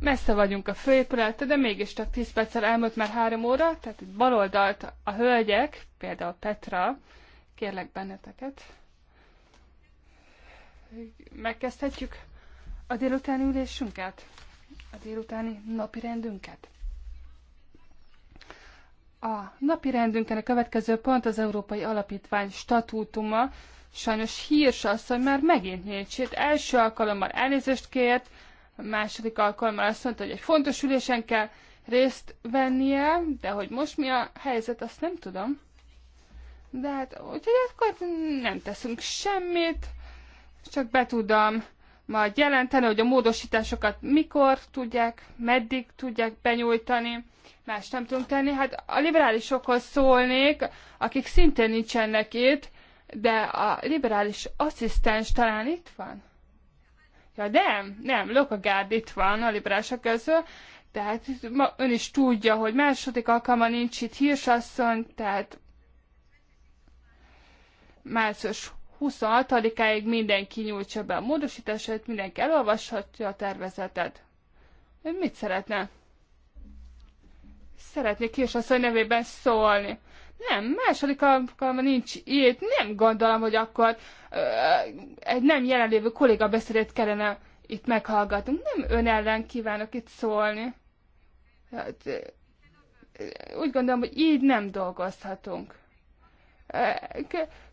Messze vagyunk a főépülettől, de mégis csak 10 perccel elmúlt már három óra, tehát itt baloldalt a hölgyek, például Petra, kérlek benneteket. Megkezdhetjük a délutáni ülésünket, a délutáni napi rendünket. A napi rendünkön a következő pont az Európai Alapítvány statútuma, Sajnos Hírs hogy már megint nincs itt. Első alkalommal elnézést kért, a második alkalommal azt mondta, hogy egy fontos ülésen kell részt vennie, de hogy most mi a helyzet, azt nem tudom. De hát, úgyhogy akkor nem teszünk semmit, csak be tudom majd jelenteni, hogy a módosításokat mikor tudják, meddig tudják benyújtani, más nem tudunk tenni. Hát a liberálisokhoz szólnék, akik szintén nincsenek itt, de a liberális asszisztens talán itt van? Ja, nem, nem, Lokagárd itt van a liberálisok közül, tehát ma ön is tudja, hogy második alkalma nincs itt hírsasszony, tehát március 26-áig mindenki nyújtsa be a módosítását, mindenki elolvashatja a tervezetet. Ön mit szeretne? Szeretnék hírsasszony nevében szólni. Nem, második alkalommal nincs ilyet. Nem gondolom, hogy akkor uh, egy nem jelenlévő kolléga beszédét kellene itt meghallgatnunk. Nem ön ellen kívánok itt szólni. Hát, úgy gondolom, hogy így nem dolgozhatunk.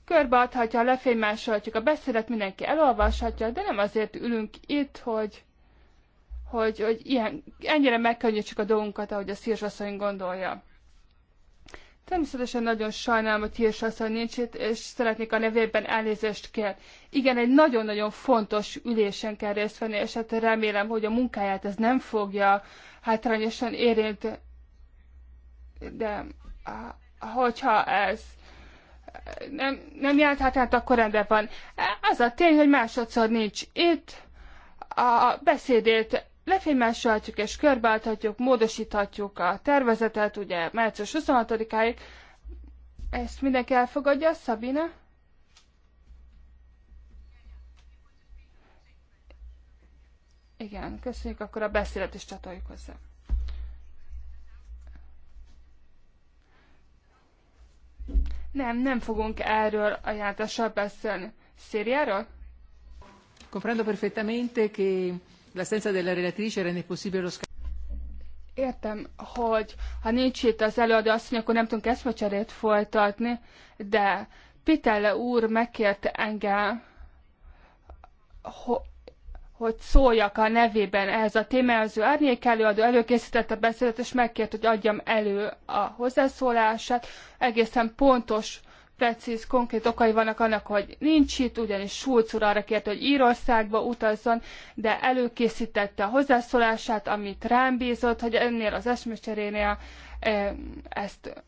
Körbeadhatja, lefénymásolhatjuk a beszédet, mindenki elolvashatja, de nem azért ülünk itt, hogy, hogy, hogy ilyen, ennyire megkönnyítsük a dolgunkat, ahogy a szírsasszony gondolja. Természetesen nagyon sajnálom, hogy Hirs asszony nincs itt, és szeretnék a nevében elnézést kér. Igen, egy nagyon-nagyon fontos ülésen kell részt venni, és hát remélem, hogy a munkáját ez nem fogja hátrányosan érint, de hogyha ez nem, nem jelent hát, hát akkor rendben van. Az a tény, hogy másodszor nincs itt, a beszédét lefémásolhatjuk és körbeadhatjuk, módosíthatjuk a tervezetet, ugye március 26-áig. Ezt mindenki elfogadja, Szabina? Igen, köszönjük, akkor a beszélet is csatoljuk hozzá. Nem, nem fogunk erről a játással beszélni. Szériáról? Comprendo perfettamente che l'assenza della relatrice rende possibile lo scambio. Értem, hogy ha nincs itt az előadó asszony, akkor nem tudunk eszmecserét folytatni, de Pitele úr megkért engem, hogy szóljak a nevében ehhez a témához. árnyék előadó előkészítette a beszédet, és megkért, hogy adjam elő a hozzászólását. Egészen pontos precíz, konkrét okai vannak annak, hogy nincs itt, ugyanis Schulz úr arra kérte, hogy Írországba utazzon, de előkészítette a hozzászólását, amit rám bízott, hogy ennél az esmecserénél eh, ezt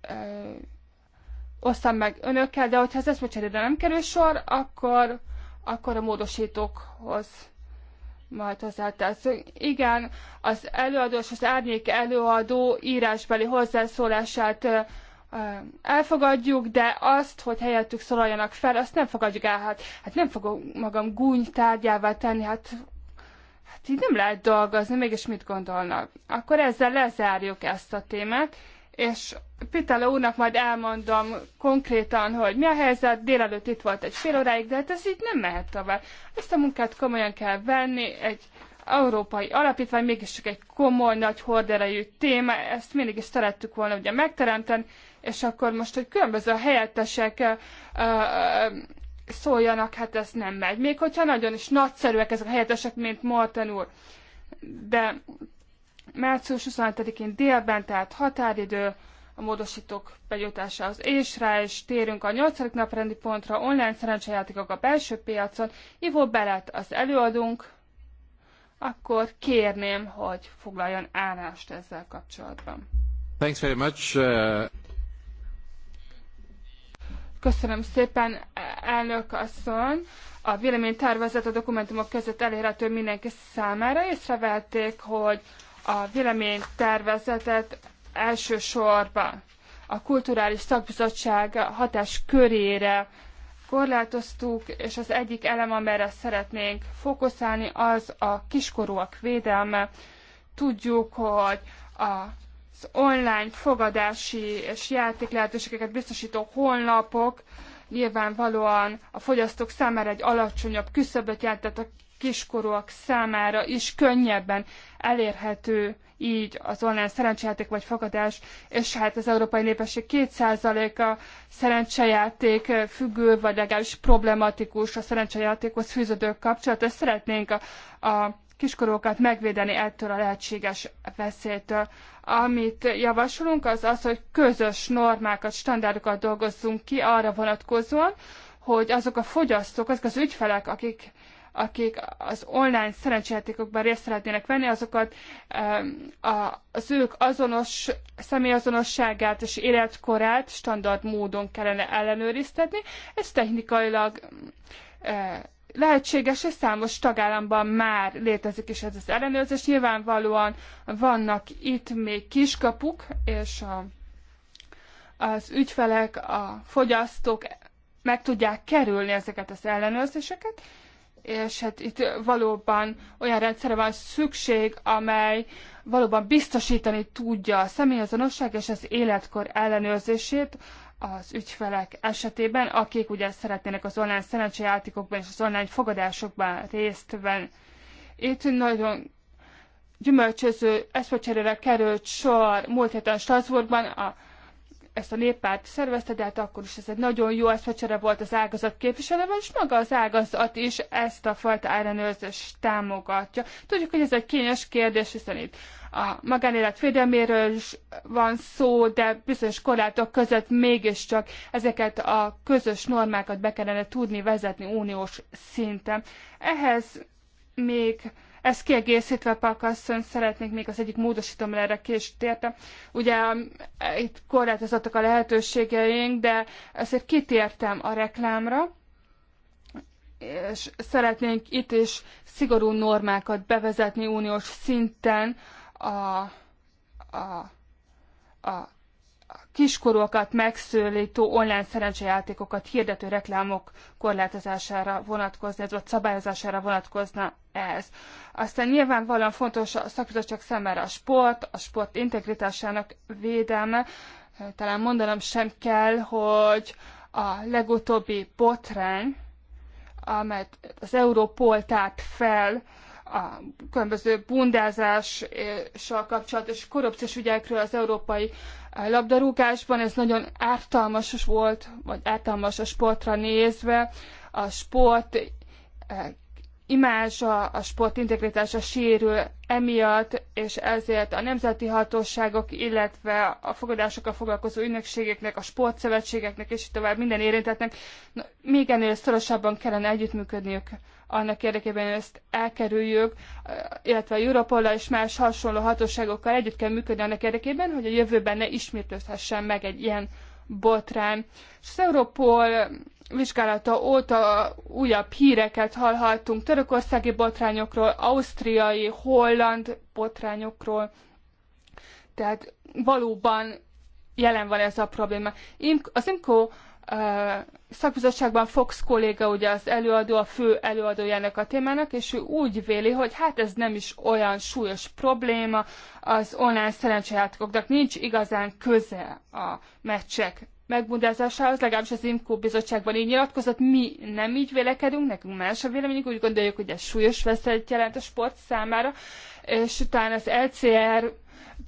e, eh, osztam meg önökkel, de hogyha az eszmecserére nem kerül sor, akkor, akkor a módosítókhoz majd hozzáteszünk. Igen, az előadó és az árnyék előadó írásbeli hozzászólását eh, elfogadjuk, de azt, hogy helyettük szólaljanak fel, azt nem fogadjuk el. Hát, hát nem fogom magam gúny tárgyává tenni, hát, hát így nem lehet dolgozni, mégis mit gondolnak. Akkor ezzel lezárjuk ezt a témát, és Pitala úrnak majd elmondom konkrétan, hogy mi a helyzet, délelőtt itt volt egy fél óráig, de hát ez így nem mehet tovább. Ezt a munkát komolyan kell venni, egy európai alapítvány mégis csak egy komoly, nagy horderejű téma, ezt mindig is szerettük volna ugye megteremteni, és akkor most, hogy különböző helyettesek szóljanak, hát ez nem megy. Még hogyha nagyon is nagyszerűek ezek a helyettesek, mint Morten úr. De március 27-én délben, tehát határidő, a módosítók bejutásához, és rá is térünk a 8. naprendi pontra, online szerencsejátékok a belső piacon. Ivo Belet az előadunk, akkor kérném, hogy foglaljon állást ezzel kapcsolatban. Thanks very much. Uh... Köszönöm szépen, elnök asszony. A véleménytervezet a dokumentumok között elérhető mindenki számára. Észrevették, hogy a véleménytervezetet elsősorban a Kulturális Szakbizottság hatás körére korlátoztuk, és az egyik elem, amelyre szeretnénk fókuszálni, az a kiskorúak védelme. Tudjuk, hogy a az online fogadási és játék lehetőségeket biztosító honlapok nyilvánvalóan a fogyasztók számára egy alacsonyabb küszöböt jelent, a kiskorúak számára is könnyebben elérhető így az online szerencsejáték vagy fogadás, és hát az európai népesség 2%-a szerencsejáték függő, vagy legalábbis problematikus a szerencsejátékhoz fűződő kapcsolat, és szeretnénk a, a kiskorúakat megvédeni ettől a lehetséges veszélytől. Amit javasolunk, az az, hogy közös normákat, standardokat dolgozzunk ki arra vonatkozóan, hogy azok a fogyasztók, azok az ügyfelek, akik akik az online szerencsejátékokban részt szeretnének venni, azokat az ők azonos személyazonosságát és életkorát standard módon kellene ellenőriztetni. Ez technikailag lehetséges, hogy számos tagállamban már létezik is ez az ellenőrzés. Nyilvánvalóan vannak itt még kiskapuk, és a, az ügyfelek, a fogyasztók meg tudják kerülni ezeket az ellenőrzéseket, és hát itt valóban olyan rendszerre van szükség, amely valóban biztosítani tudja a személyazonosság és az életkor ellenőrzését az ügyfelek esetében, akik ugye szeretnének az online szerencsejátékokban és az online fogadásokban részt venni. Itt nagyon gyümölcsöző eszpocserére került sor múlt héten Strasbourgban, a, ezt a néppárt szervezte, de hát akkor is ez egy nagyon jó eszpocsere volt az ágazat képviselővel, és maga az ágazat is ezt a fajta ellenőrzést támogatja. Tudjuk, hogy ez egy kényes kérdés, hiszen itt a magánélet védelméről is van szó, de bizonyos korlátok között mégiscsak ezeket a közös normákat be kellene tudni vezetni uniós szinten. Ehhez még ezt kiegészítve, Parkasszony, szeretnék még az egyik módosítomra erre később Ugye itt korlátozottak a lehetőségeink, de ezért kitértem a reklámra, és szeretnénk itt is szigorú normákat bevezetni uniós szinten a, a, a kiskorúakat megszólító online szerencsejátékokat hirdető reklámok korlátozására vonatkozna, ez vagy szabályozására vonatkozna ez. Aztán nyilvánvalóan fontos a szakbizottság számára a sport, a sport integritásának védelme. Talán mondanom sem kell, hogy a legutóbbi botrány, amelyet az Európol tárt fel, a különböző bundázással kapcsolatos korrupciós ügyekről az európai eh, labdarúgásban. Ez nagyon ártalmas volt, vagy ártalmas a sportra nézve. A sport eh, imázsa, a sport integritása sérül emiatt, és ezért a nemzeti hatóságok, illetve a fogadásokkal foglalkozó ügynökségeknek, a sportszövetségeknek, és tovább minden érintetnek még ennél szorosabban kellene együttműködniük annak érdekében ezt elkerüljük, illetve a Europol és más hasonló hatóságokkal együtt kell működni annak érdekében, hogy a jövőben ne ismétlődhessen meg egy ilyen botrány. És az Europol vizsgálata óta újabb híreket hallhattunk törökországi botrányokról, ausztriai, holland botrányokról. Tehát valóban jelen van ez a probléma. Az IMCO szakbizottságban Fox kolléga ugye az előadó, a fő előadójának a témának, és ő úgy véli, hogy hát ez nem is olyan súlyos probléma, az online szerencsejátékoknak nincs igazán köze a meccsek megbundázásához, legalábbis az IMCO bizottságban így nyilatkozott, mi nem így vélekedünk, nekünk más a véleményünk, úgy gondoljuk, hogy ez súlyos veszélyt jelent a sport számára, és utána az LCR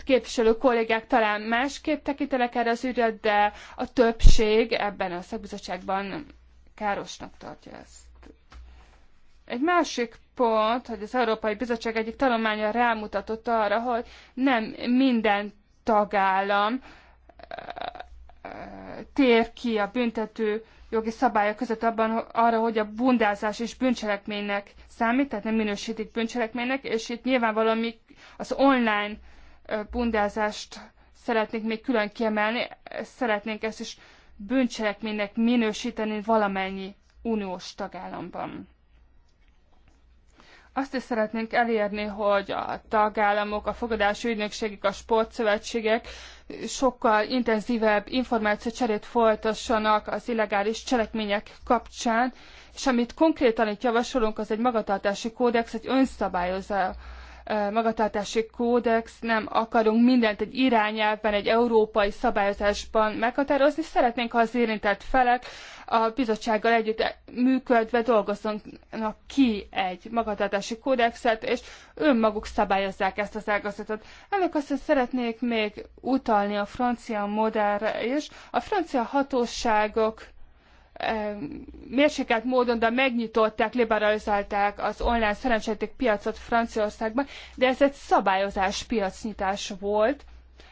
képviselő kollégák talán másképp tekintenek erre az ügyre, de a többség ebben a szakbizottságban károsnak tartja ezt. Egy másik pont, hogy az Európai Bizottság egyik tanulmánya rámutatott arra, hogy nem minden tagállam tér ki a büntető jogi szabályok között abban arra, hogy a bundázás is bűncselekménynek számít, tehát nem minősítik bűncselekménynek, és itt nyilvánvalóan az online bundázást szeretnénk még külön kiemelni, szeretnénk ezt is bűncselekménynek minősíteni valamennyi uniós tagállamban. Azt is szeretnénk elérni, hogy a tagállamok, a fogadási ügynökségek, a sportszövetségek sokkal intenzívebb információcserét folytassanak az illegális cselekmények kapcsán, és amit konkrétan itt javasolunk, az egy magatartási kódex, egy önszabályozó magatartási kódex, nem akarunk mindent egy irányelvben, egy európai szabályozásban meghatározni, szeretnénk, ha az érintett felek a bizottsággal együtt működve dolgozzanak ki egy magatartási kódexet, és önmaguk szabályozzák ezt az ágazatot. Ennek azt szeretnék még utalni a francia modellre is. A francia hatóságok mérsékelt módon, de megnyitották, liberalizálták az online szerencsejáték piacot Franciaországban, de ez egy szabályozás piacnyitás volt,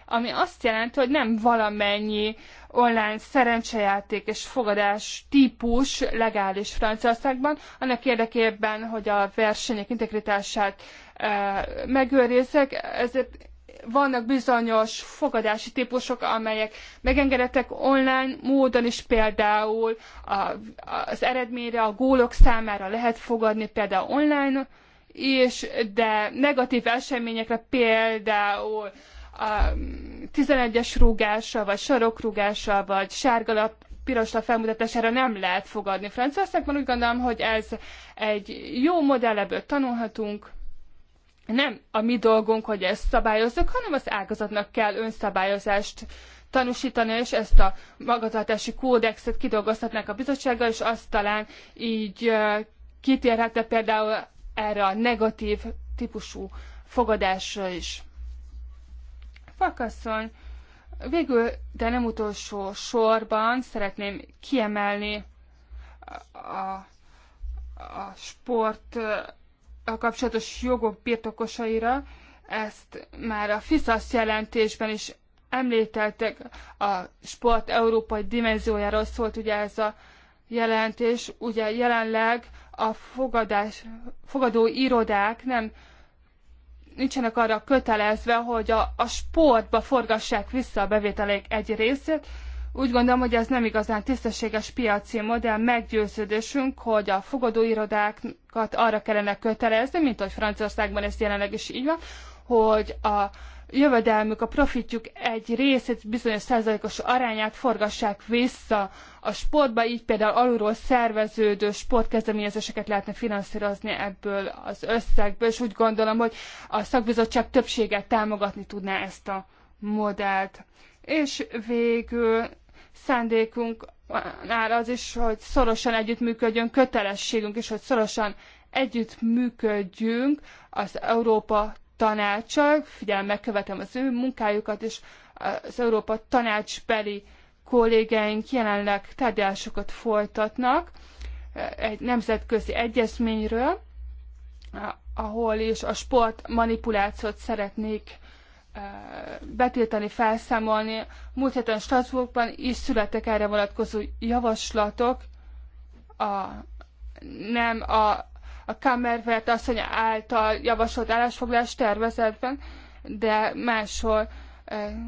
ami azt jelenti, hogy nem valamennyi online szerencsejáték és fogadás típus legális Franciaországban, annak érdekében, hogy a versenyek integritását e, eh, megőrizzek, ezért vannak bizonyos fogadási típusok, amelyek megengedettek online módon is, például a, az eredményre, a gólok számára lehet fogadni, például online is, de negatív eseményekre például a 11-es rúgással, vagy sarokrúgással, vagy sárgalap pirosra felmutatására nem lehet fogadni Franciaországban. Úgy gondolom, hogy ez egy jó modell, ebből tanulhatunk nem a mi dolgunk, hogy ezt szabályozzuk, hanem az ágazatnak kell önszabályozást tanúsítani, és ezt a magatartási kódexet kidolgozhatnák a bizottsággal, és azt talán így kitérhetne például erre a negatív típusú fogadásra is. Fakasszony, végül, de nem utolsó sorban szeretném kiemelni a, a sport a kapcsolatos jogok birtokosaira, ezt már a FISZASZ jelentésben is említettek, a sport európai dimenziójáról szólt ugye ez a jelentés, ugye jelenleg a fogadás, fogadó irodák nem nincsenek arra kötelezve, hogy a, a sportba forgassák vissza a bevételék egy részét, úgy gondolom, hogy ez nem igazán tisztességes piaci modell, meggyőződésünk, hogy a fogadóirodákat arra kellene kötelezni, mint hogy Franciaországban ez jelenleg is így van, hogy a jövedelmük, a profitjuk egy részét, bizonyos százalékos arányát forgassák vissza a sportba, így például alulról szerveződő sportkezdeményezéseket lehetne finanszírozni ebből az összegből, és úgy gondolom, hogy a szakbizottság többséget támogatni tudná ezt a modellt. És végül szándékunk áll az is, hogy szorosan együttműködjön, kötelességünk is, hogy szorosan együttműködjünk az Európa tanácsak, figyelemmel követem az ő munkájukat, és az Európa tanácsbeli kollégáink jelenleg tárgyalásokat folytatnak egy nemzetközi egyezményről, ahol is a sport manipulációt szeretnék betiltani, felszámolni. Múlt héten Strasbourgban is születtek erre vonatkozó javaslatok. A, nem a, a Kammervert asszony által javasolt állásfoglalás tervezetben, de máshol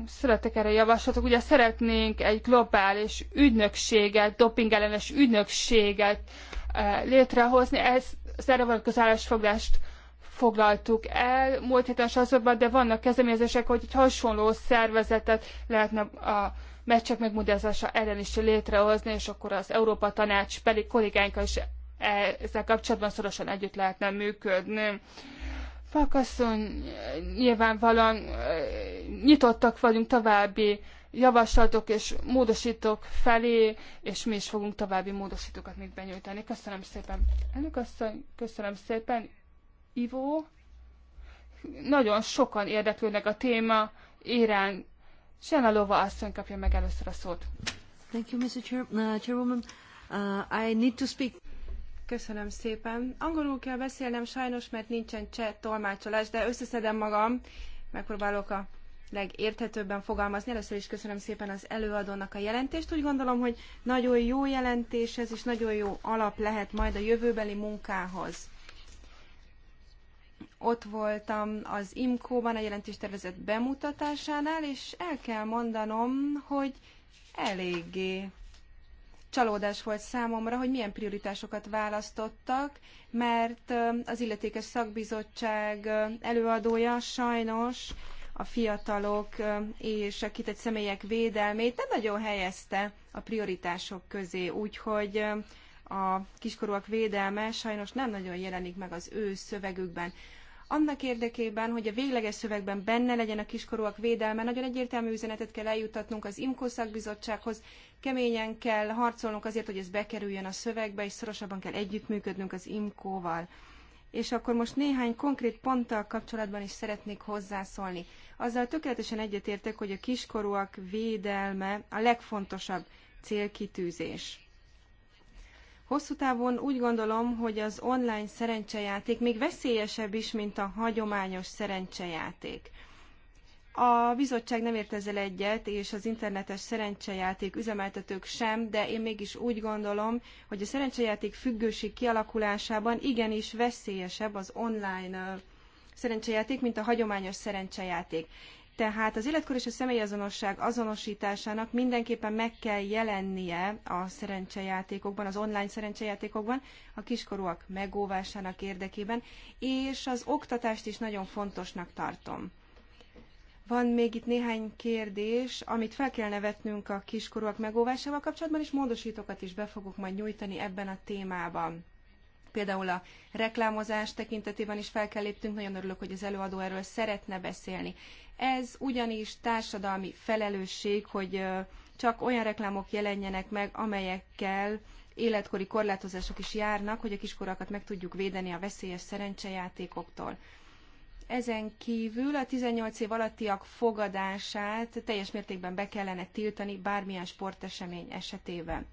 születtek erre javaslatok. Ugye szeretnénk egy globális ügynökséget, dopingellenes ügynökséget létrehozni. Ez az erre vonatkozó állásfoglást foglaltuk el múlt héten Strasbourgban, de vannak kezdeményezések, hogy egy hasonló szervezetet lehetne a meccsek megmagyarázása ellen is létrehozni, és akkor az Európa Tanács pedig kollégáinkkal is ezzel kapcsolatban szorosan együtt lehetne működni. Fakasszony, nyilvánvalóan eh, nyitottak vagyunk további javaslatok és módosítók felé, és mi is fogunk további módosítókat még benyújtani. Köszönöm szépen. Elnök asszony, köszönöm szépen ivó. Nagyon sokan érdeklődnek a téma Irán. Senalova asszony kapja meg először a szót. Thank you, Mr. Chair, uh, Chairwoman. Uh, I need to speak. Köszönöm szépen. Angolul kell beszélnem sajnos, mert nincsen cseh tolmácsolás, de összeszedem magam. Megpróbálok a legérthetőbben fogalmazni. Először is köszönöm szépen az előadónak a jelentést. Úgy gondolom, hogy nagyon jó jelentés ez, és nagyon jó alap lehet majd a jövőbeli munkához ott voltam az IMCO-ban a jelentéstervezet bemutatásánál, és el kell mondanom, hogy eléggé csalódás volt számomra, hogy milyen prioritásokat választottak, mert az illetékes szakbizottság előadója sajnos a fiatalok és a kitett személyek védelmét nem nagyon helyezte a prioritások közé, úgyhogy a kiskorúak védelme sajnos nem nagyon jelenik meg az ő szövegükben annak érdekében, hogy a végleges szövegben benne legyen a kiskorúak védelme, nagyon egyértelmű üzenetet kell eljutatnunk az IMKO szakbizottsághoz, keményen kell harcolnunk azért, hogy ez bekerüljön a szövegbe, és szorosabban kell együttműködnünk az IMKO-val. És akkor most néhány konkrét ponttal kapcsolatban is szeretnék hozzászólni. Azzal tökéletesen egyetértek, hogy a kiskorúak védelme a legfontosabb célkitűzés. Hosszú távon úgy gondolom, hogy az online szerencsejáték még veszélyesebb is, mint a hagyományos szerencsejáték. A bizottság nem ért ezzel egyet, és az internetes szerencsejáték üzemeltetők sem, de én mégis úgy gondolom, hogy a szerencsejáték függőség kialakulásában igenis veszélyesebb az online szerencsejáték, mint a hagyományos szerencsejáték. Tehát az életkor és a személyazonosság azonosításának mindenképpen meg kell jelennie a szerencsejátékokban, az online szerencsejátékokban, a kiskorúak megóvásának érdekében, és az oktatást is nagyon fontosnak tartom. Van még itt néhány kérdés, amit fel kell nevetnünk a kiskorúak megóvásával kapcsolatban, és módosítókat is be fogok majd nyújtani ebben a témában. Például a reklámozás tekintetében is fel kell léptünk, nagyon örülök, hogy az előadó erről szeretne beszélni. Ez ugyanis társadalmi felelősség, hogy csak olyan reklámok jelenjenek meg, amelyekkel életkori korlátozások is járnak, hogy a kiskorakat meg tudjuk védeni a veszélyes szerencsejátékoktól. Ezen kívül a 18 év alattiak fogadását teljes mértékben be kellene tiltani bármilyen sportesemény esetében.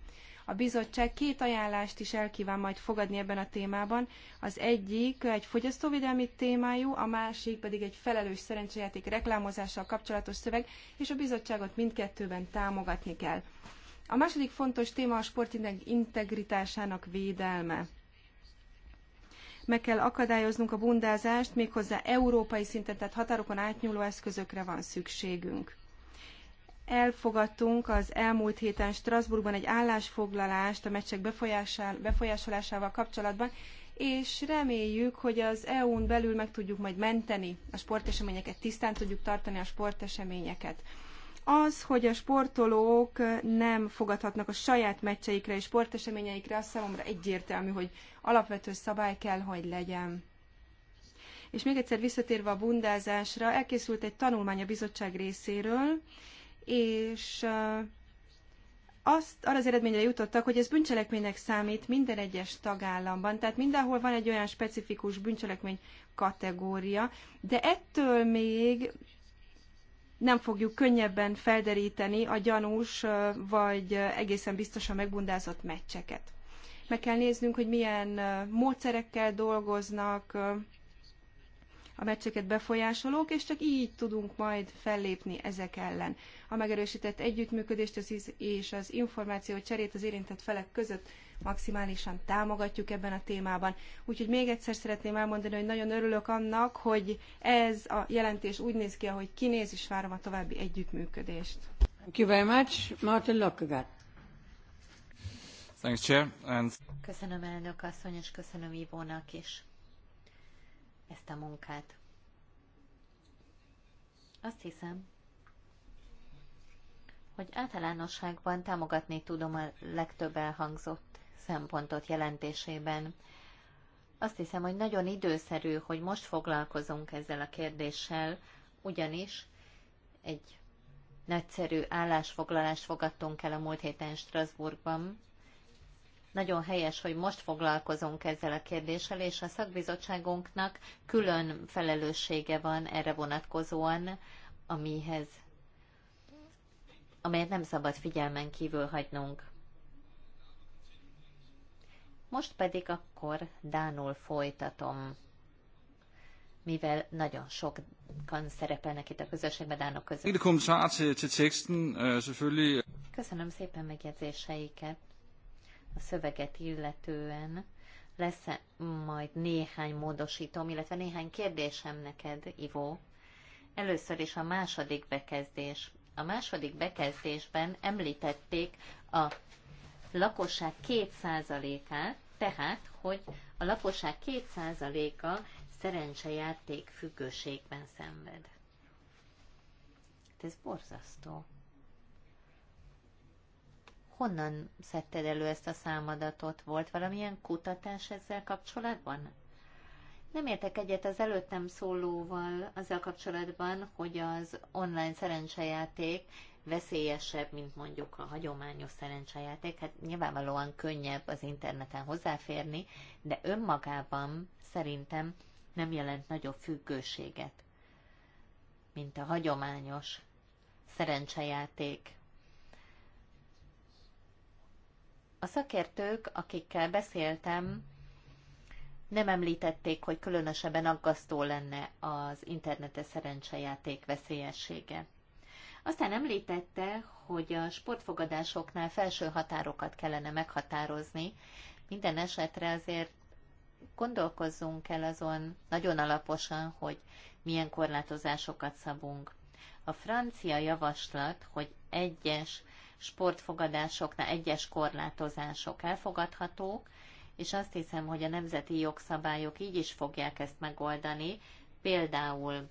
A bizottság két ajánlást is elkíván majd fogadni ebben a témában. Az egyik egy fogyasztóvédelmi témájú, a másik pedig egy felelős szerencsejáték reklámozással kapcsolatos szöveg, és a bizottságot mindkettőben támogatni kell. A második fontos téma a sportindeg integritásának védelme meg kell akadályoznunk a bundázást, méghozzá európai szinten, tehát határokon átnyúló eszközökre van szükségünk elfogadtunk az elmúlt héten Strasbourgban egy állásfoglalást a meccsek befolyásolásával kapcsolatban, és reméljük, hogy az EU-n belül meg tudjuk majd menteni a sporteseményeket, tisztán tudjuk tartani a sporteseményeket. Az, hogy a sportolók nem fogadhatnak a saját meccseikre és sporteseményeikre, az számomra egyértelmű, hogy alapvető szabály kell, hogy legyen. És még egyszer visszatérve a bundázásra, elkészült egy tanulmány a bizottság részéről, és azt, arra az eredményre jutottak, hogy ez bűncselekménynek számít minden egyes tagállamban, tehát mindenhol van egy olyan specifikus bűncselekmény kategória, de ettől még nem fogjuk könnyebben felderíteni a gyanús vagy egészen biztosan megbundázott meccseket. Meg kell néznünk, hogy milyen módszerekkel dolgoznak, a meccseket befolyásolók, és csak így tudunk majd fellépni ezek ellen. A megerősített együttműködést az és az információ cserét az érintett felek között maximálisan támogatjuk ebben a témában. Úgyhogy még egyszer szeretném elmondani, hogy nagyon örülök annak, hogy ez a jelentés úgy néz ki, ahogy kinéz, és várom a további együttműködést. Thank you very much. Martin Lockegaard. Thanks, Chair. And... Köszönöm elnök asszony, és köszönöm Ivónak is ezt a munkát. Azt hiszem, hogy általánosságban támogatni tudom a legtöbb elhangzott szempontot jelentésében. Azt hiszem, hogy nagyon időszerű, hogy most foglalkozunk ezzel a kérdéssel, ugyanis egy nagyszerű állásfoglalást fogadtunk el a múlt héten Strasbourgban, nagyon helyes, hogy most foglalkozunk ezzel a kérdéssel, és a szakbizottságunknak külön felelőssége van erre vonatkozóan, amihez, amelyet nem szabad figyelmen kívül hagynunk. Most pedig akkor Dánul folytatom, mivel nagyon sokan szerepelnek itt a közösségben Dánok között. Øh, Köszönöm szépen megjegyzéseiket a szöveget illetően lesz -e majd néhány módosítom, illetve néhány kérdésem neked, Ivó. Először is a második bekezdés. A második bekezdésben említették a lakosság 2%-át, tehát, hogy a lakosság 2%-a szerencsejáték függőségben szenved. Hát ez borzasztó honnan szedted elő ezt a számadatot? Volt valamilyen kutatás ezzel kapcsolatban? Nem értek egyet az előttem szólóval azzal kapcsolatban, hogy az online szerencsejáték veszélyesebb, mint mondjuk a hagyományos szerencsejáték. Hát nyilvánvalóan könnyebb az interneten hozzáférni, de önmagában szerintem nem jelent nagyobb függőséget, mint a hagyományos szerencsejáték. A szakértők, akikkel beszéltem, nem említették, hogy különösebben aggasztó lenne az internetes szerencsejáték veszélyessége. Aztán említette, hogy a sportfogadásoknál felső határokat kellene meghatározni. Minden esetre azért gondolkozzunk el azon nagyon alaposan, hogy milyen korlátozásokat szabunk. A francia javaslat, hogy egyes sportfogadásoknál egyes korlátozások elfogadhatók, és azt hiszem, hogy a nemzeti jogszabályok így is fogják ezt megoldani, például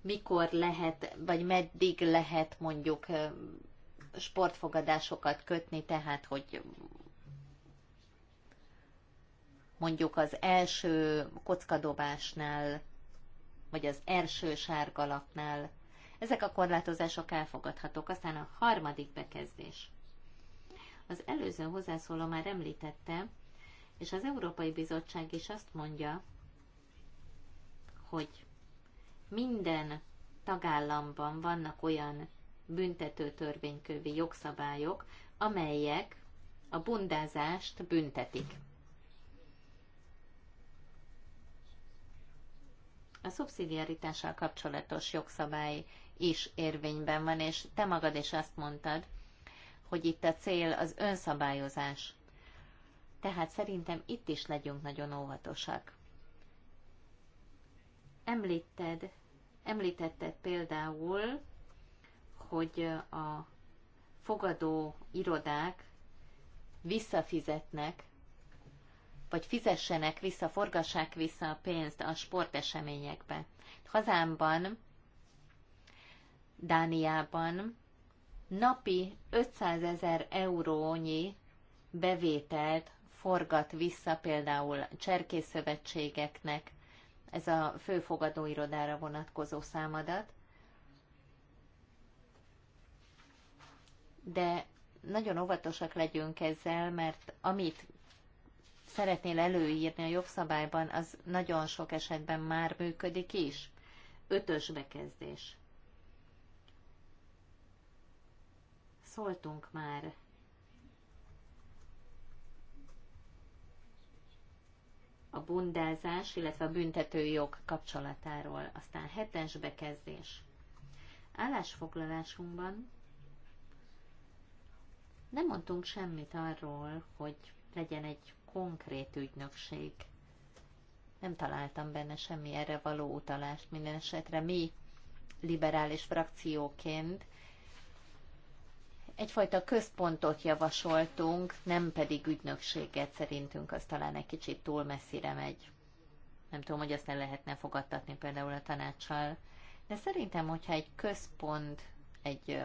mikor lehet, vagy meddig lehet mondjuk sportfogadásokat kötni, tehát hogy mondjuk az első kockadobásnál, vagy az első sárgalapnál ezek a korlátozások elfogadhatók. Aztán a harmadik bekezdés. Az előző hozzászóló már említette, és az Európai Bizottság is azt mondja, hogy minden tagállamban vannak olyan büntető törvénykövi jogszabályok, amelyek a bundázást büntetik. a szubszidiaritással kapcsolatos jogszabály is érvényben van, és te magad is azt mondtad, hogy itt a cél az önszabályozás. Tehát szerintem itt is legyünk nagyon óvatosak. Említed, említetted például, hogy a fogadó irodák visszafizetnek vagy fizessenek vissza, forgassák vissza a pénzt a sporteseményekbe. Hazámban, Dániában napi 500 ezer eurónyi bevételt forgat vissza például cserkészövetségeknek, ez a főfogadóirodára vonatkozó számadat, de nagyon óvatosak legyünk ezzel, mert amit szeretnél előírni a jogszabályban, az nagyon sok esetben már működik is. Ötös bekezdés. Szóltunk már a bundázás, illetve a jog kapcsolatáról, aztán hetes bekezdés. Állásfoglalásunkban nem mondtunk semmit arról, hogy legyen egy konkrét ügynökség. Nem találtam benne semmi erre való utalást. Minden esetre mi liberális frakcióként egyfajta központot javasoltunk, nem pedig ügynökséget szerintünk, az talán egy kicsit túl messzire megy. Nem tudom, hogy azt el lehetne fogadtatni például a tanácssal. De szerintem, hogyha egy központ egy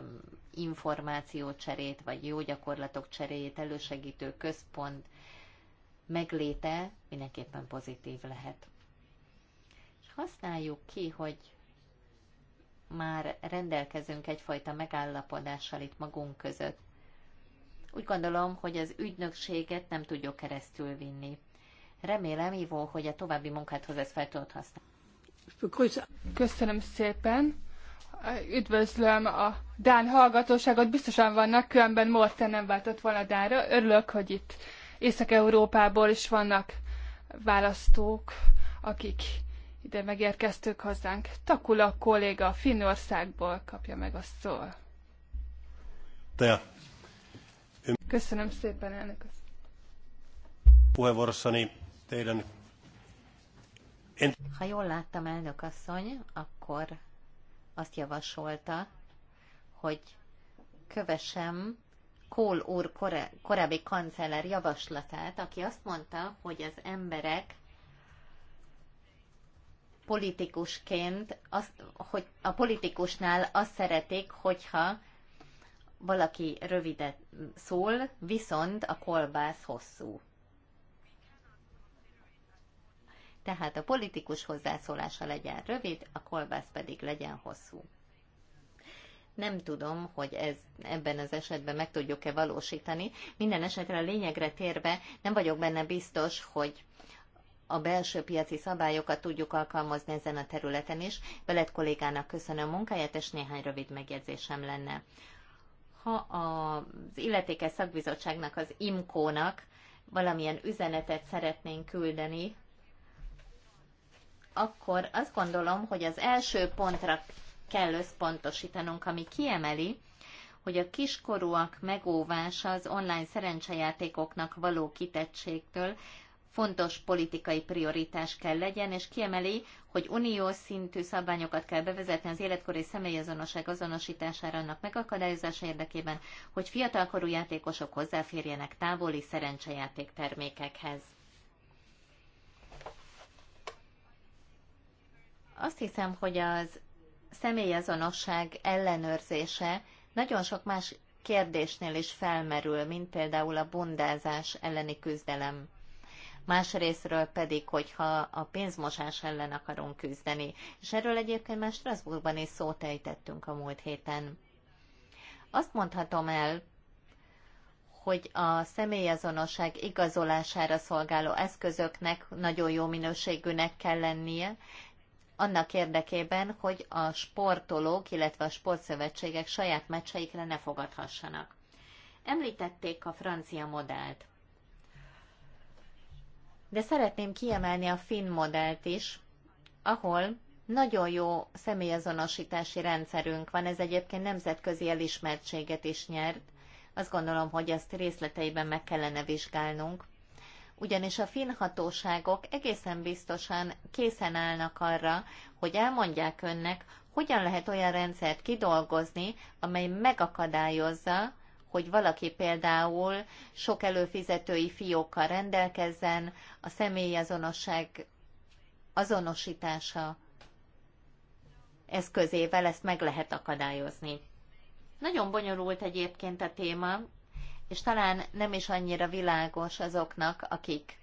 információcserét, vagy jó gyakorlatok cseréjét elősegítő központ megléte mindenképpen pozitív lehet. És használjuk ki, hogy már rendelkezünk egyfajta megállapodással itt magunk között. Úgy gondolom, hogy az ügynökséget nem tudjuk keresztül vinni. Remélem, Ivo, hogy a további munkádhoz ezt fel tudod használni. Köszönöm szépen! Üdvözlöm a Dán hallgatóságot, biztosan vannak, különben Morten nem váltott volna Dánra. Örülök, hogy itt Észak-Európából is vannak választók, akik ide megérkeztük hozzánk. Takula kolléga Finnországból kapja meg a szól. Te. Köszönöm szépen, elnök. Puheenvuorossani teidän... En... Ha jól láttam, elnök asszony, akkor azt javasolta, hogy kövessem Kohl úr korábbi kancellár javaslatát, aki azt mondta, hogy az emberek politikusként, azt, hogy a politikusnál azt szeretik, hogyha valaki rövidet szól, viszont a kolbász hosszú. Tehát a politikus hozzászólása legyen rövid, a kolbász pedig legyen hosszú nem tudom, hogy ez ebben az esetben meg tudjuk-e valósítani. Minden esetre a lényegre térve nem vagyok benne biztos, hogy a belső piaci szabályokat tudjuk alkalmazni ezen a területen is. Veled kollégának köszönöm a munkáját, és néhány rövid megjegyzésem lenne. Ha az illetékes szakbizottságnak, az IMKÓ-nak valamilyen üzenetet szeretnénk küldeni, akkor azt gondolom, hogy az első pontra kell összpontosítanunk, ami kiemeli, hogy a kiskorúak megóvása az online szerencsejátékoknak való kitettségtől fontos politikai prioritás kell legyen, és kiemeli, hogy uniós szintű szabványokat kell bevezetni az életkori személyazonosság azonosítására annak megakadályozása érdekében, hogy fiatalkorú játékosok hozzáférjenek távoli szerencsejáték termékekhez. Azt hiszem, hogy az személyazonosság ellenőrzése nagyon sok más kérdésnél is felmerül, mint például a bundázás elleni küzdelem. Másrésztről pedig, hogyha a pénzmosás ellen akarunk küzdeni, és erről egyébként már Strasbourgban is szót ejtettünk a múlt héten. Azt mondhatom el, hogy a személyazonosság igazolására szolgáló eszközöknek nagyon jó minőségűnek kell lennie, annak érdekében, hogy a sportolók, illetve a sportszövetségek saját meccseikre ne fogadhassanak. Említették a francia modellt. De szeretném kiemelni a finn modellt is, ahol nagyon jó személyazonosítási rendszerünk van, ez egyébként nemzetközi elismertséget is nyert. Azt gondolom, hogy ezt részleteiben meg kellene vizsgálnunk ugyanis a finn hatóságok egészen biztosan készen állnak arra, hogy elmondják önnek, hogyan lehet olyan rendszert kidolgozni, amely megakadályozza, hogy valaki például sok előfizetői fiókkal rendelkezzen, a személyazonosság azonosítása eszközével ezt meg lehet akadályozni. Nagyon bonyolult egyébként a téma, és talán nem is annyira világos azoknak, akik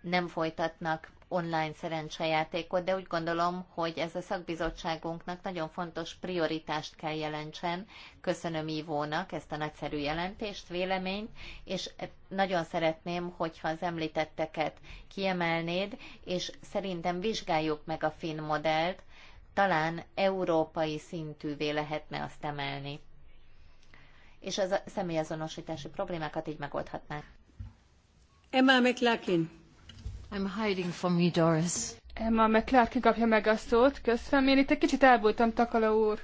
nem folytatnak online szerencsejátékot, de úgy gondolom, hogy ez a szakbizottságunknak nagyon fontos prioritást kell jelentsen. Köszönöm Ivónak ezt a nagyszerű jelentést, véleményt, és nagyon szeretném, hogyha az említetteket kiemelnéd, és szerintem vizsgáljuk meg a finn modellt, talán európai szintűvé lehetne azt emelni és az a személyazonosítási problémákat így megoldhatná. Emma McLarkin. I'm hiding from you, Doris. Emma McLarkin kapja meg a szót. Köszönöm. Én itt egy kicsit elbújtam Takala úr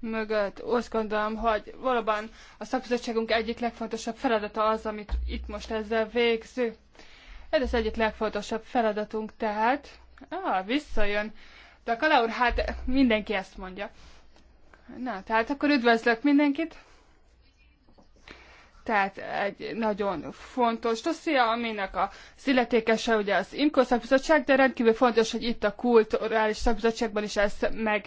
mögött. Azt gondolom, hogy valóban a szakbizottságunk egyik legfontosabb feladata az, amit itt most ezzel végző. Ez az egyik legfontosabb feladatunk, tehát... Ah, visszajön. De úr, hát mindenki ezt mondja. Na, tehát akkor üdvözlök mindenkit tehát egy nagyon fontos dosszia, aminek a illetékese ugye az IMCO szakbizottság, de rendkívül fontos, hogy itt a kulturális szakbizottságban is ezt meg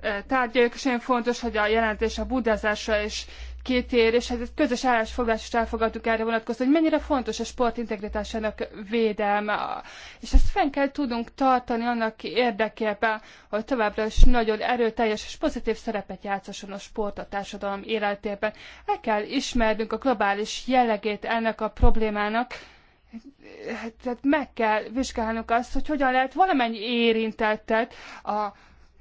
eh, tárgyaljuk, és nagyon fontos, hogy a jelentés a budázásra és kitér, és hát ez közös állásfoglás is elfogadtuk erre vonatkozó, hogy mennyire fontos a sport integritásának védelme. És ezt fenn kell tudnunk tartani annak érdekében, hogy továbbra is nagyon erőteljes és pozitív szerepet játszasson a sport a társadalom életében. El kell ismernünk a globális jellegét ennek a problémának, tehát hát meg kell vizsgálnunk azt, hogy hogyan lehet valamennyi érintettet a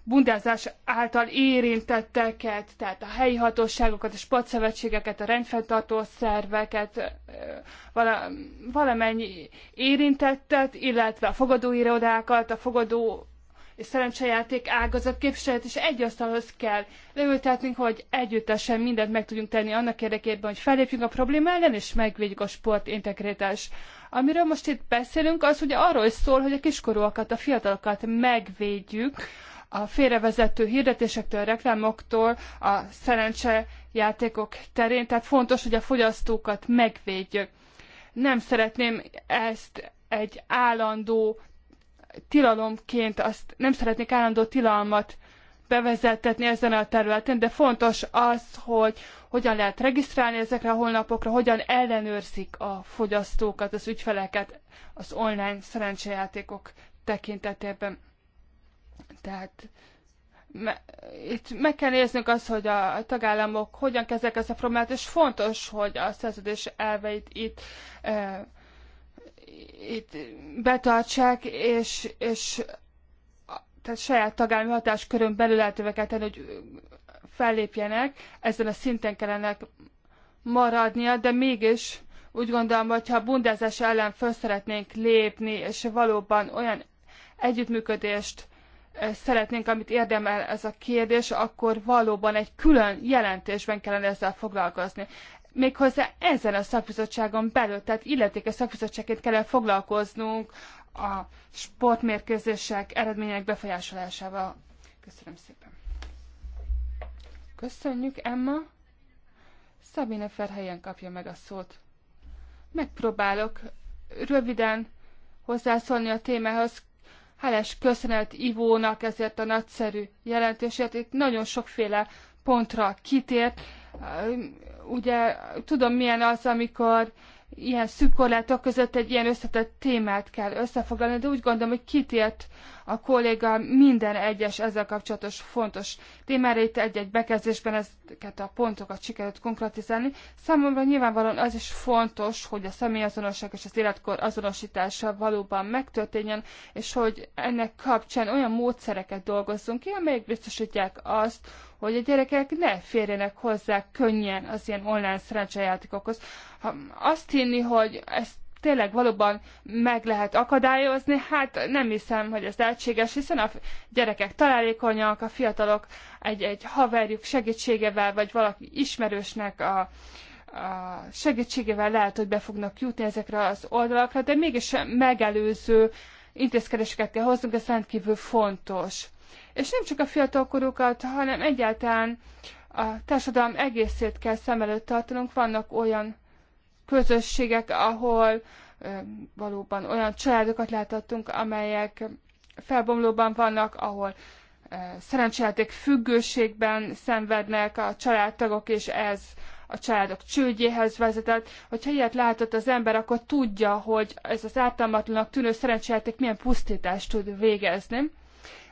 bundázás által érintetteket, tehát a helyi hatóságokat, a sportszövetségeket, a rendfenntartó szerveket, valamennyi érintettet, illetve a fogadóirodákat, a fogadó és szerencsejáték ágazat képviselőt is egy asztalhoz kell leültetnünk, hogy együttesen mindent meg tudjunk tenni annak érdekében, hogy felépjünk a probléma ellen, és megvédjük a sport integritás. Amiről most itt beszélünk, az ugye arról szól, hogy a kiskorúakat, a fiatalokat megvédjük, a félrevezető hirdetésektől, a reklámoktól, a szerencsejátékok terén, tehát fontos, hogy a fogyasztókat megvédjük. Nem szeretném ezt egy állandó tilalomként, azt nem szeretnék állandó tilalmat bevezetni ezen a területen, de fontos az, hogy hogyan lehet regisztrálni ezekre a holnapokra, hogyan ellenőrzik a fogyasztókat, az ügyfeleket az online szerencsejátékok tekintetében. Tehát me, itt meg kell néznünk azt, hogy a tagállamok hogyan kezdek ezt a problémát, és fontos, hogy a szerződés elveit itt, e, itt betartsák, és, és a, tehát saját tagállami hatáskörön belül lehetővé kell tenni, hogy fellépjenek, ezen a szinten kellene maradnia, de mégis úgy gondolom, hogy ha a bundázás ellen föl szeretnénk lépni, és valóban olyan együttműködést szeretnénk, amit érdemel ez a kérdés, akkor valóban egy külön jelentésben kellene ezzel foglalkozni. Méghozzá ezen a szakbizottságon belül, tehát illetékes szakbizottságként kell foglalkoznunk a sportmérkőzések eredmények befolyásolásával. Köszönöm szépen. Köszönjük, Emma. Szabine Ferhelyen kapja meg a szót. Megpróbálok röviden hozzászólni a témához, Hálás köszönet Ivónak ezért a nagyszerű jelentését. Itt nagyon sokféle pontra kitért. Ugye tudom milyen az, amikor ilyen szűk között egy ilyen összetett témát kell összefoglalni, de úgy gondolom, hogy kitért a kolléga minden egyes ezzel kapcsolatos fontos témára. Itt egy-egy bekezdésben ezeket a pontokat sikerült konkretizálni. Számomra nyilvánvalóan az is fontos, hogy a személyazonosság és az életkor azonosítása valóban megtörténjen, és hogy ennek kapcsán olyan módszereket dolgozzunk ki, amelyek biztosítják azt, hogy a gyerekek ne férjenek hozzá könnyen az ilyen online szerencsejátékokhoz. Ha azt hinni, hogy ezt tényleg valóban meg lehet akadályozni, hát nem hiszem, hogy ez lehetséges, hiszen a gyerekek találékonyak, a fiatalok egy, egy haverjuk segítségevel, vagy valaki ismerősnek a, a segítségével lehet, hogy be fognak jutni ezekre az oldalakra, de mégis megelőző intézkedéseket kell hoznunk, ez rendkívül fontos. És nem csak a fiatalkorukat, hanem egyáltalán a társadalom egészét kell szem előtt tartanunk. Vannak olyan közösségek, ahol valóban olyan családokat láthattunk, amelyek felbomlóban vannak, ahol szerencsejáték függőségben szenvednek a családtagok, és ez a családok csődjéhez vezetett. Hogyha ilyet látott az ember, akkor tudja, hogy ez az ártalmatlanak tűnő szerencsejáték milyen pusztítást tud végezni.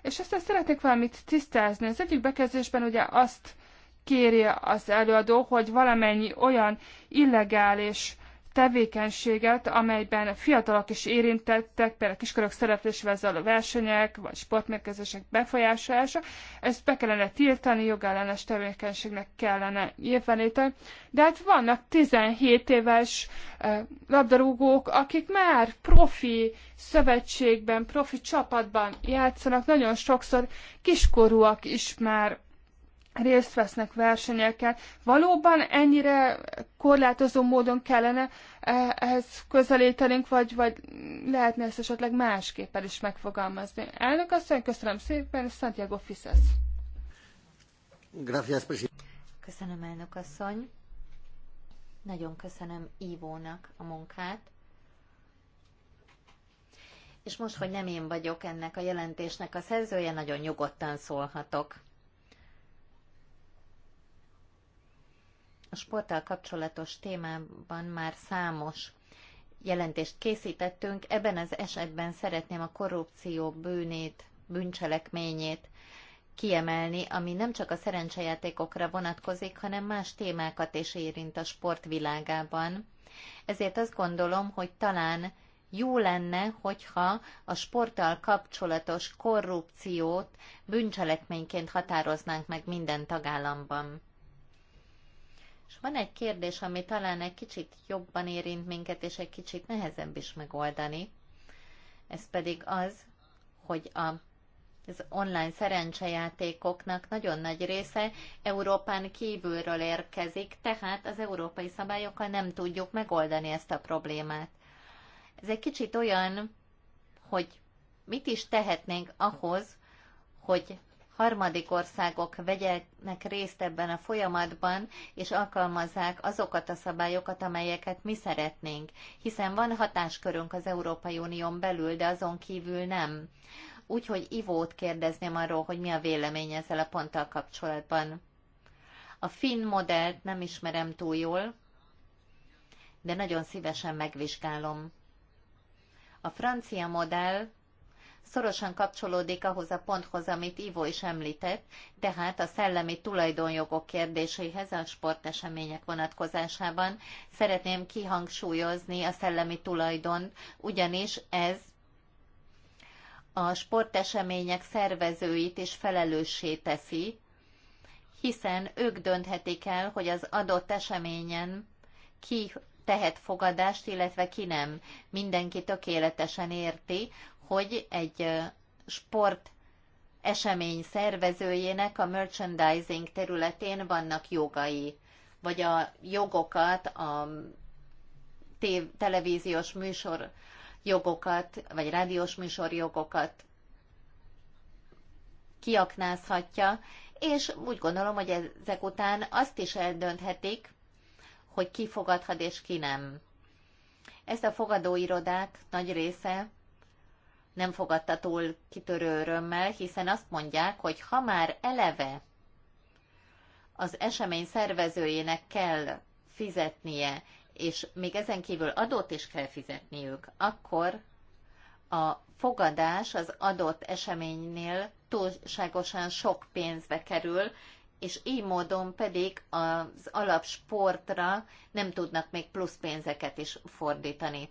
És aztán szeretnék valamit tisztázni. Az egyik bekezdésben ugye azt kéri az előadó, hogy valamennyi olyan illegális tevékenységet, amelyben fiatalok is érintettek, például kiskorok szereplésével zajló versenyek, vagy sportmérkőzések befolyásolása, ezt be kellene tiltani, jogellenes tevékenységnek kellene nyilvánítani. De hát vannak 17 éves labdarúgók, akik már profi szövetségben, profi csapatban játszanak, nagyon sokszor kiskorúak is már részt vesznek versenyeken. Valóban ennyire korlátozó módon kellene eh, ehhez közelítenünk, vagy, vagy lehetne ezt esetleg másképpen is megfogalmazni. Elnök asszony, köszönöm szépen, Santiago Fiszesz. Köszönöm, elnök asszony. Nagyon köszönöm Ívónak a munkát. És most, hogy nem én vagyok ennek a jelentésnek a szerzője, nagyon nyugodtan szólhatok. A sporttal kapcsolatos témában már számos jelentést készítettünk. Ebben az esetben szeretném a korrupció bűnét, bűncselekményét kiemelni, ami nem csak a szerencsejátékokra vonatkozik, hanem más témákat is érint a sportvilágában. Ezért azt gondolom, hogy talán jó lenne, hogyha a sporttal kapcsolatos korrupciót bűncselekményként határoznánk meg minden tagállamban. És van egy kérdés, ami talán egy kicsit jobban érint minket, és egy kicsit nehezebb is megoldani. Ez pedig az, hogy a az online szerencsejátékoknak nagyon nagy része Európán kívülről érkezik, tehát az európai szabályokkal nem tudjuk megoldani ezt a problémát. Ez egy kicsit olyan, hogy mit is tehetnénk ahhoz, hogy harmadik országok vegyenek részt ebben a folyamatban, és alkalmazzák azokat a szabályokat, amelyeket mi szeretnénk, hiszen van hatáskörünk az Európai Unión belül, de azon kívül nem. Úgyhogy Ivót kérdezném arról, hogy mi a vélemény ezzel a ponttal kapcsolatban. A finn modellt nem ismerem túl jól, de nagyon szívesen megvizsgálom. A francia modell szorosan kapcsolódik ahhoz a ponthoz, amit Ivo is említett, tehát a szellemi tulajdonjogok kérdéséhez a sportesemények vonatkozásában. Szeretném kihangsúlyozni a szellemi tulajdon, ugyanis ez a sportesemények szervezőit is felelőssé teszi, hiszen ők dönthetik el, hogy az adott eseményen ki tehet fogadást, illetve ki nem. Mindenki tökéletesen érti, hogy egy sport esemény szervezőjének a merchandising területén vannak jogai, vagy a jogokat, a tév, televíziós műsor jogokat, vagy rádiós műsor jogokat kiaknázhatja, és úgy gondolom, hogy ezek után azt is eldönthetik, hogy ki fogadhat és ki nem. Ezt a fogadóirodák nagy része nem fogadta túl kitörő örömmel, hiszen azt mondják, hogy ha már eleve az esemény szervezőjének kell fizetnie, és még ezen kívül adót is kell fizetniük, akkor a fogadás az adott eseménynél túlságosan sok pénzbe kerül, és így módon pedig az alapsportra nem tudnak még plusz pénzeket is fordítani.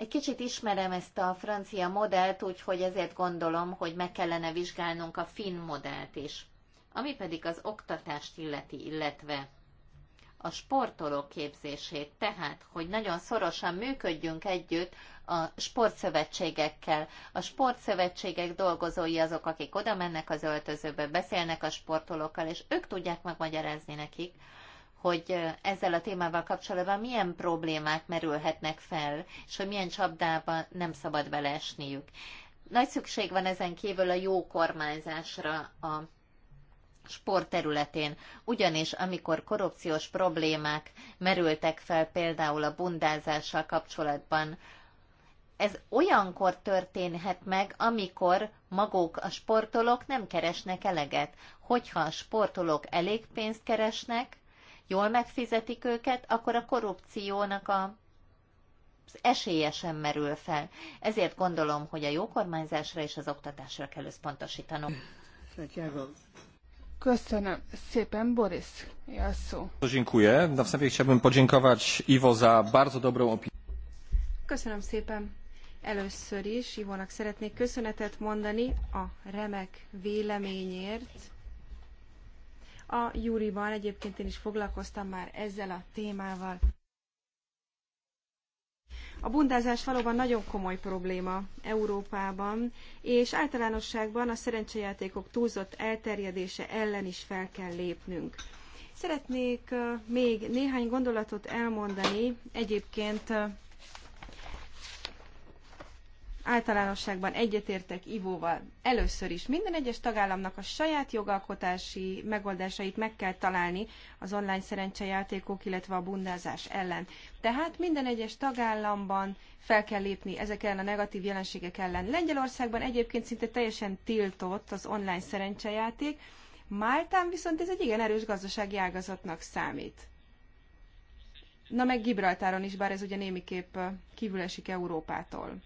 Egy kicsit ismerem ezt a francia modellt, úgyhogy ezért gondolom, hogy meg kellene vizsgálnunk a finn modellt is. Ami pedig az oktatást illeti, illetve a sportoló képzését, tehát, hogy nagyon szorosan működjünk együtt a sportszövetségekkel. A sportszövetségek dolgozói azok, akik oda mennek az öltözőbe, beszélnek a sportolókkal, és ők tudják megmagyarázni nekik, hogy ezzel a témával kapcsolatban milyen problémák merülhetnek fel, és hogy milyen csapdába nem szabad beleesniük. Nagy szükség van ezen kívül a jó kormányzásra a sport területén, ugyanis amikor korrupciós problémák merültek fel például a bundázással kapcsolatban, ez olyankor történhet meg, amikor maguk a sportolók nem keresnek eleget. Hogyha a sportolók elég pénzt keresnek, jól megfizetik őket, akkor a korrupciónak a az esélye sem merül fel. Ezért gondolom, hogy a jó kormányzásra és az oktatásra kell összpontosítanom. Köszönöm szépen, Boris. Jasszó. Dziękuję. Na wstępie chciałbym podziękować Iwo za bardzo dobrą opinię. Köszönöm szépen. Először is Ivónak szeretnék köszönetet mondani a remek véleményért a Júriban egyébként én is foglalkoztam már ezzel a témával. A bundázás valóban nagyon komoly probléma Európában, és általánosságban a szerencsejátékok túlzott elterjedése ellen is fel kell lépnünk. Szeretnék még néhány gondolatot elmondani, egyébként általánosságban egyetértek Ivóval. Először is minden egyes tagállamnak a saját jogalkotási megoldásait meg kell találni az online szerencsejátékok, illetve a bundázás ellen. Tehát minden egyes tagállamban fel kell lépni ezek ellen a negatív jelenségek ellen. Lengyelországban egyébként szinte teljesen tiltott az online szerencsejáték, Máltán viszont ez egy igen erős gazdasági ágazatnak számít. Na meg Gibraltáron is, bár ez ugye némiképp kívül esik Európától.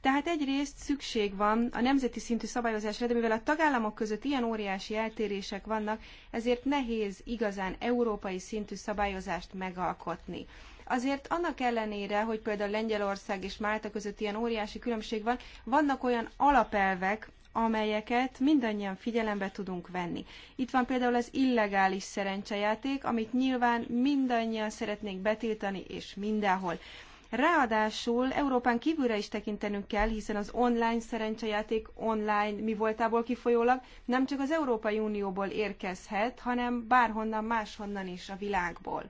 Tehát egyrészt szükség van a nemzeti szintű szabályozásra, de mivel a tagállamok között ilyen óriási eltérések vannak, ezért nehéz igazán európai szintű szabályozást megalkotni. Azért annak ellenére, hogy például Lengyelország és Málta között ilyen óriási különbség van, vannak olyan alapelvek, amelyeket mindannyian figyelembe tudunk venni. Itt van például az illegális szerencsejáték, amit nyilván mindannyian szeretnénk betiltani, és mindenhol. Ráadásul Európán kívülre is tekintenünk kell, hiszen az online szerencsejáték online mi voltából kifolyólag nem csak az Európai Unióból érkezhet, hanem bárhonnan máshonnan is a világból.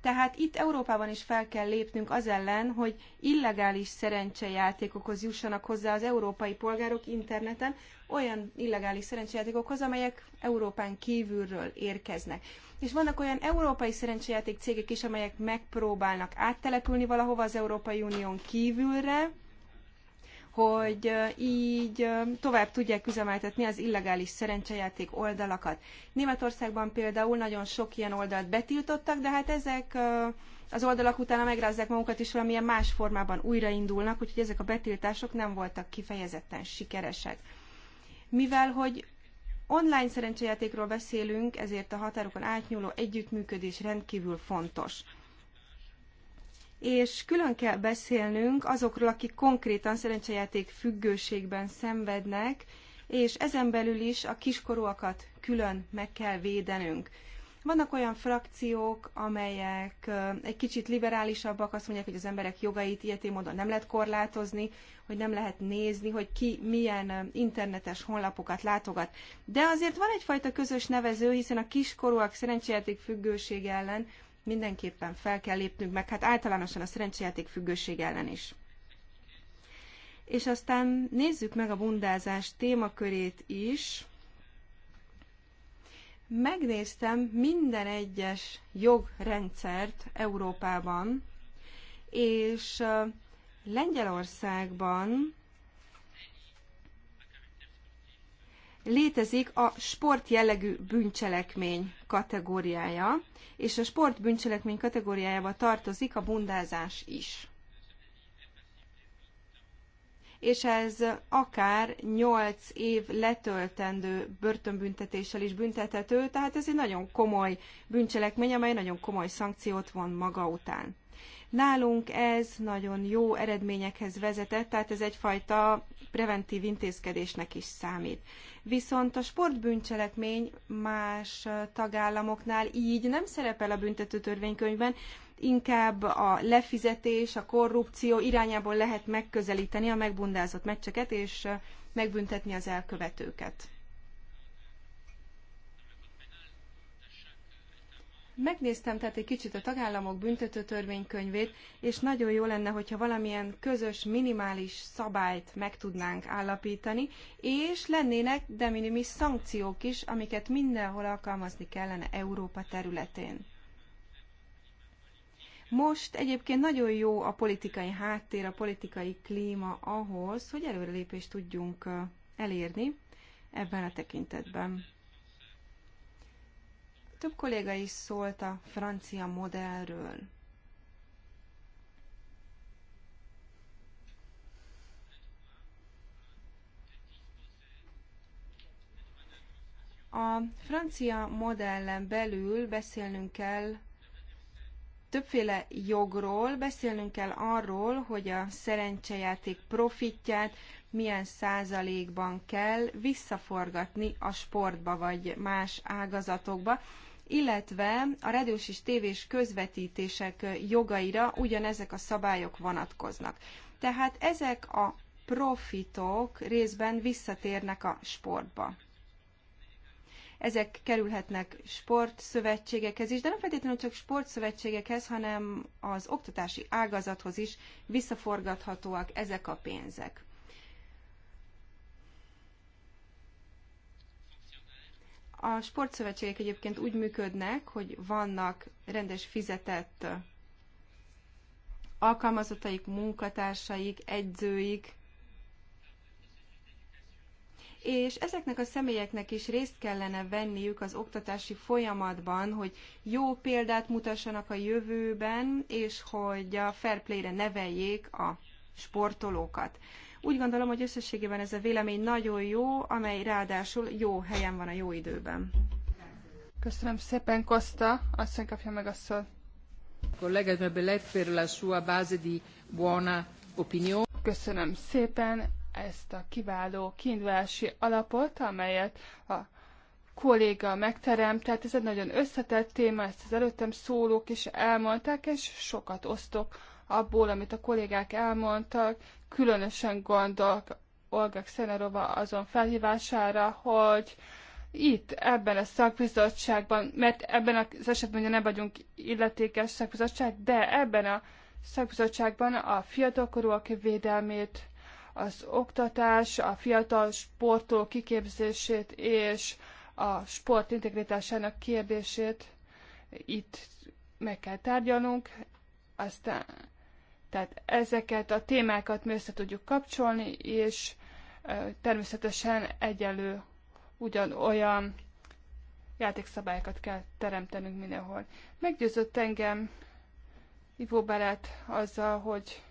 Tehát itt Európában is fel kell lépnünk az ellen, hogy illegális szerencsejátékokhoz jussanak hozzá az európai polgárok interneten, olyan illegális szerencsejátékokhoz, amelyek Európán kívülről érkeznek és vannak olyan európai szerencsejáték cégek is, amelyek megpróbálnak áttelepülni valahova az Európai Unión kívülre, hogy így tovább tudják üzemeltetni az illegális szerencsejáték oldalakat. Németországban például nagyon sok ilyen oldalt betiltottak, de hát ezek az oldalak utána megrázzák magukat, is, valamilyen más formában újraindulnak, úgyhogy ezek a betiltások nem voltak kifejezetten sikeresek. Mivel, hogy Online szerencsejátékról beszélünk, ezért a határokon átnyúló együttműködés rendkívül fontos. És külön kell beszélnünk azokról, akik konkrétan szerencsejáték függőségben szenvednek, és ezen belül is a kiskorúakat külön meg kell védenünk. Vannak olyan frakciók, amelyek egy kicsit liberálisabbak, azt mondják, hogy az emberek jogait ilyetén módon nem lehet korlátozni, hogy nem lehet nézni, hogy ki milyen internetes honlapokat látogat. De azért van egyfajta közös nevező, hiszen a kiskorúak szerencséjáték függőség ellen mindenképpen fel kell lépnünk meg, hát általánosan a szerencséjáték függőség ellen is. És aztán nézzük meg a bundázás témakörét is megnéztem minden egyes jogrendszert Európában, és Lengyelországban létezik a sport jellegű bűncselekmény kategóriája, és a sport bűncselekmény kategóriájába tartozik a bundázás is és ez akár 8 év letöltendő börtönbüntetéssel is büntethető, tehát ez egy nagyon komoly bűncselekmény, amely nagyon komoly szankciót von maga után. Nálunk ez nagyon jó eredményekhez vezetett, tehát ez egyfajta preventív intézkedésnek is számít. Viszont a sportbűncselekmény más tagállamoknál így nem szerepel a büntető törvénykönyvben, inkább a lefizetés, a korrupció irányából lehet megközelíteni a megbundázott meccseket, és megbüntetni az elkövetőket. Megnéztem tehát egy kicsit a tagállamok büntető törvénykönyvét, és nagyon jó lenne, hogyha valamilyen közös, minimális szabályt meg tudnánk állapítani, és lennének de minimis szankciók is, amiket mindenhol alkalmazni kellene Európa területén. Most egyébként nagyon jó a politikai háttér, a politikai klíma ahhoz, hogy előrelépést tudjunk elérni ebben a tekintetben. Több kolléga is szólt a francia modellről. A francia modellen belül beszélnünk kell többféle jogról, beszélnünk kell arról, hogy a szerencsejáték profitját milyen százalékban kell visszaforgatni a sportba vagy más ágazatokba, illetve a rádiós és tévés közvetítések jogaira ugyanezek a szabályok vonatkoznak. Tehát ezek a profitok részben visszatérnek a sportba. Ezek kerülhetnek sportszövetségekhez is, de nem feltétlenül csak sportszövetségekhez, hanem az oktatási ágazathoz is visszaforgathatóak ezek a pénzek. A sportszövetségek egyébként úgy működnek, hogy vannak rendes fizetett alkalmazottaik, munkatársaik, edzőik, és ezeknek a személyeknek is részt kellene venniük az oktatási folyamatban, hogy jó példát mutassanak a jövőben, és hogy a fair play-re neveljék a sportolókat. Úgy gondolom, hogy összességében ez a vélemény nagyon jó, amely ráadásul jó helyen van a jó időben. Köszönöm szépen, Kosta. Aztán kapja meg a szót. Collega per la sua base di buona opinione. Köszönöm szépen ezt a kiváló kiindulási alapot, amelyet a kolléga megteremtett. Ez egy nagyon összetett téma, ezt az előttem szólók is elmondták, és sokat osztok abból, amit a kollégák elmondtak. Különösen gondolok Olga Szenerova azon felhívására, hogy itt, ebben a szakbizottságban, mert ebben az esetben ugye nem vagyunk illetékes szakbizottság, de ebben a szakbizottságban a fiatalkorúak védelmét az oktatás, a fiatal sportol kiképzését és a sport integritásának kérdését itt meg kell tárgyalnunk, aztán tehát ezeket a témákat mi össze tudjuk kapcsolni, és természetesen egyelő ugyanolyan játékszabályokat kell teremtenünk mindenhol. Meggyőzött engem Ivo Belet azzal, hogy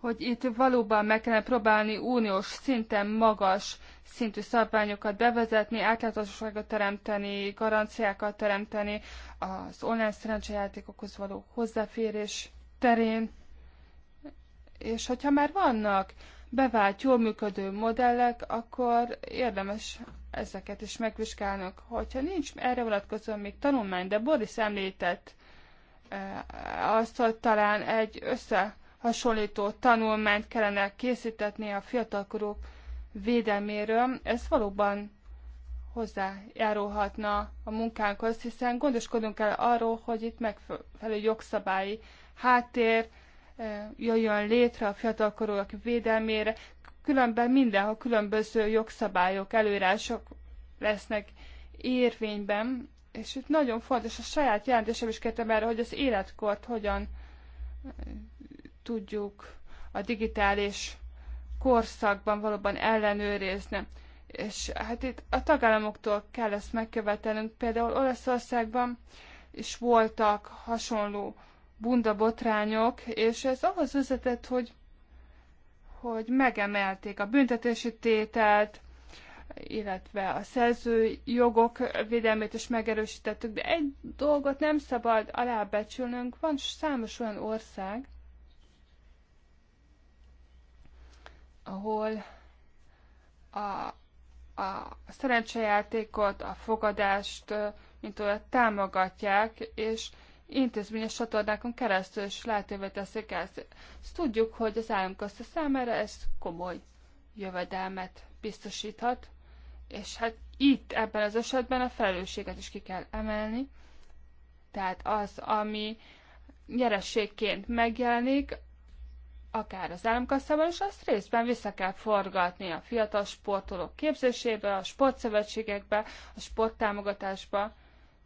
hogy itt valóban meg kellene próbálni uniós szinten magas szintű szabványokat bevezetni, átláthatóságot teremteni, garanciákat teremteni az online szerencsejátékokhoz való hozzáférés terén. És hogyha már vannak bevált, jól működő modellek, akkor érdemes ezeket is megvizsgálnunk. Hogyha nincs erre vonatkozóan még tanulmány, de Boris említett eh, azt, hogy talán egy össze hasonlító tanulmányt kellene készítetni a fiatalkorok védelméről. Ez valóban hozzájárulhatna a munkánkhoz, hiszen gondoskodunk kell arról, hogy itt megfelelő jogszabályi háttér eh, jöjjön létre a fiatalkorúak védelmére, különben mindenhol különböző jogszabályok, előírások lesznek érvényben, és itt nagyon fontos, a saját jelentésem is kértem erre, hogy az életkort hogyan eh, tudjuk a digitális korszakban valóban ellenőrizni. És hát itt a tagállamoktól kell ezt megkövetelnünk. Például Olaszországban is voltak hasonló bundabotrányok és ez ahhoz vezetett, hogy, hogy megemelték a büntetési tételt, illetve a szerző jogok védelmét is megerősítettük, de egy dolgot nem szabad alábecsülnünk, van számos olyan ország, ahol a, a szerencsejátékot, a fogadást, mint olyat támogatják, és intézményes csatornákon keresztül is lehetővé teszik ezt. ezt. Tudjuk, hogy az a számára ez komoly jövedelmet biztosíthat, és hát itt ebben az esetben a felelősséget is ki kell emelni. Tehát az, ami nyerességként megjelenik, akár az államkasszával, és azt részben vissza kell forgatni a fiatal sportolók képzésébe, a sportszövetségekbe, a sporttámogatásba.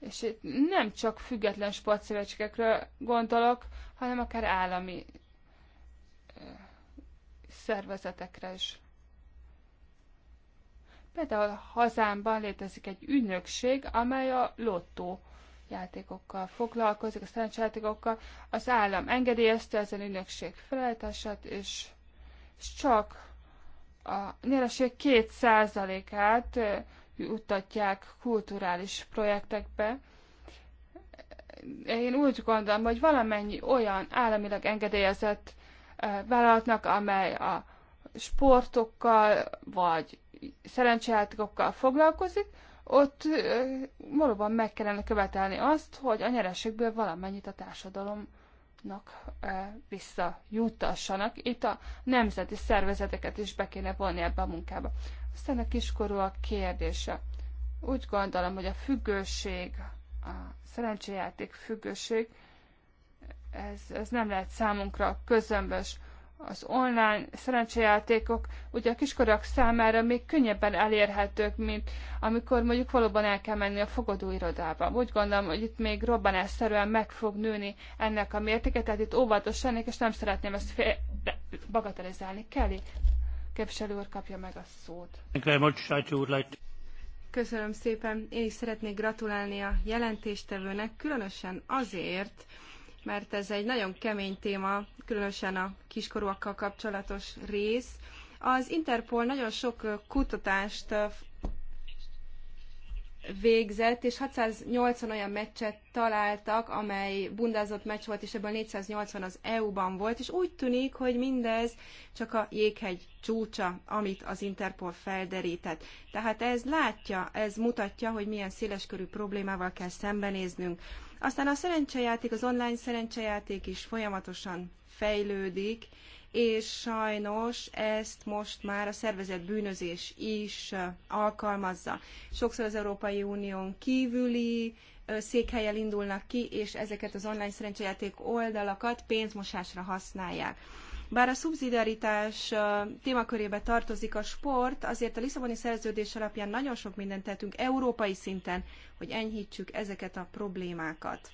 És itt nem csak független sportszövetségekről gondolok, hanem akár állami szervezetekre is. Például hazámban létezik egy ügynökség, amely a lottó játékokkal foglalkozik, a szerencsejátékokkal. Az állam engedélyezte ezen ünökség felállítását, és, és csak a nyereség két százalékát juttatják kulturális projektekbe. Én úgy gondolom, hogy valamennyi olyan államilag engedélyezett vállalatnak, amely a sportokkal vagy szerencsejátékokkal foglalkozik, ott valóban meg kellene követelni azt, hogy a nyereségből valamennyit a társadalomnak visszajutassanak. Itt a nemzeti szervezeteket is be kéne vonni ebbe a munkába. Aztán a a kérdése. Úgy gondolom, hogy a függőség, a szerencséjáték függőség, ez, ez nem lehet számunkra közömbös az online szerencsejátékok ugye a kiskorak számára még könnyebben elérhetők, mint amikor mondjuk valóban el kell menni a fogadóirodába. Úgy gondolom, hogy itt még robbanásszerűen meg fog nőni ennek a mértéke, tehát itt óvatos lennék, és nem szeretném ezt fél... bagatelizálni. Kelly, képviselő úr kapja meg a szót. Köszönöm szépen. Én is szeretnék gratulálni a jelentéstevőnek, különösen azért, mert ez egy nagyon kemény téma, különösen a kiskorúakkal kapcsolatos rész. Az Interpol nagyon sok kutatást végzett, és 680 olyan meccset találtak, amely bundázott meccs volt, és ebből 480 az EU-ban volt, és úgy tűnik, hogy mindez csak a jéghegy csúcsa, amit az Interpol felderített. Tehát ez látja, ez mutatja, hogy milyen széleskörű problémával kell szembenéznünk. Aztán a szerencsejáték, az online szerencsejáték is folyamatosan fejlődik, és sajnos ezt most már a szervezett bűnözés is alkalmazza. Sokszor az Európai Unión kívüli székhelyel indulnak ki, és ezeket az online szerencsejáték oldalakat pénzmosásra használják. Bár a szubszidiaritás témakörébe tartozik a sport, azért a Lisszaboni szerződés alapján nagyon sok mindent tettünk európai szinten, hogy enyhítsük ezeket a problémákat.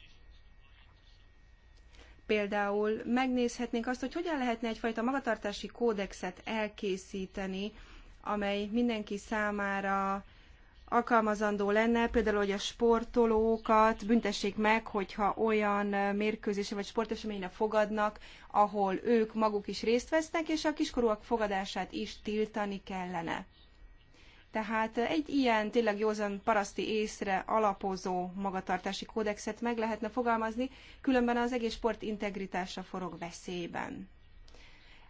Például megnézhetnénk azt, hogy hogyan lehetne egyfajta magatartási kódexet elkészíteni, amely mindenki számára alkalmazandó lenne, például, hogy a sportolókat büntessék meg, hogyha olyan mérkőzése vagy sporteseményre fogadnak, ahol ők maguk is részt vesznek, és a kiskorúak fogadását is tiltani kellene. Tehát egy ilyen tényleg józan paraszti észre alapozó magatartási kódexet meg lehetne fogalmazni, különben az egész sport integritása forog veszélyben.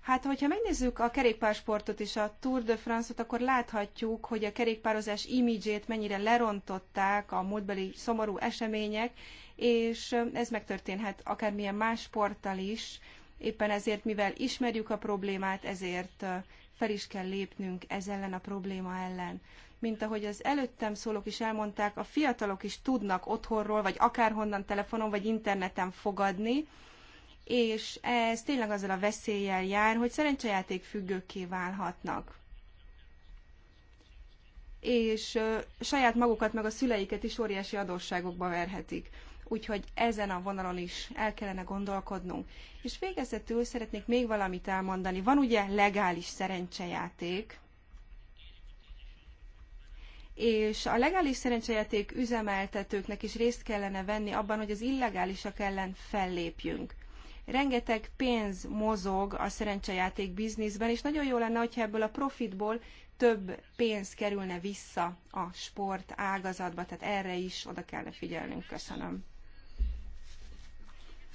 Hát, hogyha megnézzük a kerékpársportot és a Tour de France-ot, akkor láthatjuk, hogy a kerékpározás imidzsét mennyire lerontották a múltbeli szomorú események, és ez megtörténhet akármilyen más sporttal is. Éppen ezért, mivel ismerjük a problémát, ezért fel is kell lépnünk ez ellen a probléma ellen. Mint ahogy az előttem szólók is elmondták, a fiatalok is tudnak otthonról, vagy akárhonnan telefonon, vagy interneten fogadni, és ez tényleg azzal a veszéllyel jár, hogy szerencsejáték függőkké válhatnak és saját magukat, meg a szüleiket is óriási adósságokba verhetik. Úgyhogy ezen a vonalon is el kellene gondolkodnunk. És végezetül szeretnék még valamit elmondani. Van ugye legális szerencsejáték, és a legális szerencsejáték üzemeltetőknek is részt kellene venni abban, hogy az illegálisak ellen fellépjünk. Rengeteg pénz mozog a szerencsejáték bizniszben, és nagyon jó lenne, hogyha ebből a profitból több pénz kerülne vissza a sport ágazatba, tehát erre is oda kellene figyelnünk. Köszönöm.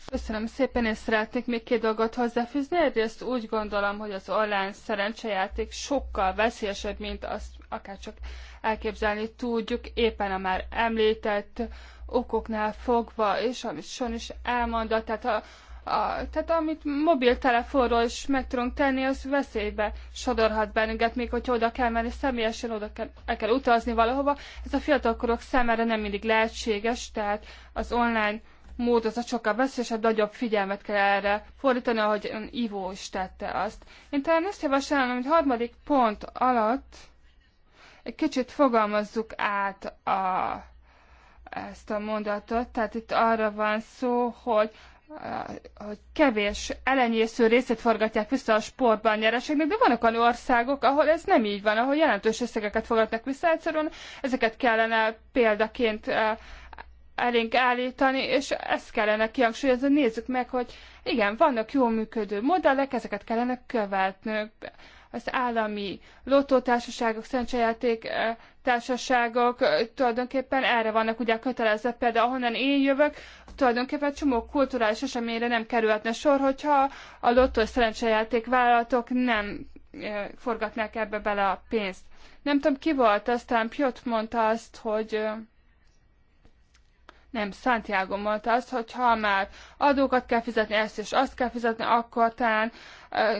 Köszönöm szépen, és szeretnék még két dolgot hozzáfűzni. Egyrészt úgy gondolom, hogy az online szerencsejáték sokkal veszélyesebb, mint azt csak elképzelni tudjuk, éppen a már említett okoknál fogva, és amit Son is elmondott, tehát a, a, tehát amit mobiltelefonról is meg tudunk tenni, az veszélybe sodorhat bennünket, még hogyha oda kell menni, személyesen oda kell, el kell utazni valahova. Ez a fiatalkorok számára nem mindig lehetséges, tehát az online az a sokkal veszélyesebb, nagyobb figyelmet kell erre fordítani, ahogy Ivó is tette azt. Én talán ezt javasolnám, hogy harmadik pont alatt egy kicsit fogalmazzuk át a, ezt a mondatot, tehát itt arra van szó, hogy hogy kevés elenyésző részét forgatják vissza a sportban nyereségnek, de vannak olyan országok, ahol ez nem így van, ahol jelentős összegeket forgatnak vissza egyszerűen, ezeket kellene példaként eh, elénk állítani, és ezt kellene kihangsúlyozni, nézzük meg, hogy igen, vannak jól működő modellek, ezeket kellene követnünk az állami lottótársaságok, szentsejáték eh, társaságok eh, tulajdonképpen erre vannak ugye kötelezve. Például ahonnan én jövök, tulajdonképpen csomó kulturális eseményre nem kerülhetne sor, hogyha a lottó szerencsejáték vállalatok nem eh, forgatnák ebbe bele a pénzt. Nem tudom, ki volt, aztán Piot mondta azt, hogy nem Santiago mondta azt, hogy ha már adókat kell fizetni, ezt és azt kell fizetni, akkor talán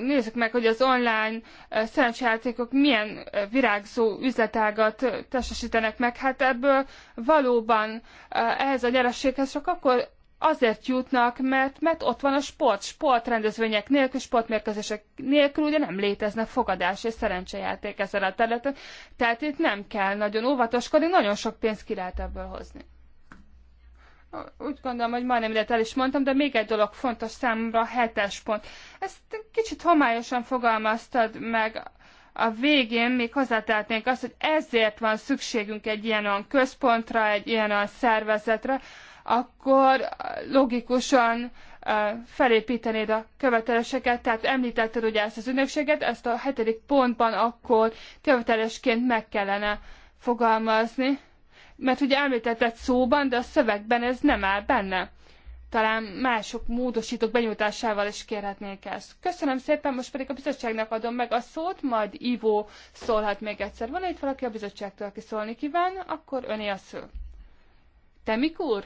nézzük meg, hogy az online szerencsejátékok milyen virágzó üzletágat testesítenek meg. Hát ebből valóban ehhez a nyerességhez csak akkor azért jutnak, mert, mert ott van a sport. Sportrendezvények nélkül, sportmérkezések nélkül ugye nem léteznek fogadás és szerencsejáték ezzel a területen. Tehát itt nem kell nagyon óvatoskodni, nagyon sok pénzt ki lehet ebből hozni úgy gondolom, hogy majdnem mindent el is mondtam, de még egy dolog fontos számomra, a hetes pont. Ezt kicsit homályosan fogalmaztad meg a végén, még hozzátehetnénk azt, hogy ezért van szükségünk egy ilyen olyan központra, egy ilyen olyan szervezetre, akkor logikusan felépítenéd a követeléseket, tehát említetted ugye ezt az ügynökséget, ezt a hetedik pontban akkor követelésként meg kellene fogalmazni mert ugye említetted szóban, de a szövegben ez nem áll benne. Talán mások módosítók benyújtásával is kérhetnék ezt. Köszönöm szépen, most pedig a bizottságnak adom meg a szót, majd Ivo szólhat még egyszer. Van itt valaki a bizottságtól, aki szólni kíván, akkor öné a szó. Te mikor?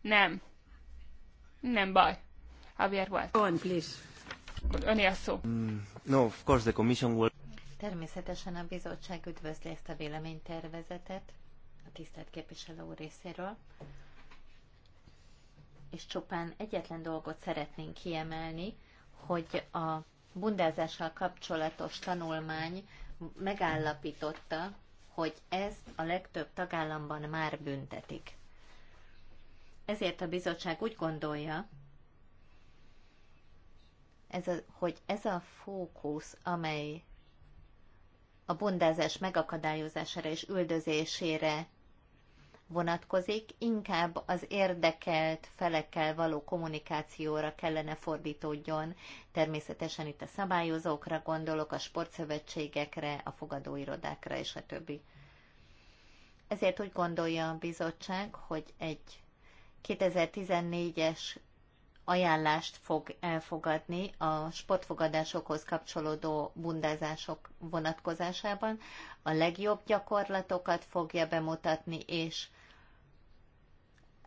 Nem. Nem baj. Javier volt. On, please. öné a szó. Mm, no, of course the commission will... Természetesen a bizottság üdvözli ezt a véleménytervezetet, a tisztelt képviselő úr részéről, és csupán egyetlen dolgot szeretnénk kiemelni, hogy a bundázással kapcsolatos tanulmány megállapította, hogy ezt a legtöbb tagállamban már büntetik. Ezért a bizottság úgy gondolja, ez a, hogy ez a fókusz, amely a bundázás megakadályozására és üldözésére vonatkozik, inkább az érdekelt felekkel való kommunikációra kellene fordítódjon. Természetesen itt a szabályozókra gondolok, a sportszövetségekre, a fogadóirodákra és a többi. Ezért úgy gondolja a bizottság, hogy egy 2014-es ajánlást fog elfogadni a sportfogadásokhoz kapcsolódó bundázások vonatkozásában, a legjobb gyakorlatokat fogja bemutatni, és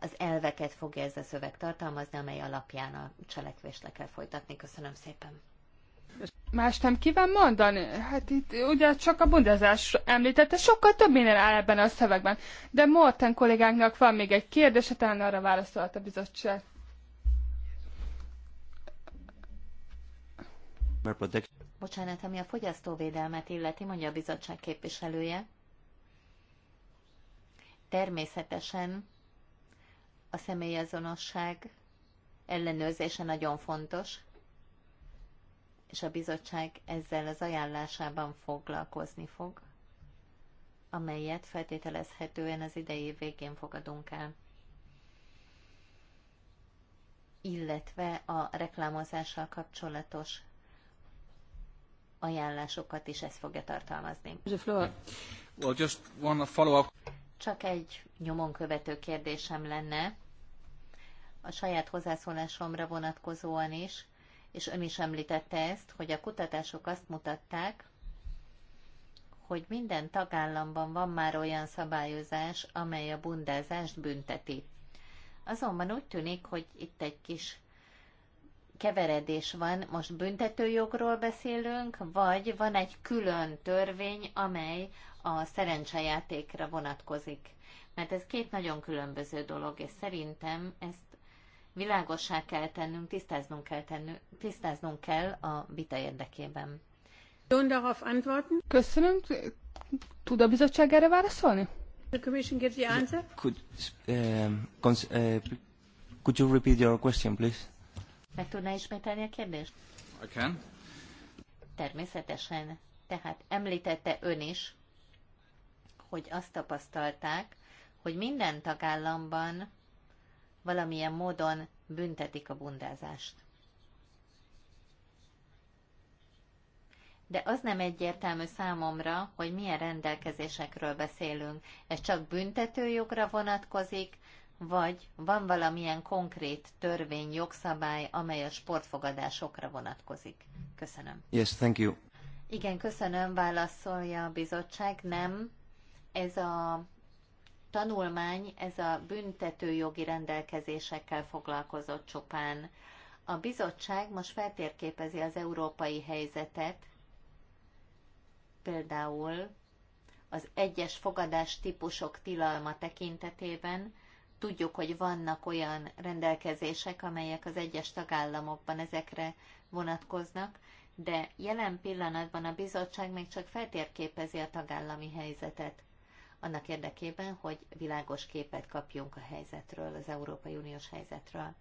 az elveket fogja ez a szöveg tartalmazni, amely alapján a cselekvést le kell folytatni. Köszönöm szépen. Más nem kíván mondani? Hát itt ugye csak a bundázás említette, sokkal több minden áll ebben a szövegben. De Morten kollégánknak van még egy kérdése, talán arra válaszolhat a bizottság. Bocsánat, ami a fogyasztóvédelmet illeti, mondja a bizottság képviselője. Természetesen a személyazonosság ellenőrzése nagyon fontos, és a bizottság ezzel az ajánlásában foglalkozni fog, amelyet feltételezhetően az idei végén fogadunk el. Illetve a reklámozással kapcsolatos ajánlásokat is ez fogja tartalmazni. Well, just one follow-up. Csak egy nyomon követő kérdésem lenne a saját hozzászólásomra vonatkozóan is, és ön is említette ezt, hogy a kutatások azt mutatták, hogy minden tagállamban van már olyan szabályozás, amely a bundázást bünteti. Azonban úgy tűnik, hogy itt egy kis keveredés van, most büntetőjogról beszélünk, vagy van egy külön törvény, amely a szerencsejátékra vonatkozik. Mert ez két nagyon különböző dolog, és szerintem ez világossá kell tennünk, tisztáznunk kell, tennünk, tisztáznunk kell a vita érdekében. Köszönöm. Tud a bizottság erre válaszolni? The commission gives the answer. Could, um, cons- uh, could you repeat your question, please? Meg tudná ismételni a kérdést? I can. Természetesen. Tehát említette ön is, hogy azt tapasztalták, hogy minden tagállamban valamilyen módon büntetik a bundázást. De az nem egyértelmű számomra, hogy milyen rendelkezésekről beszélünk. Ez csak büntetőjogra vonatkozik, vagy van valamilyen konkrét törvény, jogszabály, amely a sportfogadásokra vonatkozik? Köszönöm. Yes, thank you. Igen, köszönöm, válaszolja a bizottság. Nem, ez a tanulmány ez a büntetőjogi rendelkezésekkel foglalkozott csupán. A bizottság most feltérképezi az európai helyzetet, például az egyes fogadás típusok tilalma tekintetében, tudjuk, hogy vannak olyan rendelkezések, amelyek az egyes tagállamokban ezekre vonatkoznak, de jelen pillanatban a bizottság még csak feltérképezi a tagállami helyzetet annak érdekében, hogy világos képet kapjunk a helyzetről, az Európai Uniós helyzetről.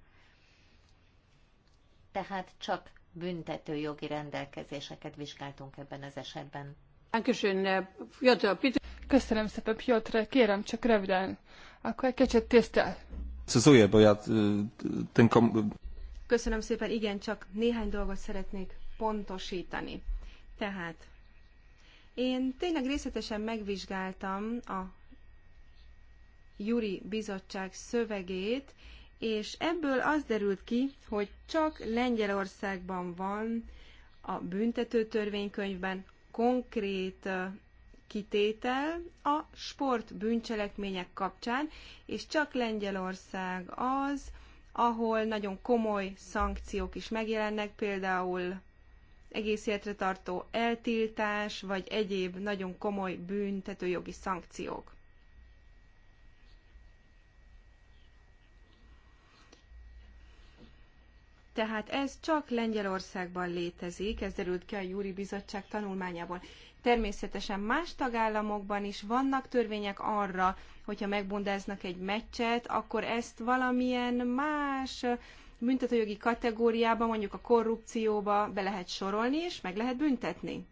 Tehát csak büntető jogi rendelkezéseket vizsgáltunk ebben az esetben. Köszönöm szépen, Piotr, kérem csak röviden, akkor egy kicsit tisztel. Köszönöm szépen, igen, csak néhány dolgot szeretnék pontosítani. Tehát én tényleg részletesen megvizsgáltam a Juri Bizottság szövegét, és ebből az derült ki, hogy csak Lengyelországban van a büntető törvénykönyvben konkrét kitétel a sport bűncselekmények kapcsán, és csak Lengyelország az, ahol nagyon komoly szankciók is megjelennek, például egész életre tartó eltiltás, vagy egyéb nagyon komoly büntetőjogi szankciók. Tehát ez csak Lengyelországban létezik, ez derült ki a Júri Bizottság tanulmányából. Természetesen más tagállamokban is vannak törvények arra, hogyha megbundáznak egy meccset, akkor ezt valamilyen más büntetőjogi kategóriába, mondjuk a korrupcióba be lehet sorolni, és meg lehet büntetni.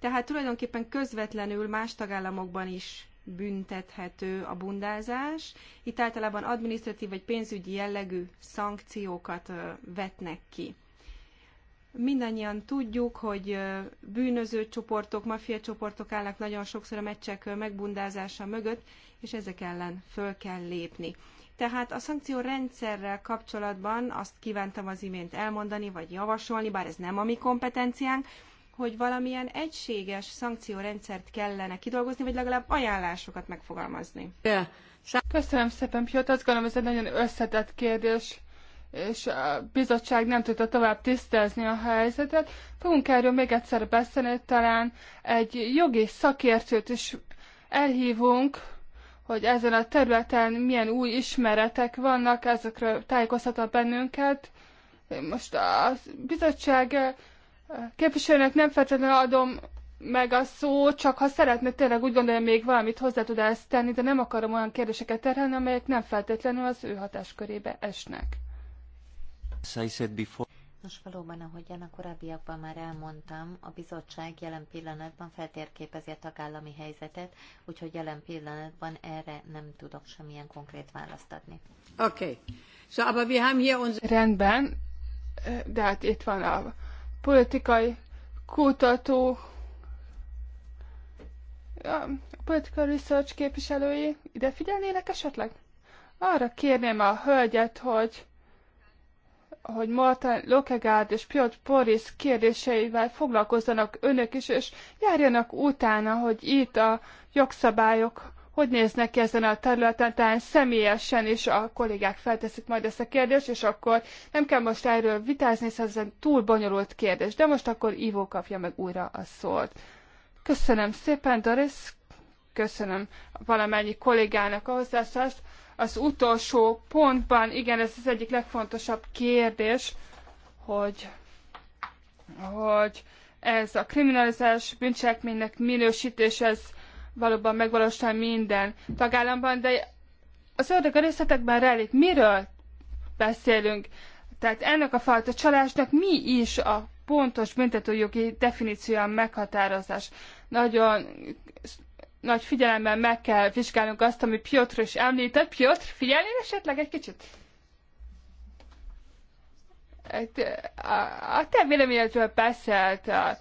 Tehát tulajdonképpen közvetlenül más tagállamokban is büntethető a bundázás. Itt általában administratív vagy pénzügyi jellegű szankciókat vetnek ki. Mindannyian tudjuk, hogy bűnöző csoportok, maffia csoportok állnak nagyon sokszor a meccsek megbundázása mögött, és ezek ellen föl kell lépni. Tehát a rendszerrel kapcsolatban azt kívántam az imént elmondani, vagy javasolni, bár ez nem a mi kompetenciánk, hogy valamilyen egységes szankciórendszert kellene kidolgozni, vagy legalább ajánlásokat megfogalmazni. Köszönöm szépen, Piotr. Azt gondolom, ez egy nagyon összetett kérdés és a bizottság nem tudta tovább tisztelni a helyzetet. Fogunk erről még egyszer beszélni, talán egy jogi szakértőt is elhívunk, hogy ezen a területen milyen új ismeretek vannak, ezekről tájékoztatna bennünket. Most a bizottság eh, képviselőnek nem feltétlenül adom meg a szó, csak ha szeretne tényleg úgy gondolja, még valamit hozzá tud ezt tenni, de nem akarom olyan kérdéseket terhelni, amelyek nem feltétlenül az ő hatáskörébe esnek. As I said before. Nos, valóban, ahogyan a korábbiakban már elmondtam, a bizottság jelen pillanatban feltérképezi a tagállami helyzetet, úgyhogy jelen pillanatban erre nem tudok semmilyen konkrét választ adni. Oké. Okay. So, aber wir haben hier uns... Rendben, de hát itt van a politikai kutató, a political research képviselői ide figyelnének esetleg? Arra kérném a hölgyet, hogy hogy Martin Lokegárd és Piotr Boris kérdéseivel foglalkozzanak önök is, és járjanak utána, hogy itt a jogszabályok hogy néznek ki ezen a területen, talán személyesen is a kollégák felteszik majd ezt a kérdést, és akkor nem kell most erről vitázni, hiszen ez túl bonyolult kérdés. De most akkor Ivo kapja meg újra a szót. Köszönöm szépen, Doris, köszönöm valamennyi kollégának a hozzászást az utolsó pontban, igen, ez az egyik legfontosabb kérdés, hogy, hogy ez a kriminalizás bűncselekménynek minősítés, ez valóban megvalósul minden tagállamban, de az ördög a részletekben rejlik, miről beszélünk. Tehát ennek a fajta csalásnak mi is a pontos büntetőjogi definíciója, meghatározás. Nagyon nagy figyelemmel meg kell vizsgálnunk azt, ami Piotr is említett. Piotr, figyelnél esetleg egy kicsit? A te véleményedről beszélt, a,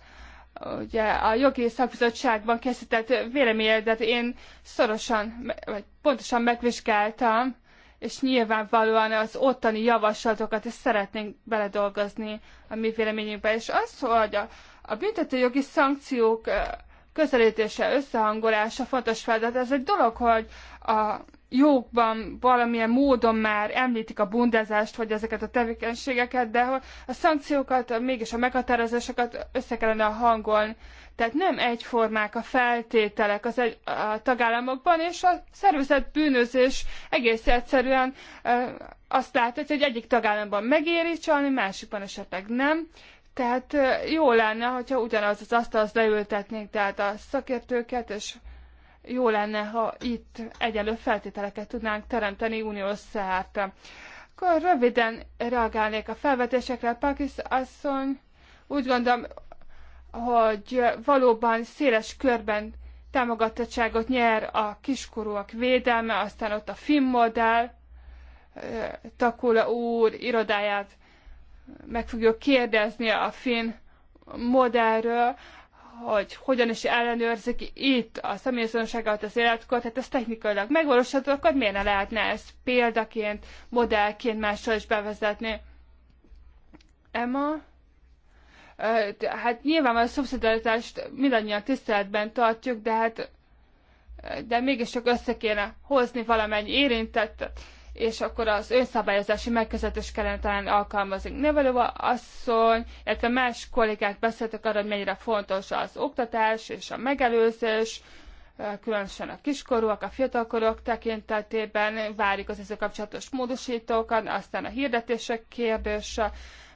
ugye a jogi szakbizottságban készített véleményedet én szorosan, vagy pontosan megvizsgáltam, és nyilvánvalóan az ottani javaslatokat is szeretnénk beledolgozni a mi véleményünkbe. És az, hogy a, a büntetőjogi szankciók közelítése, összehangolása fontos feladat. Ez egy dolog, hogy a jogban valamilyen módon már említik a bundázást, vagy ezeket a tevékenységeket, de a szankciókat, mégis a meghatározásokat össze kellene hangolni. Tehát nem egyformák a feltételek az egy, a tagállamokban, és a szervezett bűnözés egész egyszerűen azt látja, hogy egyik tagállamban megéri csalni, másikban esetleg nem. Tehát jó lenne, hogyha ugyanaz az asztalhoz leültetnénk, tehát a szakértőket, és jó lenne, ha itt egyenlő feltételeket tudnánk teremteni uniós szerte. Akkor röviden reagálnék a felvetésekre. Pakis asszony úgy gondolom, hogy valóban széles körben támogatottságot nyer a kiskorúak védelme, aztán ott a finn modell, Takula úr irodáját meg fogjuk kérdezni a finn modellről, hogy hogyan is ellenőrzik itt a személyazonosságát az életkor, tehát ez technikailag megvalósítható, akkor miért ne lehetne ezt példaként, modellként mással is bevezetni? Emma? Hát nyilván a szubszidaritást mindannyian tiszteletben tartjuk, de hát de mégis össze kéne hozni valamennyi érintettet és akkor az önszabályozási megközelítés kellene talán alkalmazni. Nevelő asszony, illetve más kollégák beszéltek arra, hogy mennyire fontos az oktatás és a megelőzés, különösen a kiskorúak, a fiatalkorúak tekintetében várjuk az ezzel kapcsolatos módosítókat, aztán a hirdetések kérdése,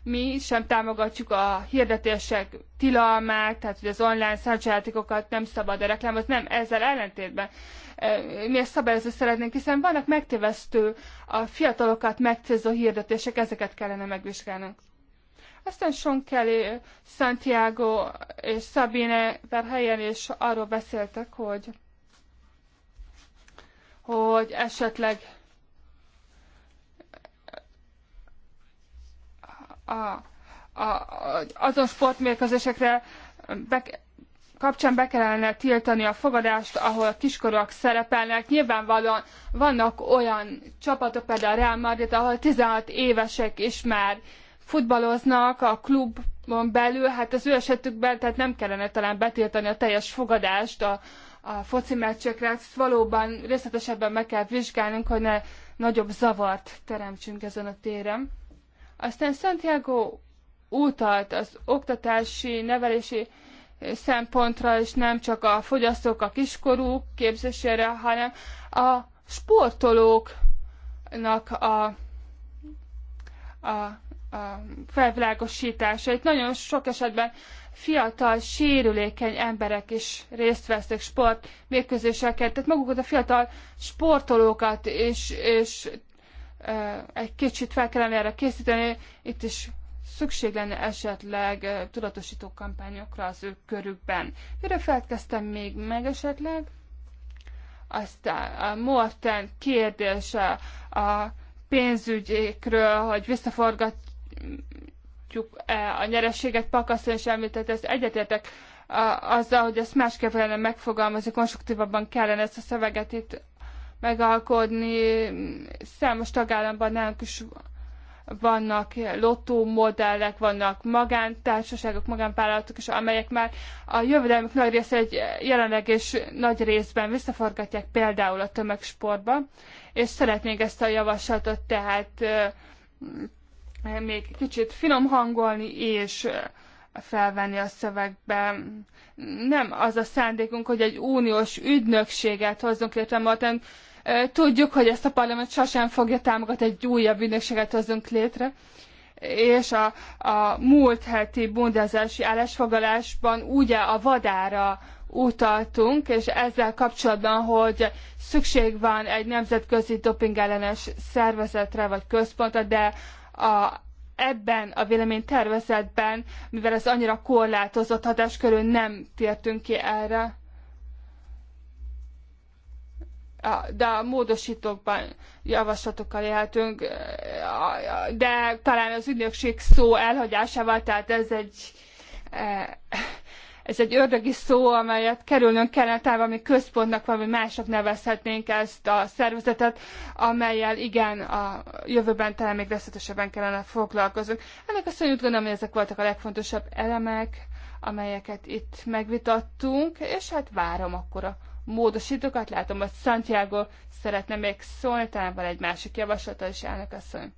mi sem támogatjuk a hirdetések tilalmát, tehát hogy az online szerencsejátékokat nem szabad a reklámot, nem, ezzel ellentétben e, mi ezt szabályozni szeretnénk, hiszen vannak megtévesztő, a fiatalokat megcélzó hirdetések, ezeket kellene megvizsgálnunk. Aztán Sean Kelly, Santiago és Sabine Verheyen is arról beszéltek, hogy, hogy esetleg a, a, azon sportmérkőzésekre be, kapcsán be kellene tiltani a fogadást, ahol a kiskorúak szerepelnek. Nyilvánvalóan vannak olyan csapatok, például a Real Madrid, ahol 16 évesek is már futballoznak a klubon belül, hát az ő esetükben tehát nem kellene talán betiltani a teljes fogadást a, a foci meccsekre, ezt valóban részletesebben meg kell vizsgálnunk, hogy ne nagyobb zavart teremtsünk ezen a téren. Aztán Santiago utalt az oktatási, nevelési szempontra, és nem csak a fogyasztók, a kiskorúk képzésére, hanem a sportolóknak a, a, a felvilágosítása. Itt nagyon sok esetben fiatal, sérülékeny emberek is részt vesznek sport mérkőzéseken, tehát magukat a fiatal sportolókat és és egy kicsit fel kellene erre készíteni, itt is szükség lenne esetleg tudatosító kampányokra az ő körükben. Mire felkezdtem még meg esetleg? Aztán a Morten kérdése a pénzügyékről, hogy visszaforgatjuk -e a nyerességet, pakasztani is említett, ezt egyetértek azzal, hogy ezt másképp kellene megfogalmazni, konstruktívabban kellene ezt a szöveget itt megalkodni. Számos tagállamban nálunk is vannak lottó modellek, vannak magántársaságok, magánvállalatok is, amelyek már a jövedelmük nagy része egy jelenleg és nagy részben visszaforgatják például a tömegsportba, és szeretnék ezt a javaslatot tehát még kicsit finom hangolni, és felvenni a szövegbe. Nem az a szándékunk, hogy egy uniós ügynökséget hozzunk létre, hanem Tudjuk, hogy ezt a parlament sosem fogja támogatni, egy újabb ügynökséget hozzunk létre és a, a múlt heti bundázási állásfoglalásban ugye a vadára utaltunk, és ezzel kapcsolatban, hogy szükség van egy nemzetközi dopingellenes szervezetre vagy központra, de a, ebben a véleménytervezetben, mivel ez annyira korlátozott hatáskörül, nem tértünk ki erre de a módosítókban javaslatokkal élhetünk, de talán az ügynökség szó elhagyásával, tehát ez egy ez egy ördögi szó, amelyet kerülnünk kellene, talán valami központnak, valami mások nevezhetnénk ezt a szervezetet, amelyel igen, a jövőben talán még részletesebben kellene foglalkozunk. Ennek azt mondjuk gondolom, hogy ezek voltak a legfontosabb elemek, amelyeket itt megvitattunk, és hát várom akkor a módosítókat. Látom, hogy Santiago szeretne még szólni, talán van egy másik javaslata is, elnök asszony.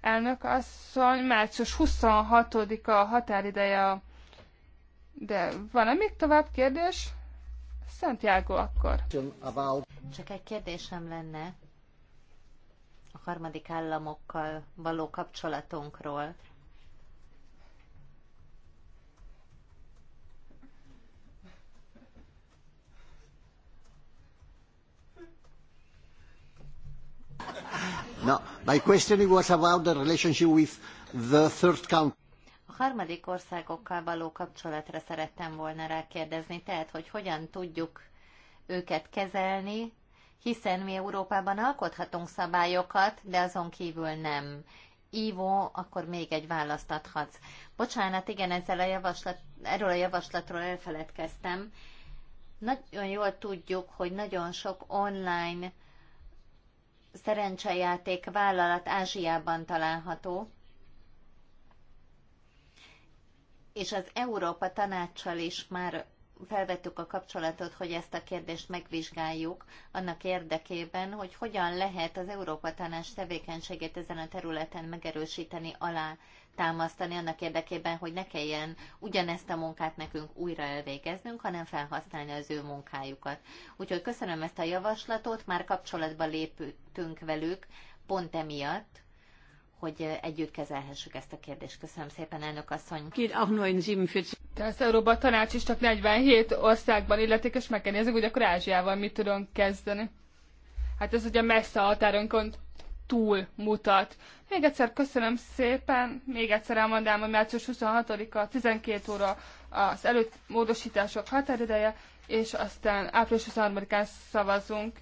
Elnök asszony, március 26-a a határideje, de van-e még tovább kérdés? Santiago akkor. Csak egy kérdésem lenne a harmadik államokkal való kapcsolatunkról. No, my question was about the relationship with the third country. A harmadik országokkal való kapcsolatra szerettem volna rákérdezni, tehát hogy hogyan tudjuk őket kezelni, hiszen mi Európában alkothatunk szabályokat, de azon kívül nem. Ivo, akkor még egy választ adhatsz. Bocsánat, igen, ezzel a javaslat, erről a javaslatról elfeledkeztem. Nagyon jól tudjuk, hogy nagyon sok online szerencsejáték vállalat Ázsiában található, és az Európa tanácssal is már felvettük a kapcsolatot, hogy ezt a kérdést megvizsgáljuk annak érdekében, hogy hogyan lehet az Európa Tanács tevékenységét ezen a területen megerősíteni alá támasztani annak érdekében, hogy ne kelljen ugyanezt a munkát nekünk újra elvégeznünk, hanem felhasználni az ő munkájukat. Úgyhogy köszönöm ezt a javaslatot, már kapcsolatba léptünk velük, pont emiatt, hogy együtt kezelhessük ezt a kérdést. Köszönöm szépen, elnök asszony. Tehát Európa tanács is csak 47 országban illetékes, meg kell nézzük, hogy akkor Ázsiával mit tudunk kezdeni. Hát ez ugye messze a határunkon túl mutat. Még egyszer köszönöm szépen, még egyszer elmondám, hogy március 26-a 12 óra az előtt módosítások határideje, és aztán április 23-án szavazunk.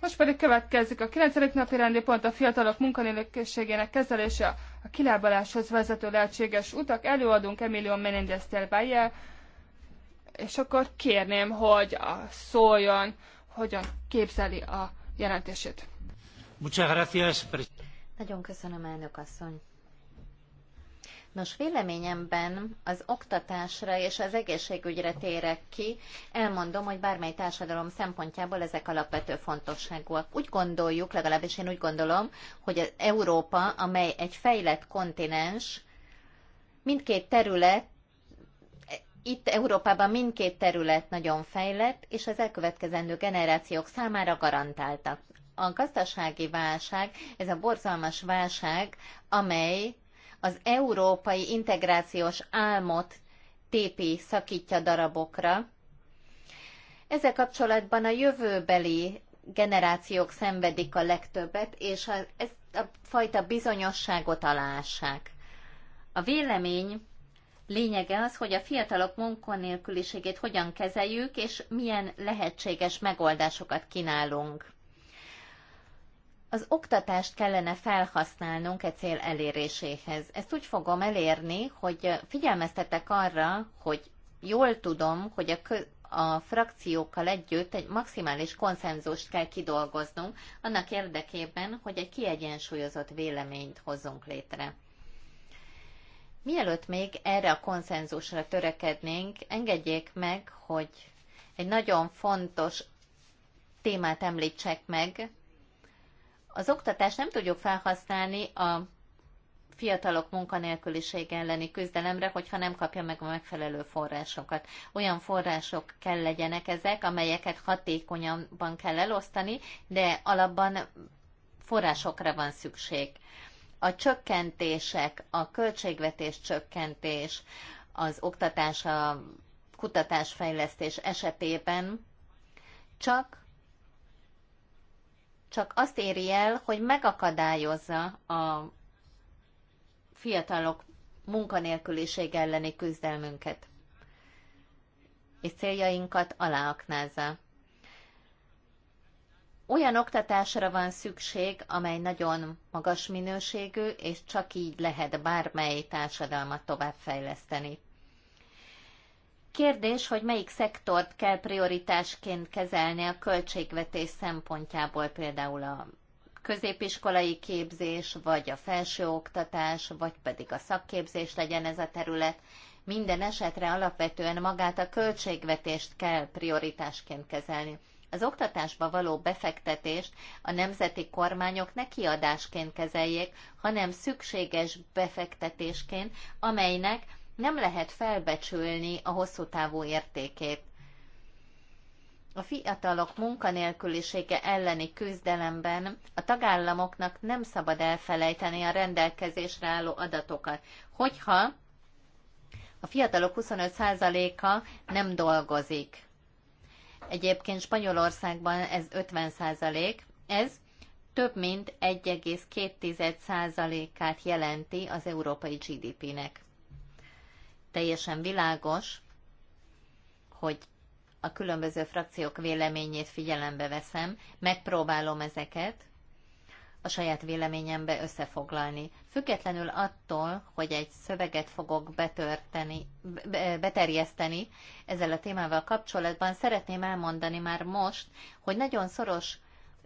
Most pedig következik a 9. napi rendi pont a fiatalok munkanélküliségének kezelése, a kilábaláshoz vezető lehetséges utak. Előadunk Emilio Menendez del és akkor kérném, hogy szóljon, hogyan képzeli a jelentését. Nagyon köszönöm, elnök asszony. Nos, véleményemben az oktatásra és az egészségügyre térek ki, elmondom, hogy bármely társadalom szempontjából ezek alapvető fontosságúak. Úgy gondoljuk, legalábbis én úgy gondolom, hogy az Európa, amely egy fejlett kontinens, mindkét terület itt Európában mindkét terület nagyon fejlett, és az elkövetkezendő generációk számára garantáltak a gazdasági válság, ez a borzalmas válság, amely az európai integrációs álmot tépi, szakítja darabokra. Ezzel kapcsolatban a jövőbeli generációk szenvedik a legtöbbet, és a, ezt a fajta bizonyosságot alássák. A vélemény lényege az, hogy a fiatalok munkanélküliségét hogyan kezeljük, és milyen lehetséges megoldásokat kínálunk az oktatást kellene felhasználnunk e cél eléréséhez. Ezt úgy fogom elérni, hogy figyelmeztetek arra, hogy jól tudom, hogy a, kö- a frakciókkal együtt egy maximális konszenzust kell kidolgoznunk, annak érdekében, hogy egy kiegyensúlyozott véleményt hozzunk létre. Mielőtt még erre a konszenzusra törekednénk, engedjék meg, hogy egy nagyon fontos témát említsek meg, az oktatást nem tudjuk felhasználni a fiatalok munkanélküliség elleni küzdelemre, hogyha nem kapja meg a megfelelő forrásokat. Olyan források kell legyenek ezek, amelyeket hatékonyabban kell elosztani, de alapban forrásokra van szükség. A csökkentések, a költségvetés csökkentés, az oktatás, a kutatásfejlesztés esetében csak csak azt éri el, hogy megakadályozza a fiatalok munkanélküliség elleni küzdelmünket, és céljainkat aláaknázza. Olyan oktatásra van szükség, amely nagyon magas minőségű, és csak így lehet bármely társadalmat továbbfejleszteni. Kérdés, hogy melyik szektort kell prioritásként kezelni a költségvetés szempontjából, például a középiskolai képzés, vagy a felsőoktatás, vagy pedig a szakképzés legyen ez a terület. Minden esetre alapvetően magát a költségvetést kell prioritásként kezelni. Az oktatásba való befektetést a nemzeti kormányok ne kiadásként kezeljék, hanem szükséges befektetésként, amelynek nem lehet felbecsülni a hosszú távú értékét. A fiatalok munkanélkülisége elleni küzdelemben a tagállamoknak nem szabad elfelejteni a rendelkezésre álló adatokat. Hogyha a fiatalok 25%-a nem dolgozik. Egyébként Spanyolországban ez 50%, ez több mint 1,2%-át jelenti az európai GDP-nek teljesen világos, hogy a különböző frakciók véleményét figyelembe veszem, megpróbálom ezeket a saját véleményembe összefoglalni. Függetlenül attól, hogy egy szöveget fogok betörteni, beterjeszteni ezzel a témával kapcsolatban, szeretném elmondani már most, hogy nagyon szoros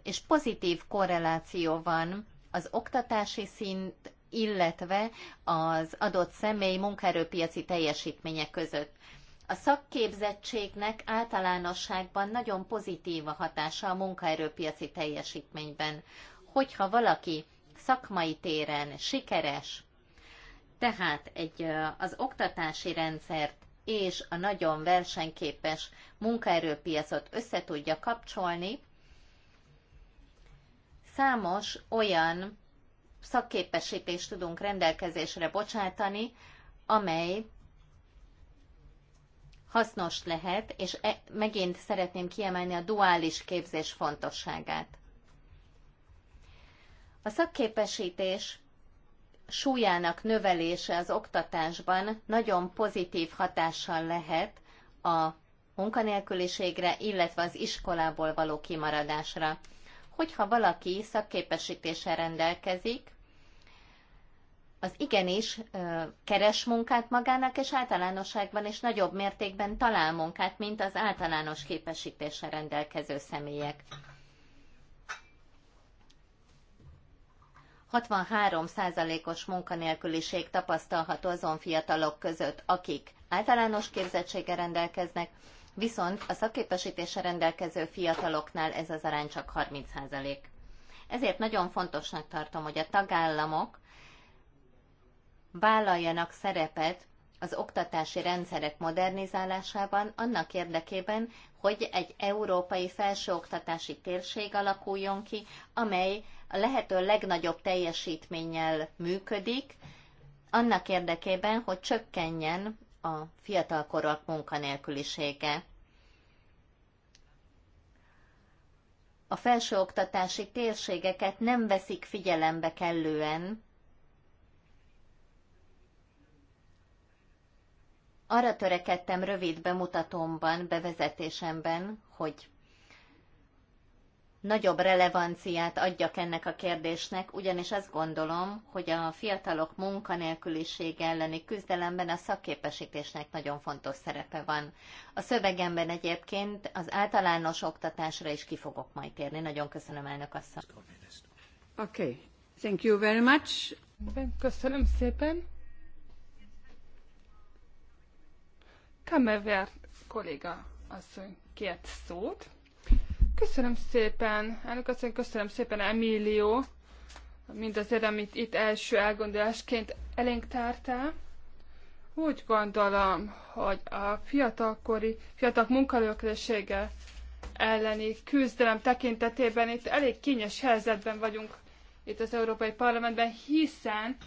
és pozitív korreláció van az oktatási szint illetve az adott személy munkaerőpiaci teljesítménye között. A szakképzettségnek általánosságban nagyon pozitív a hatása a munkaerőpiaci teljesítményben. Hogyha valaki szakmai téren sikeres, tehát egy, az oktatási rendszert és a nagyon versenyképes munkaerőpiacot összetudja kapcsolni, számos olyan szakképesítést tudunk rendelkezésre bocsátani, amely hasznos lehet, és e, megint szeretném kiemelni a duális képzés fontosságát. A szakképesítés súlyának növelése az oktatásban nagyon pozitív hatással lehet a munkanélküliségre, illetve az iskolából való kimaradásra. Hogyha valaki szakképesítéssel rendelkezik, az igenis keres munkát magának, és általánosságban és nagyobb mértékben talál munkát, mint az általános képesítéssel rendelkező személyek. 63%-os munkanélküliség tapasztalható azon fiatalok között, akik általános képzettsége rendelkeznek, viszont a szakképesítése rendelkező fiataloknál ez az arány csak 30%. Ezért nagyon fontosnak tartom, hogy a tagállamok vállaljanak szerepet az oktatási rendszerek modernizálásában annak érdekében, hogy egy európai felsőoktatási térség alakuljon ki, amely a lehető legnagyobb teljesítménnyel működik, annak érdekében, hogy csökkenjen a fiatalkorok munkanélkülisége. A felsőoktatási térségeket nem veszik figyelembe kellően, arra törekedtem rövid bemutatómban, bevezetésemben, hogy nagyobb relevanciát adjak ennek a kérdésnek, ugyanis azt gondolom, hogy a fiatalok munkanélkülisége elleni küzdelemben a szakképesítésnek nagyon fontos szerepe van. A szövegemben egyébként az általános oktatásra is kifogok majd térni. Nagyon köszönöm, elnök asszony. Oké, okay. thank you very much. Köszönöm szépen. Kamerver kolléga asszony kért szót. Köszönöm szépen, elnök asszony, köszönöm szépen, Emilio, mindazért, amit itt első elgondolásként elénk tártál. Úgy gondolom, hogy a fiatalkori, fiatal munkalőkülsége elleni küzdelem tekintetében itt elég kényes helyzetben vagyunk itt az Európai Parlamentben, hiszen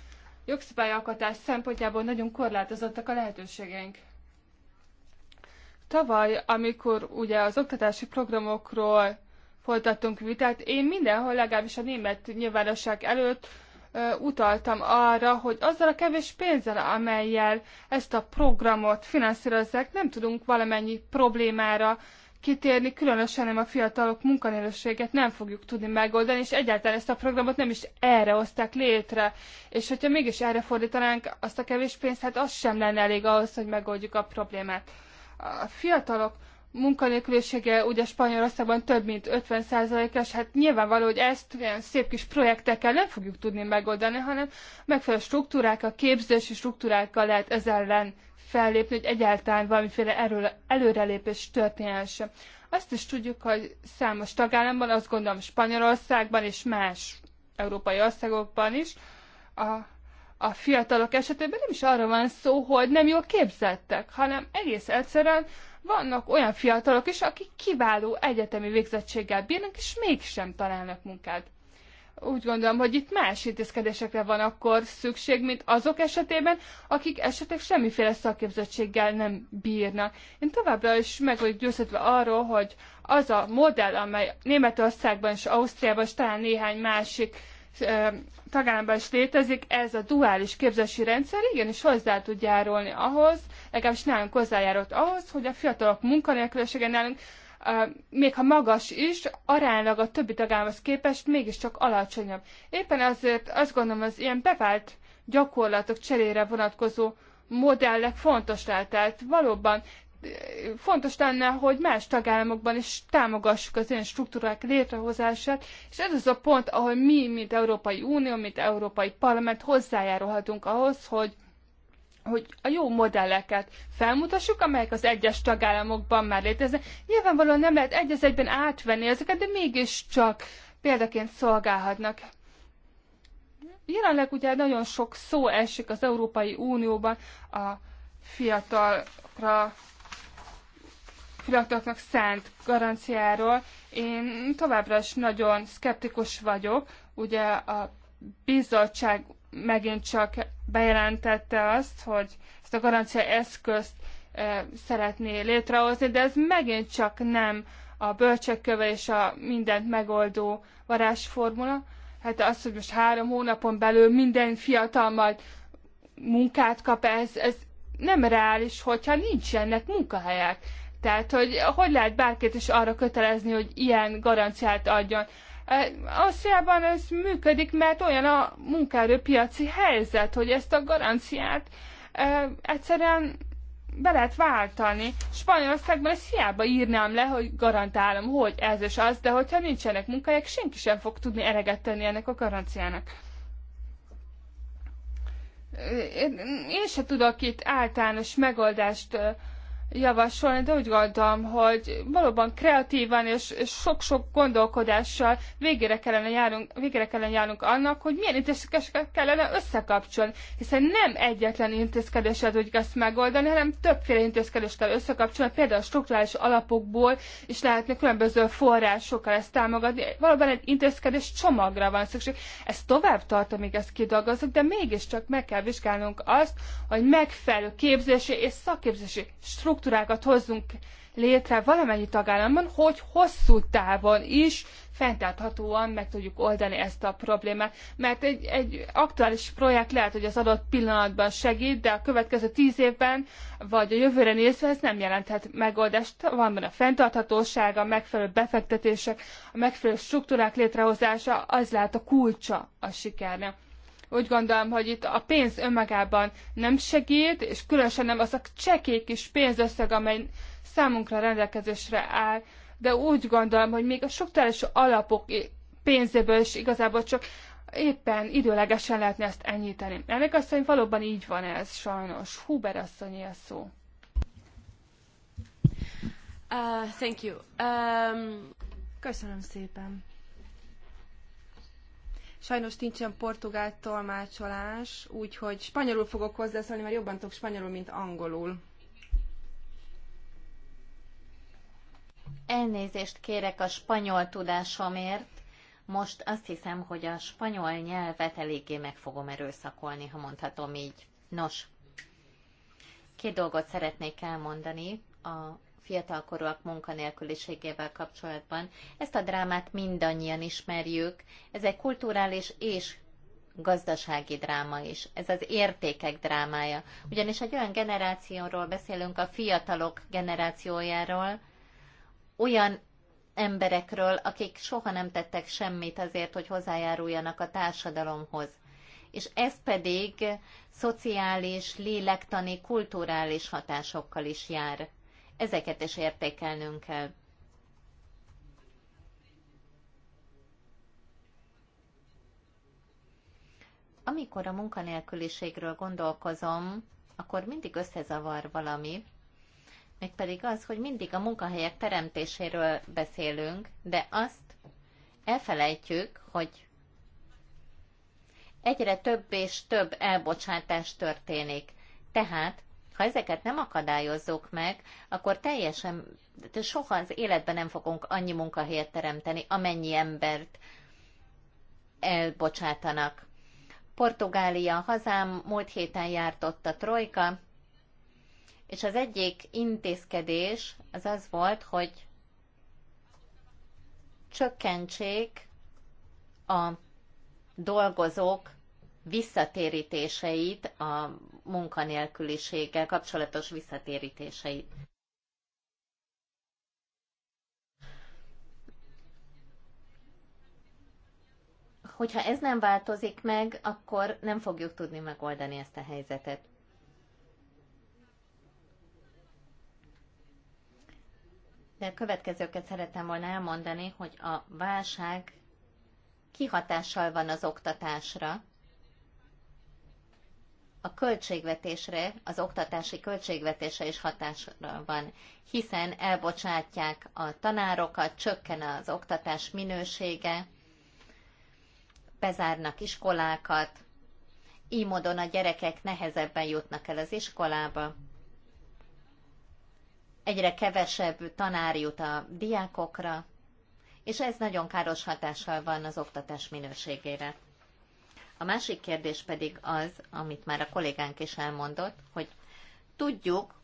jogszabályalkotás szempontjából nagyon korlátozottak a lehetőségeink. Tavaly, amikor ugye az oktatási programokról folytattunk vitát, én mindenhol, legalábbis a német nyilvánosság előtt utaltam arra, hogy azzal a kevés pénzzel, amelyel ezt a programot finanszírozzák, nem tudunk valamennyi problémára kitérni, különösen nem a fiatalok munkanélőséget nem fogjuk tudni megoldani, és egyáltalán ezt a programot nem is erre hozták létre. És hogyha mégis erre fordítanánk azt a kevés pénzt, hát az sem lenne elég ahhoz, hogy megoldjuk a problémát a fiatalok munkanélkülisége ugye Spanyolországban több mint 50%-es, hát nyilvánvaló, hogy ezt ilyen szép kis projektekkel nem fogjuk tudni megoldani, hanem megfelelő struktúrák, a képzési struktúrákkal lehet ez ellen fellépni, hogy egyáltalán valamiféle erő, előrelépés történhessen. Azt is tudjuk, hogy számos tagállamban, azt gondolom Spanyolországban és más európai országokban is, a a fiatalok esetében nem is arra van szó, hogy nem jól képzettek, hanem egész egyszerűen vannak olyan fiatalok is, akik kiváló egyetemi végzettséggel bírnak, és mégsem találnak munkát. Úgy gondolom, hogy itt más intézkedésekre van akkor szükség, mint azok esetében, akik esetleg semmiféle szakképzettséggel nem bírnak. Én továbbra is meg vagyok győződve arról, hogy az a modell, amely Németországban és Ausztriában, és talán néhány másik tagállamban is létezik, ez a duális képzési rendszer igenis hozzá tud járulni ahhoz, legalábbis nálunk hozzájárult ahhoz, hogy a fiatalok munkanélkülisége nálunk még ha magas is, aránylag a többi tagállamhoz képest mégiscsak alacsonyabb. Éppen azért azt gondolom, az ilyen bevált gyakorlatok cserére vonatkozó modellek fontos lehet. Tehát valóban fontos lenne, hogy más tagállamokban is támogassuk az ilyen struktúrák létrehozását, és ez az a pont, ahol mi, mint Európai Unió, mint Európai Parlament hozzájárulhatunk ahhoz, hogy hogy a jó modelleket felmutassuk, amelyek az egyes tagállamokban már léteznek. Nyilvánvalóan nem lehet egy egyben átvenni ezeket, de mégiscsak példaként szolgálhatnak. Jelenleg ugye nagyon sok szó esik az Európai Unióban a fiatalra fiataloknak szánt garanciáról. Én továbbra is nagyon szkeptikus vagyok. Ugye a bizottság megint csak bejelentette azt, hogy ezt a garancia eszközt e, szeretné létrehozni, de ez megint csak nem a bölcsekköve és a mindent megoldó varázsformula. Hát az, hogy most három hónapon belül minden fiatal majd munkát kap, ez, ez nem reális, hogyha nincsenek munkahelyek. Tehát, hogy hogy lehet bárkit is arra kötelezni, hogy ilyen garanciát adjon. Ausztriában ez működik, mert olyan a munkaerőpiaci helyzet, hogy ezt a garanciát e, egyszerűen be lehet váltani. Spanyolországban ezt hiába írnám le, hogy garantálom, hogy ez és az, de hogyha nincsenek munkahelyek, senki sem fog tudni eleget tenni ennek a garanciának. Én se tudok itt általános megoldást javasolni, de úgy gondolom, hogy valóban kreatívan és sok-sok gondolkodással végére kellene, járunk, végére kellene járnunk annak, hogy milyen intézkedéseket kellene összekapcsolni. Hiszen nem egyetlen intézkedéssel tudjuk ezt megoldani, hanem többféle intézkedést kell összekapcsolni, például a strukturális alapokból is lehetne különböző forrásokkal ezt támogatni. Valóban egy intézkedés csomagra van szükség. Ez tovább tart, amíg ezt kidolgozzuk, de mégiscsak meg kell vizsgálnunk azt, hogy megfelelő képzési és szakképzési struktúrák struktúrákat hozzunk létre valamennyi tagállamban, hogy hosszú távon is fenntarthatóan meg tudjuk oldani ezt a problémát. Mert egy, egy aktuális projekt lehet, hogy az adott pillanatban segít, de a következő tíz évben, vagy a jövőre nézve ez nem jelenthet megoldást. Van benne a fenntarthatóság, a megfelelő befektetések, a megfelelő struktúrák létrehozása, az lehet a kulcsa a sikernek úgy gondolom, hogy itt a pénz önmagában nem segít, és különösen nem az a csekély kis pénzösszeg, amely számunkra rendelkezésre áll, de úgy gondolom, hogy még a struktúrális alapok pénzéből is igazából csak éppen időlegesen lehetne ezt enyíteni. Ennek asszony valóban így van ez sajnos. Huber asszony a szó. Uh, thank you. Um... Köszönöm szépen. Sajnos nincsen portugál tolmácsolás, úgyhogy spanyolul fogok hozzászólni, mert jobban tudok spanyolul, mint angolul. Elnézést kérek a spanyol tudásomért. Most azt hiszem, hogy a spanyol nyelvet eléggé meg fogom erőszakolni, ha mondhatom így. Nos, két dolgot szeretnék elmondani a fiatalkorúak munkanélküliségével kapcsolatban. Ezt a drámát mindannyian ismerjük. Ez egy kulturális és gazdasági dráma is. Ez az értékek drámája. Ugyanis egy olyan generációról beszélünk, a fiatalok generációjáról, olyan emberekről, akik soha nem tettek semmit azért, hogy hozzájáruljanak a társadalomhoz. És ez pedig szociális, lélektani, kulturális hatásokkal is jár. Ezeket is értékelnünk kell. Amikor a munkanélküliségről gondolkozom, akkor mindig összezavar valami, mégpedig az, hogy mindig a munkahelyek teremtéséről beszélünk, de azt elfelejtjük, hogy egyre több és több elbocsátás történik. Tehát ha ezeket nem akadályozzuk meg, akkor teljesen, soha az életben nem fogunk annyi munkahelyet teremteni, amennyi embert elbocsátanak. Portugália, hazám, múlt héten járt ott a trojka, és az egyik intézkedés az az volt, hogy csökkentsék a dolgozók visszatérítéseit, a munkanélküliséggel kapcsolatos visszatérítéseit. Hogyha ez nem változik meg, akkor nem fogjuk tudni megoldani ezt a helyzetet. De a következőket szeretem volna elmondani, hogy a válság kihatással van az oktatásra, a költségvetésre, az oktatási költségvetésre is hatásra van, hiszen elbocsátják a tanárokat, csökken az oktatás minősége, bezárnak iskolákat, így módon a gyerekek nehezebben jutnak el az iskolába, egyre kevesebb tanár jut a diákokra, és ez nagyon káros hatással van az oktatás minőségére. A másik kérdés pedig az, amit már a kollégánk is elmondott, hogy tudjuk,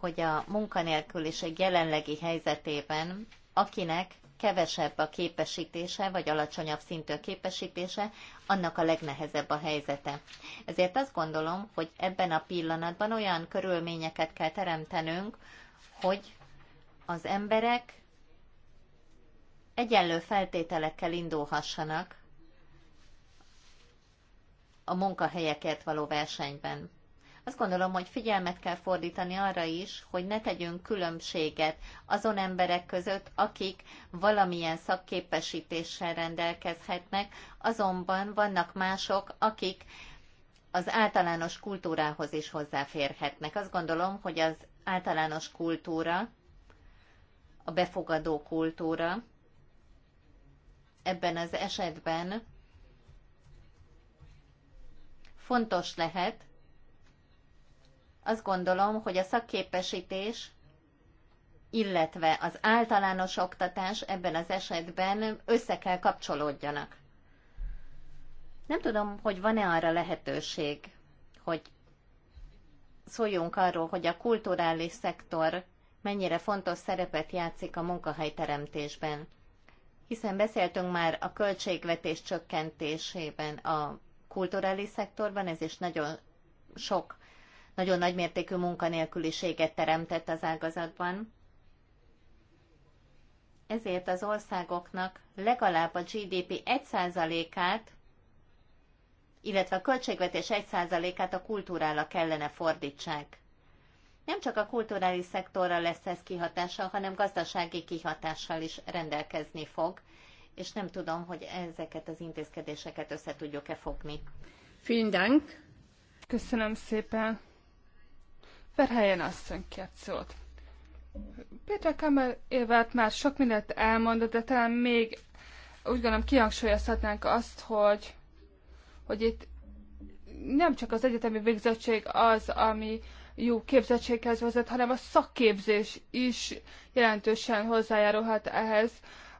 hogy a munkanélküliség jelenlegi helyzetében, akinek kevesebb a képesítése, vagy alacsonyabb szintű a képesítése, annak a legnehezebb a helyzete. Ezért azt gondolom, hogy ebben a pillanatban olyan körülményeket kell teremtenünk, hogy az emberek egyenlő feltételekkel indulhassanak a munkahelyekért való versenyben. Azt gondolom, hogy figyelmet kell fordítani arra is, hogy ne tegyünk különbséget azon emberek között, akik valamilyen szakképesítéssel rendelkezhetnek, azonban vannak mások, akik az általános kultúrához is hozzáférhetnek. Azt gondolom, hogy az általános kultúra, a befogadó kultúra ebben az esetben fontos lehet. Azt gondolom, hogy a szakképesítés, illetve az általános oktatás ebben az esetben össze kell kapcsolódjanak. Nem tudom, hogy van-e arra lehetőség, hogy szóljunk arról, hogy a kulturális szektor mennyire fontos szerepet játszik a munkahelyteremtésben. Hiszen beszéltünk már a költségvetés csökkentésében, a kulturális szektorban, ez is nagyon sok, nagyon nagymértékű munkanélküliséget teremtett az ágazatban. Ezért az országoknak legalább a GDP 1%-át, illetve a költségvetés 1%-át a kultúrára kellene fordítsák. Nem csak a kulturális szektorra lesz ez kihatással, hanem gazdasági kihatással is rendelkezni fog – és nem tudom, hogy ezeket az intézkedéseket össze tudjuk-e fogni. Vielen Dank. Köszönöm szépen. Verhelyen asszony két szót. Péter Kammer évet már sok mindent elmondott, de talán még úgy gondolom kihangsúlyozhatnánk azt, hogy, hogy itt nem csak az egyetemi végzettség az, ami jó képzettséghez vezet, hanem a szakképzés is jelentősen hozzájárulhat ehhez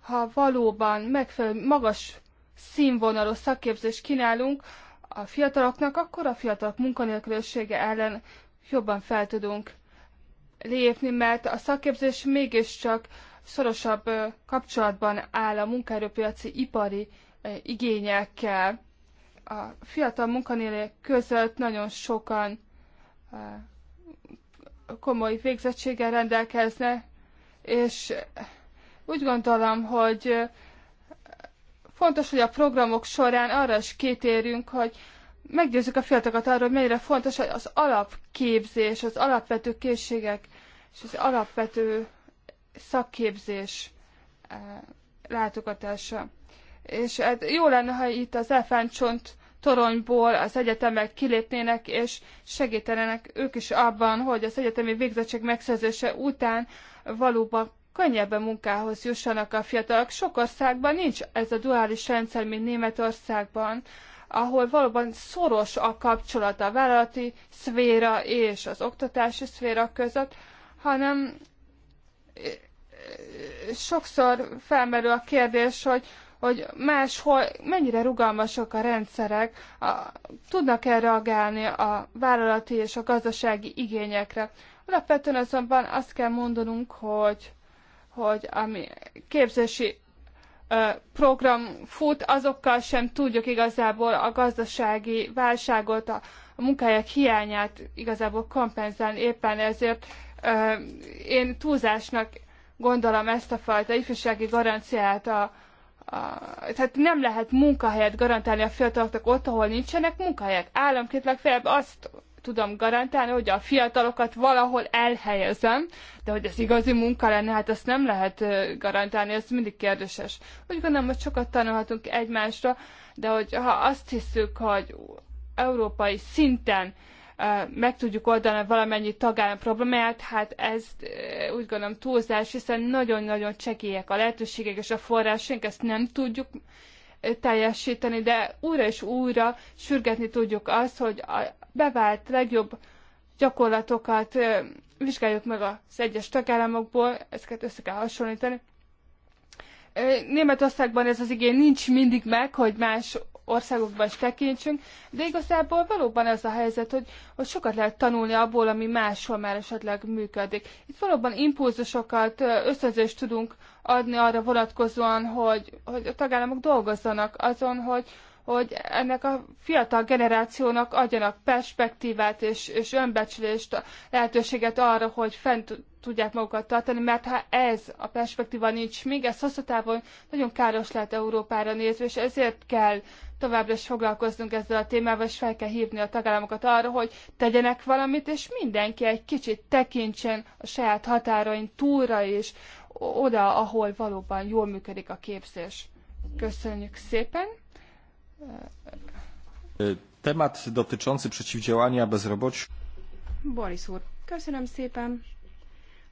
ha valóban megfelelő magas színvonalú szakképzést kínálunk a fiataloknak, akkor a fiatalok munkanélkülössége ellen jobban fel tudunk lépni, mert a szakképzés mégiscsak szorosabb kapcsolatban áll a munkaerőpiaci ipari igényekkel. A fiatal munkanélek között nagyon sokan komoly végzettséggel rendelkeznek, és úgy gondolom, hogy fontos, hogy a programok során arra is kitérünk, hogy meggyőzzük a fiatalokat arról, hogy mennyire fontos az alapképzés, az alapvető készségek és az alapvető szakképzés látogatása. És hát jó lenne, ha itt az elfáncsont toronyból az egyetemek kilépnének, és segítenek ők is abban, hogy az egyetemi végzettség megszerzése után valóban könnyebben munkához jussanak a fiatalok. Sok országban nincs ez a duális rendszer, mint Németországban, ahol valóban szoros a kapcsolat a vállalati szféra és az oktatási szféra között, hanem sokszor felmerül a kérdés, hogy, hogy máshol mennyire rugalmasak a rendszerek, a, tudnak-e reagálni a vállalati és a gazdasági igényekre. Alapvetően azonban azt kell mondanunk, hogy hogy ami képzési program fut, azokkal sem tudjuk igazából a gazdasági válságot, a, a munkahelyek hiányát igazából kompenzálni. Éppen ezért én túlzásnak gondolom ezt a fajta ifjúsági garanciát a, a, tehát nem lehet munkahelyet garantálni a fiataloknak ott, ahol nincsenek munkahelyek. Államként legfeljebb azt tudom garantálni, hogy a fiatalokat valahol elhelyezem, de hogy ez igazi munka lenne, hát ezt nem lehet garantálni, ez mindig kérdéses. Úgy gondolom, hogy sokat tanulhatunk egymásra, de hogy ha azt hiszük, hogy európai szinten meg tudjuk oldani valamennyi tagállam problémáját, hát ez úgy gondolom túlzás, hiszen nagyon-nagyon csekélyek a lehetőségek és a forrásunk, ezt nem tudjuk teljesíteni, de újra és újra sürgetni tudjuk azt, hogy bevált legjobb gyakorlatokat vizsgáljuk meg az egyes tagállamokból, ezeket össze kell hasonlítani. Németországban ez az igény nincs mindig meg, hogy más országokban is tekintsünk, de igazából valóban ez a helyzet, hogy, hogy sokat lehet tanulni abból, ami máshol már esetleg működik. Itt valóban impulzusokat, összezést tudunk adni arra vonatkozóan, hogy, hogy a tagállamok dolgozzanak azon, hogy, hogy ennek a fiatal generációnak adjanak perspektívát és, és önbecsülést, lehetőséget arra, hogy fent tudják magukat tartani, mert ha ez a perspektíva nincs még, ez hosszú távon nagyon káros lehet Európára nézve, és ezért kell továbbra is foglalkoznunk ezzel a témával, és fel kell hívni a tagállamokat arra, hogy tegyenek valamit, és mindenki egy kicsit tekintsen a saját határain túlra is, oda, ahol valóban jól működik a képzés. Köszönjük szépen! E, temat dotyczący przeciwdziałania bezrobociu. Boris úr, köszönöm szépen.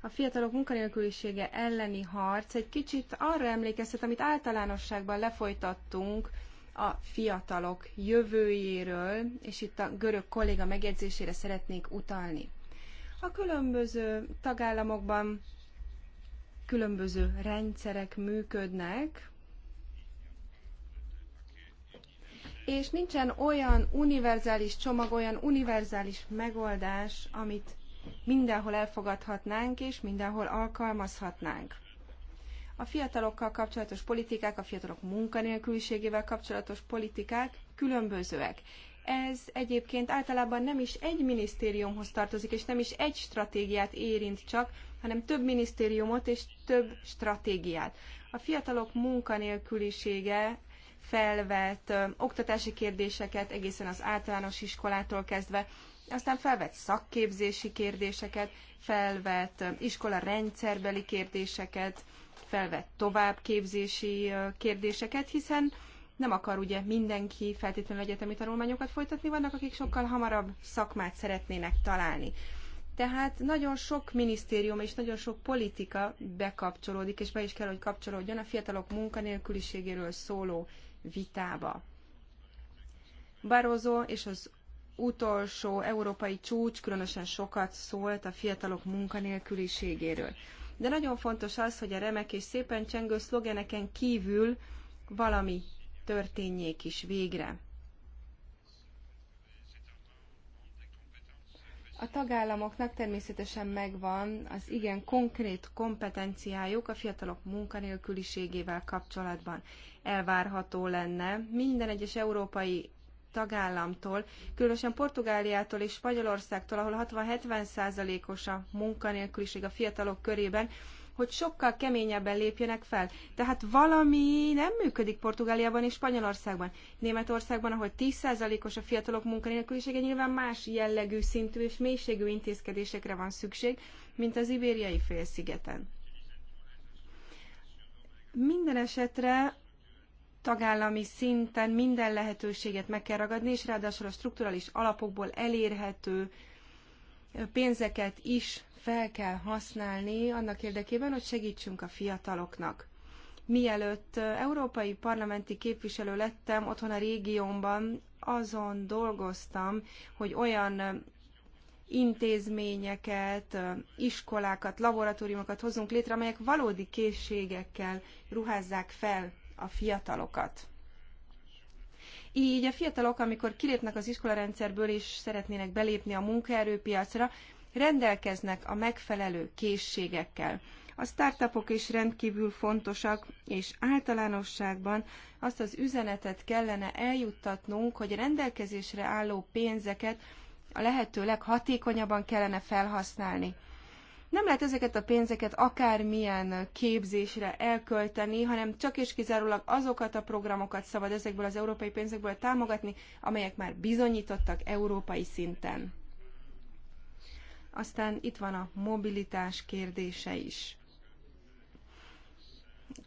A fiatalok munkanélkülisége elleni harc egy kicsit arra emlékeztet, amit általánosságban lefolytattunk a fiatalok jövőjéről, és itt a görög kolléga megjegyzésére szeretnék utalni. A különböző tagállamokban különböző rendszerek működnek, és nincsen olyan univerzális csomag, olyan univerzális megoldás, amit mindenhol elfogadhatnánk és mindenhol alkalmazhatnánk. A fiatalokkal kapcsolatos politikák, a fiatalok munkanélküliségével kapcsolatos politikák különbözőek. Ez egyébként általában nem is egy minisztériumhoz tartozik, és nem is egy stratégiát érint csak, hanem több minisztériumot és több stratégiát. A fiatalok munkanélkülisége felvett oktatási kérdéseket, egészen az általános iskolától kezdve, aztán felvett szakképzési kérdéseket, felvett iskola rendszerbeli kérdéseket, felvett továbbképzési kérdéseket, hiszen nem akar ugye mindenki feltétlenül egyetemi tanulmányokat folytatni, vannak, akik sokkal hamarabb szakmát szeretnének találni. Tehát nagyon sok minisztérium és nagyon sok politika bekapcsolódik, és be is kell, hogy kapcsolódjon a fiatalok munkanélküliségéről szóló vitába. Barozó és az utolsó európai csúcs különösen sokat szólt a fiatalok munkanélküliségéről. De nagyon fontos az, hogy a remek és szépen csengő szlogeneken kívül valami történjék is végre. A tagállamoknak természetesen megvan az igen konkrét kompetenciájuk a fiatalok munkanélküliségével kapcsolatban. Elvárható lenne minden egyes európai tagállamtól, különösen Portugáliától és Spanyolországtól, ahol 60-70 százalékos a munkanélküliség a fiatalok körében, hogy sokkal keményebben lépjenek fel. Tehát valami nem működik Portugáliában és Spanyolországban. Németországban, ahol 10%-os a fiatalok munkanélkülisége, nyilván más jellegű szintű és mélységű intézkedésekre van szükség, mint az ibériai félszigeten. Minden esetre tagállami szinten minden lehetőséget meg kell ragadni, és ráadásul a strukturális alapokból elérhető pénzeket is fel kell használni annak érdekében, hogy segítsünk a fiataloknak. Mielőtt európai parlamenti képviselő lettem, otthon a régiómban azon dolgoztam, hogy olyan intézményeket, iskolákat, laboratóriumokat hozunk létre, amelyek valódi készségekkel ruházzák fel a fiatalokat. Így a fiatalok, amikor kilépnek az iskolarendszerből és szeretnének belépni a munkaerőpiacra, rendelkeznek a megfelelő készségekkel. A startupok is rendkívül fontosak, és általánosságban azt az üzenetet kellene eljuttatnunk, hogy a rendelkezésre álló pénzeket a lehető leghatékonyabban kellene felhasználni. Nem lehet ezeket a pénzeket akármilyen képzésre elkölteni, hanem csak és kizárólag azokat a programokat szabad ezekből az európai pénzekből támogatni, amelyek már bizonyítottak európai szinten. Aztán itt van a mobilitás kérdése is.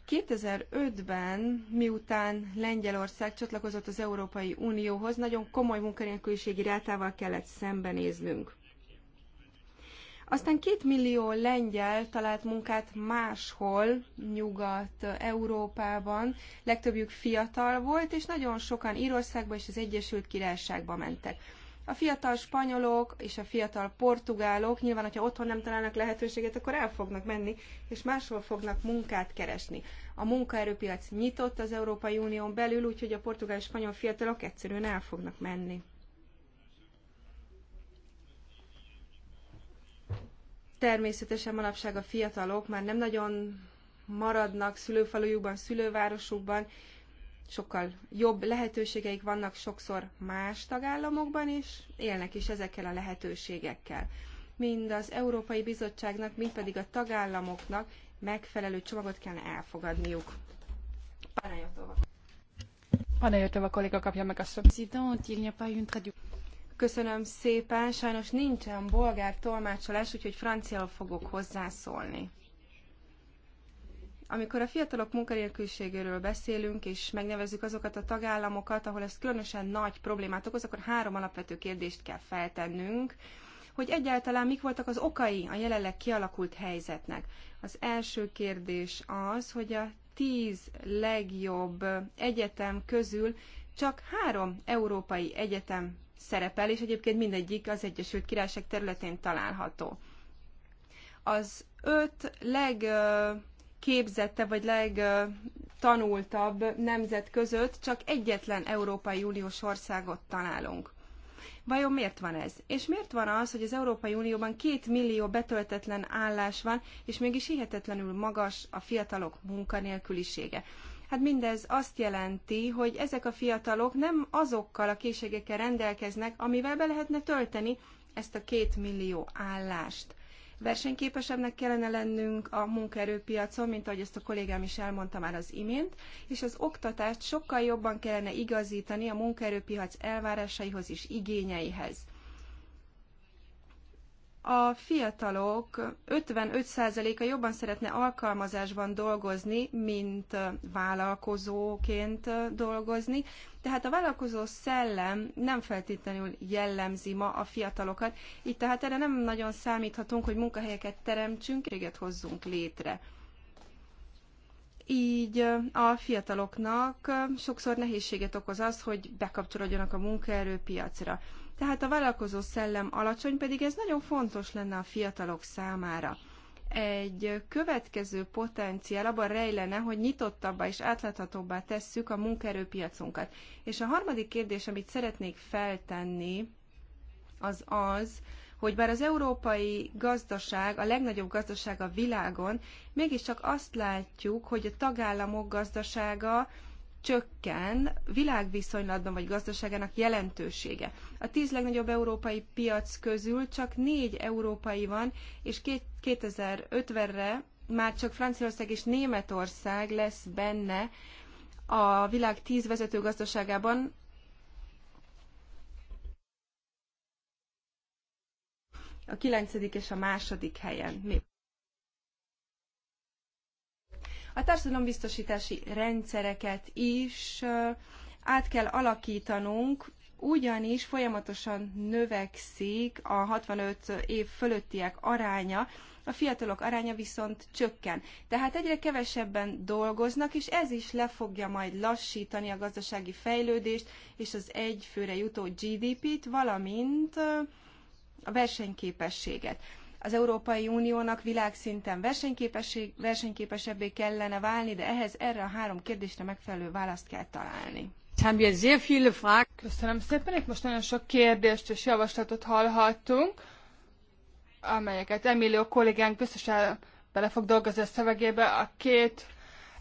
2005-ben, miután Lengyelország csatlakozott az Európai Unióhoz, nagyon komoly munkanélküliségi rátával kellett szembenéznünk. Aztán két millió lengyel talált munkát máshol, Nyugat-Európában. Legtöbbjük fiatal volt, és nagyon sokan Írországba és az Egyesült Királyságba mentek. A fiatal spanyolok és a fiatal portugálok nyilván, hogyha otthon nem találnak lehetőséget, akkor el fognak menni, és máshol fognak munkát keresni. A munkaerőpiac nyitott az Európai Unión belül, úgyhogy a portugál és spanyol fiatalok egyszerűen el fognak menni. Természetesen manapság a fiatalok már nem nagyon maradnak szülőfalujukban, szülővárosukban, sokkal jobb lehetőségeik vannak sokszor más tagállamokban, is élnek is ezekkel a lehetőségekkel. Mind az Európai Bizottságnak, mind pedig a tagállamoknak megfelelő csomagot kell elfogadniuk. Panajotova. Panajotova kolléga kapja meg a szót. Köszönöm szépen, sajnos nincsen bolgár tolmácsolás, úgyhogy franciául fogok hozzászólni. Amikor a fiatalok munkanélküliségéről beszélünk, és megnevezzük azokat a tagállamokat, ahol ez különösen nagy problémát okoz, akkor három alapvető kérdést kell feltennünk, hogy egyáltalán mik voltak az okai a jelenleg kialakult helyzetnek. Az első kérdés az, hogy a tíz legjobb egyetem közül csak három európai egyetem szerepel, és egyébként mindegyik az Egyesült Királyság területén található. Az öt leg legképzette vagy legtanultabb nemzet között csak egyetlen Európai Uniós országot találunk. Vajon miért van ez? És miért van az, hogy az Európai Unióban két millió betöltetlen állás van, és mégis hihetetlenül magas a fiatalok munkanélkülisége? Hát mindez azt jelenti, hogy ezek a fiatalok nem azokkal a készségekkel rendelkeznek, amivel be lehetne tölteni ezt a két millió állást. Versenyképesebbnek kellene lennünk a munkaerőpiacon, mint ahogy ezt a kollégám is elmondta már az imént, és az oktatást sokkal jobban kellene igazítani a munkaerőpiac elvárásaihoz és igényeihez a fiatalok 55%-a jobban szeretne alkalmazásban dolgozni, mint vállalkozóként dolgozni. Tehát a vállalkozó szellem nem feltétlenül jellemzi ma a fiatalokat. Itt tehát erre nem nagyon számíthatunk, hogy munkahelyeket teremtsünk, réget hozzunk létre. Így a fiataloknak sokszor nehézséget okoz az, hogy bekapcsolódjanak a munkaerőpiacra tehát a vállalkozó szellem alacsony, pedig ez nagyon fontos lenne a fiatalok számára. Egy következő potenciál abban rejlene, hogy nyitottabbá és átláthatóbbá tesszük a munkaerőpiacunkat. És a harmadik kérdés, amit szeretnék feltenni, az az, hogy bár az európai gazdaság a legnagyobb gazdaság a világon, mégiscsak azt látjuk, hogy a tagállamok gazdasága csökken világviszonylatban vagy gazdaságának jelentősége. A tíz legnagyobb európai piac közül csak négy európai van, és 2050-re már csak Franciaország és Németország lesz benne a világ tíz vezető gazdaságában, a kilencedik és a második helyen. Mi? A társadalombiztosítási rendszereket is át kell alakítanunk, ugyanis folyamatosan növekszik a 65 év fölöttiek aránya, a fiatalok aránya viszont csökken. Tehát egyre kevesebben dolgoznak, és ez is le fogja majd lassítani a gazdasági fejlődést és az egyfőre jutó GDP-t, valamint a versenyképességet. Az Európai Uniónak világszinten versenyképesebbé kellene válni, de ehhez erre a három kérdésre megfelelő választ kell találni. Köszönöm szépen, itt most nagyon sok kérdést és javaslatot hallhattunk, amelyeket Emilio kollégánk biztosan bele fog dolgozni a szövegébe. A két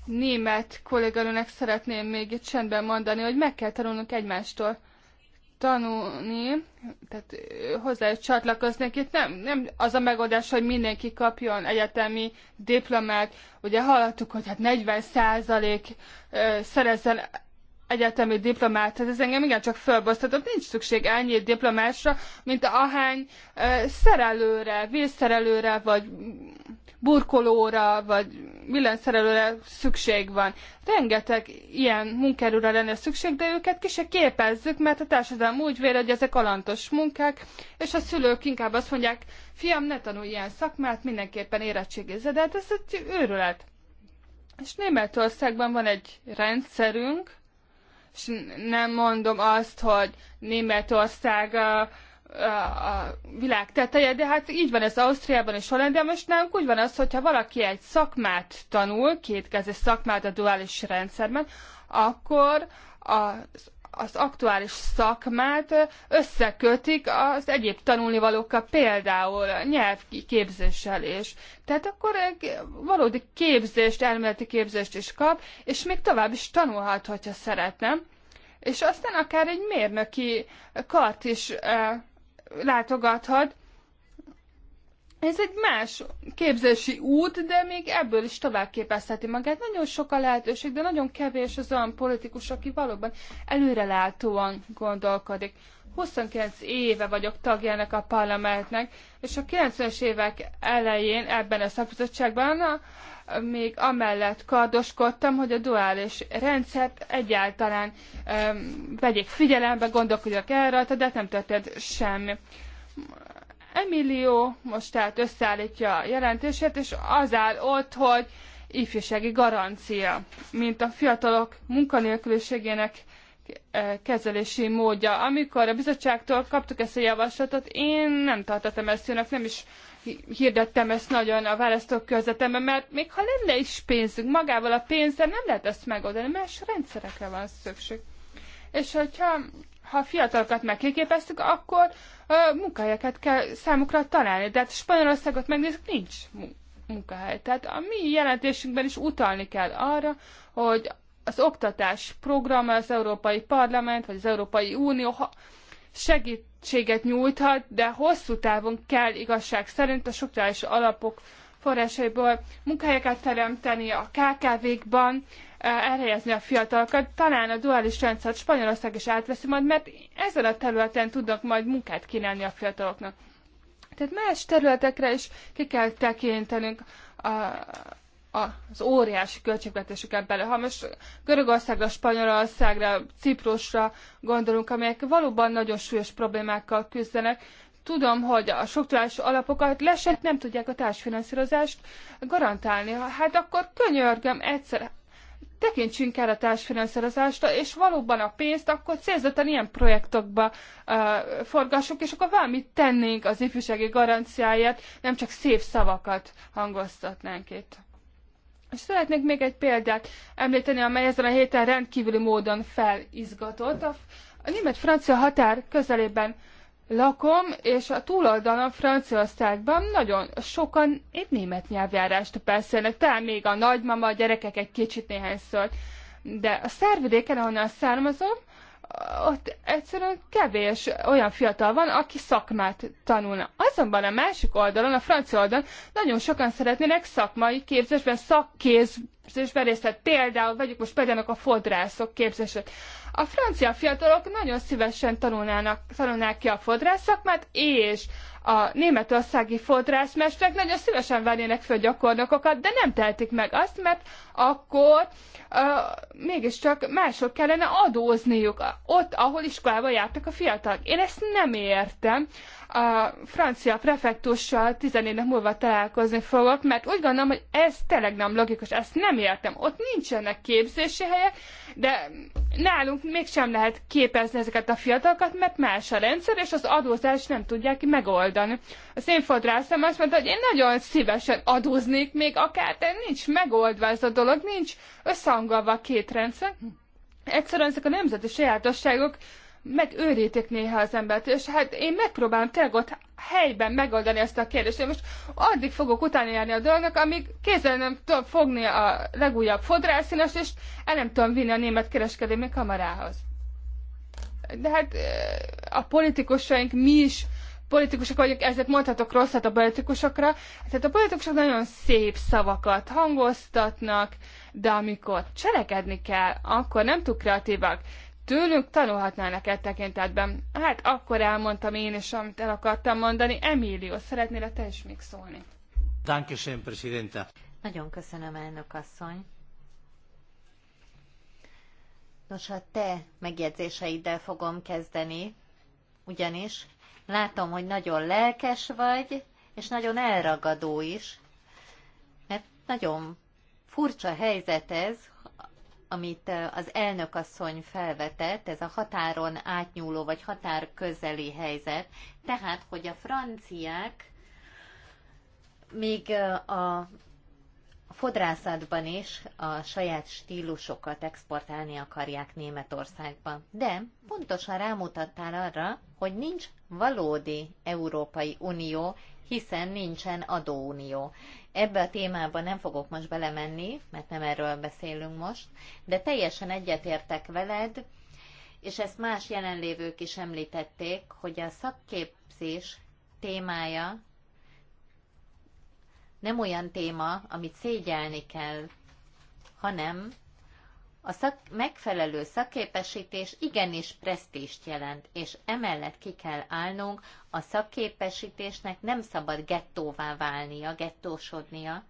német kolléganőnek szeretném még itt csendben mondani, hogy meg kell tanulnunk egymástól tanulni, tehát hozzá csatlakozni, Itt nem, nem az a megoldás, hogy mindenki kapjon egyetemi diplomát. Ugye hallottuk, hogy hát 40 százalék szerezzen egyetemi diplomát, tehát ez engem csak fölbosztatott, nincs szükség ennyi diplomásra, mint ahány szerelőre, vízszerelőre, vagy burkolóra vagy villanyszerelőre szükség van. Rengeteg ilyen munkerőre lenne szükség, de őket ki se képezzük, mert a társadalom úgy véli, hogy ezek alantos munkák, és a szülők inkább azt mondják, fiam, ne tanulj ilyen szakmát, mindenképpen érettségézze, de hát ez egy őrület. És Németországban van egy rendszerünk, és nem mondom azt, hogy Németország a világ teteje, de hát így van ez Ausztriában és Hollandiában, és nálunk úgy van az, hogyha valaki egy szakmát tanul, kétkezes szakmát a duális rendszerben, akkor az az aktuális szakmát összekötik az egyéb tanulnivalókkal, például nyelvképzéssel is. Tehát akkor egy valódi képzést, elméleti képzést is kap, és még tovább is tanulhat, hogyha szeretne. És aztán akár egy mérnöki kart is eh, látogathat. Ez egy más képzési út, de még ebből is tovább képezheti magát. Nagyon sok a lehetőség, de nagyon kevés az olyan politikus, aki valóban előrelátóan gondolkodik. 29 éve vagyok tagjának a parlamentnek, és a 90-es évek elején ebben a szakbizottságban a, még amellett kardoskodtam, hogy a duális rendszert egyáltalán um, vegyék figyelembe, gondolkodjak el rajta, de nem történt semmi. Emilio most tehát összeállítja a jelentését, és az áll ott, hogy ifjúsági garancia, mint a fiatalok munkanélküliségének eh, kezelési módja. Amikor a bizottságtól kaptuk ezt a javaslatot, én nem tartottam ezt jönnek, nem is hirdettem ezt nagyon a választók körzetemben, mert még ha lenne is pénzünk, magával a pénzzel nem lehet ezt megoldani, más rendszerekre van szükség. És hogyha ha fiatalokat megképeztük, akkor uh, munkahelyeket kell számukra találni. De hát Spanyolországot megnézzük, nincs munkahely. Tehát a mi jelentésünkben is utalni kell arra, hogy az oktatás program, az Európai Parlament, vagy az Európai Unió segít segítséget nyújthat, de hosszú távon kell igazság szerint a struktúrális alapok forrásaiból munkahelyeket teremteni a KKV-kban, eh, elhelyezni a fiatalokat. Talán a duális rendszert Spanyolország is átveszi majd, mert ezen a területen tudnak majd munkát kínálni a fiataloknak. Tehát más területekre is ki kell tekintenünk a, az óriási költségvetésüket bele. Ha most Görögországra, Spanyolországra, Ciprusra gondolunk, amelyek valóban nagyon súlyos problémákkal küzdenek, tudom, hogy a struktúrális alapokat lesett, nem tudják a társfinanszírozást garantálni. Hát akkor könyörgöm egyszer, tekintsünk el a társfinanszírozásra, és valóban a pénzt akkor célzottan ilyen projektokba uh, forgassuk, és akkor valamit tennénk az ifjúsági garanciáját, nem csak szép szavakat hangoztatnánk itt. Szeretnék még egy példát említeni, amely ezen a héten rendkívüli módon felizgatott. A, a német-francia határ közelében lakom, és a túloldalon Franciaországban nagyon sokan egy német nyelvjárást beszélnek, talán még a nagymama, a gyerekek egy kicsit néhány szólt. De a szervidéken, ahonnan származom, ott egyszerűen kevés olyan fiatal van, aki szakmát tanulna. Azonban a másik oldalon, a francia oldalon nagyon sokan szeretnének szakmai képzésben, szakképzésben részt vett. Például, vegyük most például a fodrászok képzését. A francia fiatalok nagyon szívesen tanulnának, tanulnák ki a fodrász szakmát, és a németországi fodrászmesterek nagyon szívesen vennének föl gyakornokokat, de nem tehetik meg azt, mert akkor uh, mégiscsak mások kellene adózniuk ott, ahol iskolába jártak a fiatalok. Én ezt nem értem. A francia prefektussal tizenének múlva találkozni fogok, mert úgy gondolom, hogy ez tényleg nem logikus, ezt nem értem. Ott nincsenek képzési helyek, de nálunk mégsem lehet képezni ezeket a fiatalokat, mert más a rendszer, és az adózást nem tudják megoldani megoldani. A szénfodrászom azt mondta, hogy én nagyon szívesen adóznék még akár, de nincs megoldva ez a dolog, nincs összehangolva a két rendszer. Egyszerűen ezek a nemzeti sajátosságok megőrítik néha az embert, és hát én megpróbálom tényleg ott helyben megoldani ezt a kérdést. Én most addig fogok utána járni a dolognak, amíg kézzel nem tudom fogni a legújabb fodrászínos, és el nem tudom vinni a német kereskedelmi kamarához. De hát a politikusaink mi is politikusok vagyok, ezért mondhatok rosszat a politikusokra. Tehát a politikusok nagyon szép szavakat hangoztatnak, de amikor cselekedni kell, akkor nem túl kreatívak. Tőlünk tanulhatnának egy tekintetben. Hát akkor elmondtam én is, amit el akartam mondani. Emilio, szeretnél te is még szólni? Dankeschön, Presidente. Nagyon köszönöm, elnök asszony. Nos, a te megjegyzéseiddel fogom kezdeni, ugyanis Látom, hogy nagyon lelkes vagy, és nagyon elragadó is, mert nagyon furcsa helyzet ez, amit az elnök asszony felvetett, ez a határon átnyúló vagy határ közeli helyzet. Tehát, hogy a franciák még a fodrászatban is a saját stílusokat exportálni akarják Németországban, De pontosan rámutattál arra, hogy nincs valódi Európai Unió, hiszen nincsen adóunió. Ebbe a témába nem fogok most belemenni, mert nem erről beszélünk most, de teljesen egyetértek veled, és ezt más jelenlévők is említették, hogy a szakképzés témája nem olyan téma, amit szégyelni kell, hanem a szak, megfelelő szakképesítés igenis presztíst jelent, és emellett ki kell állnunk, a szakképesítésnek nem szabad gettóvá válnia, gettósodnia.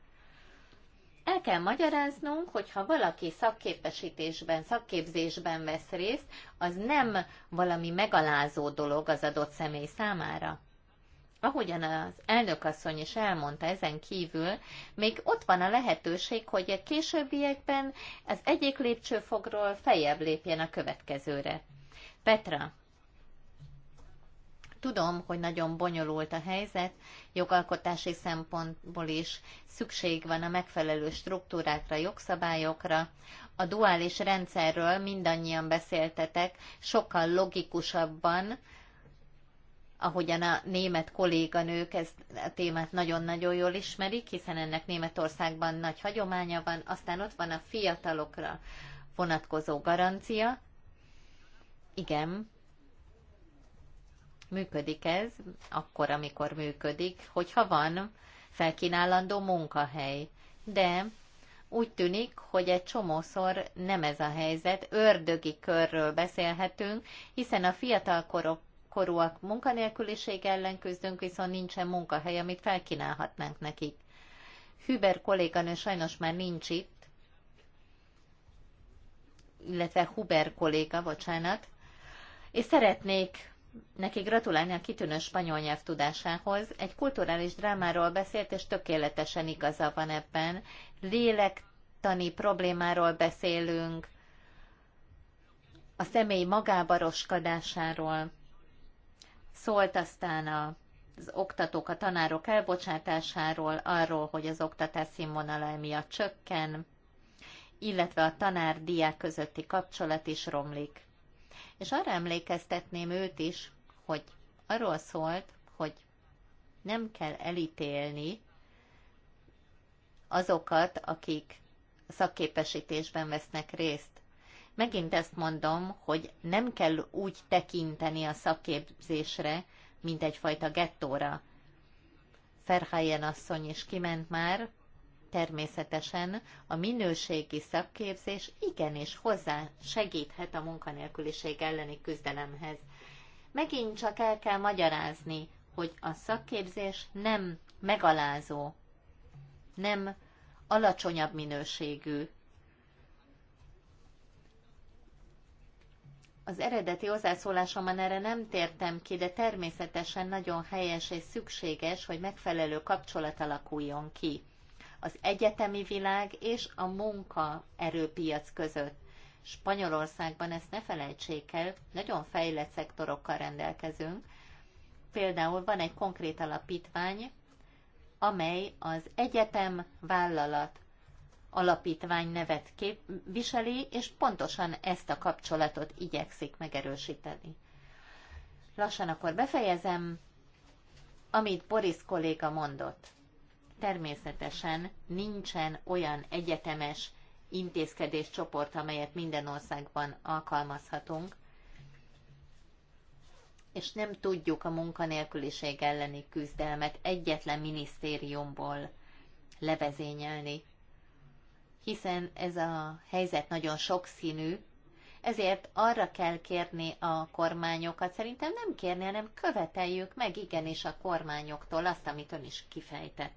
El kell magyaráznunk, hogy ha valaki szakképesítésben, szakképzésben vesz részt, az nem valami megalázó dolog az adott személy számára ahogyan az elnökasszony is elmondta ezen kívül, még ott van a lehetőség, hogy a későbbiekben az egyik lépcsőfogról feljebb lépjen a következőre. Petra, tudom, hogy nagyon bonyolult a helyzet, jogalkotási szempontból is szükség van a megfelelő struktúrákra, jogszabályokra. A duális rendszerről mindannyian beszéltetek, sokkal logikusabban, ahogyan a német kolléganők ezt a témát nagyon-nagyon jól ismerik, hiszen ennek Németországban nagy hagyománya van, aztán ott van a fiatalokra vonatkozó garancia. Igen, működik ez, akkor, amikor működik, hogyha van felkínálandó munkahely. De úgy tűnik, hogy egy csomószor nem ez a helyzet, ördögi körről beszélhetünk, hiszen a fiatalkorok korúak munkanélküliség ellen küzdünk, viszont nincsen munkahely, amit felkínálhatnánk nekik. Hüber kolléganő sajnos már nincs itt, illetve Huber kolléga, bocsánat, és szeretnék neki gratulálni a kitűnő spanyol tudásához. Egy kulturális drámáról beszélt, és tökéletesen igaza van ebben. Lélektani problémáról beszélünk, a személy magába roskadásáról, Szólt aztán a az oktatók, a tanárok elbocsátásáról, arról, hogy az oktatás színvonala emiatt csökken, illetve a tanár-diák közötti kapcsolat is romlik. És arra emlékeztetném őt is, hogy arról szólt, hogy nem kell elítélni azokat, akik szakképesítésben vesznek részt. Megint ezt mondom, hogy nem kell úgy tekinteni a szakképzésre, mint egyfajta gettóra. Ferhelyen asszony is kiment már, természetesen a minőségi szakképzés igenis hozzá segíthet a munkanélküliség elleni küzdelemhez. Megint csak el kell magyarázni, hogy a szakképzés nem megalázó, nem alacsonyabb minőségű, Az eredeti hozzászólásomban erre nem tértem ki, de természetesen nagyon helyes és szükséges, hogy megfelelő kapcsolat alakuljon ki az egyetemi világ és a munka erőpiac között. Spanyolországban ezt ne felejtsék el, nagyon fejlett szektorokkal rendelkezünk. Például van egy konkrét alapítvány, amely az egyetem vállalat alapítvány nevet kép, viseli, és pontosan ezt a kapcsolatot igyekszik megerősíteni. Lassan akkor befejezem, amit Boris kolléga mondott. Természetesen nincsen olyan egyetemes intézkedéscsoport, amelyet minden országban alkalmazhatunk, és nem tudjuk a munkanélküliség elleni küzdelmet egyetlen minisztériumból levezényelni hiszen ez a helyzet nagyon sokszínű, ezért arra kell kérni a kormányokat, szerintem nem kérni, hanem követeljük meg igenis a kormányoktól azt, amit ön is kifejtett.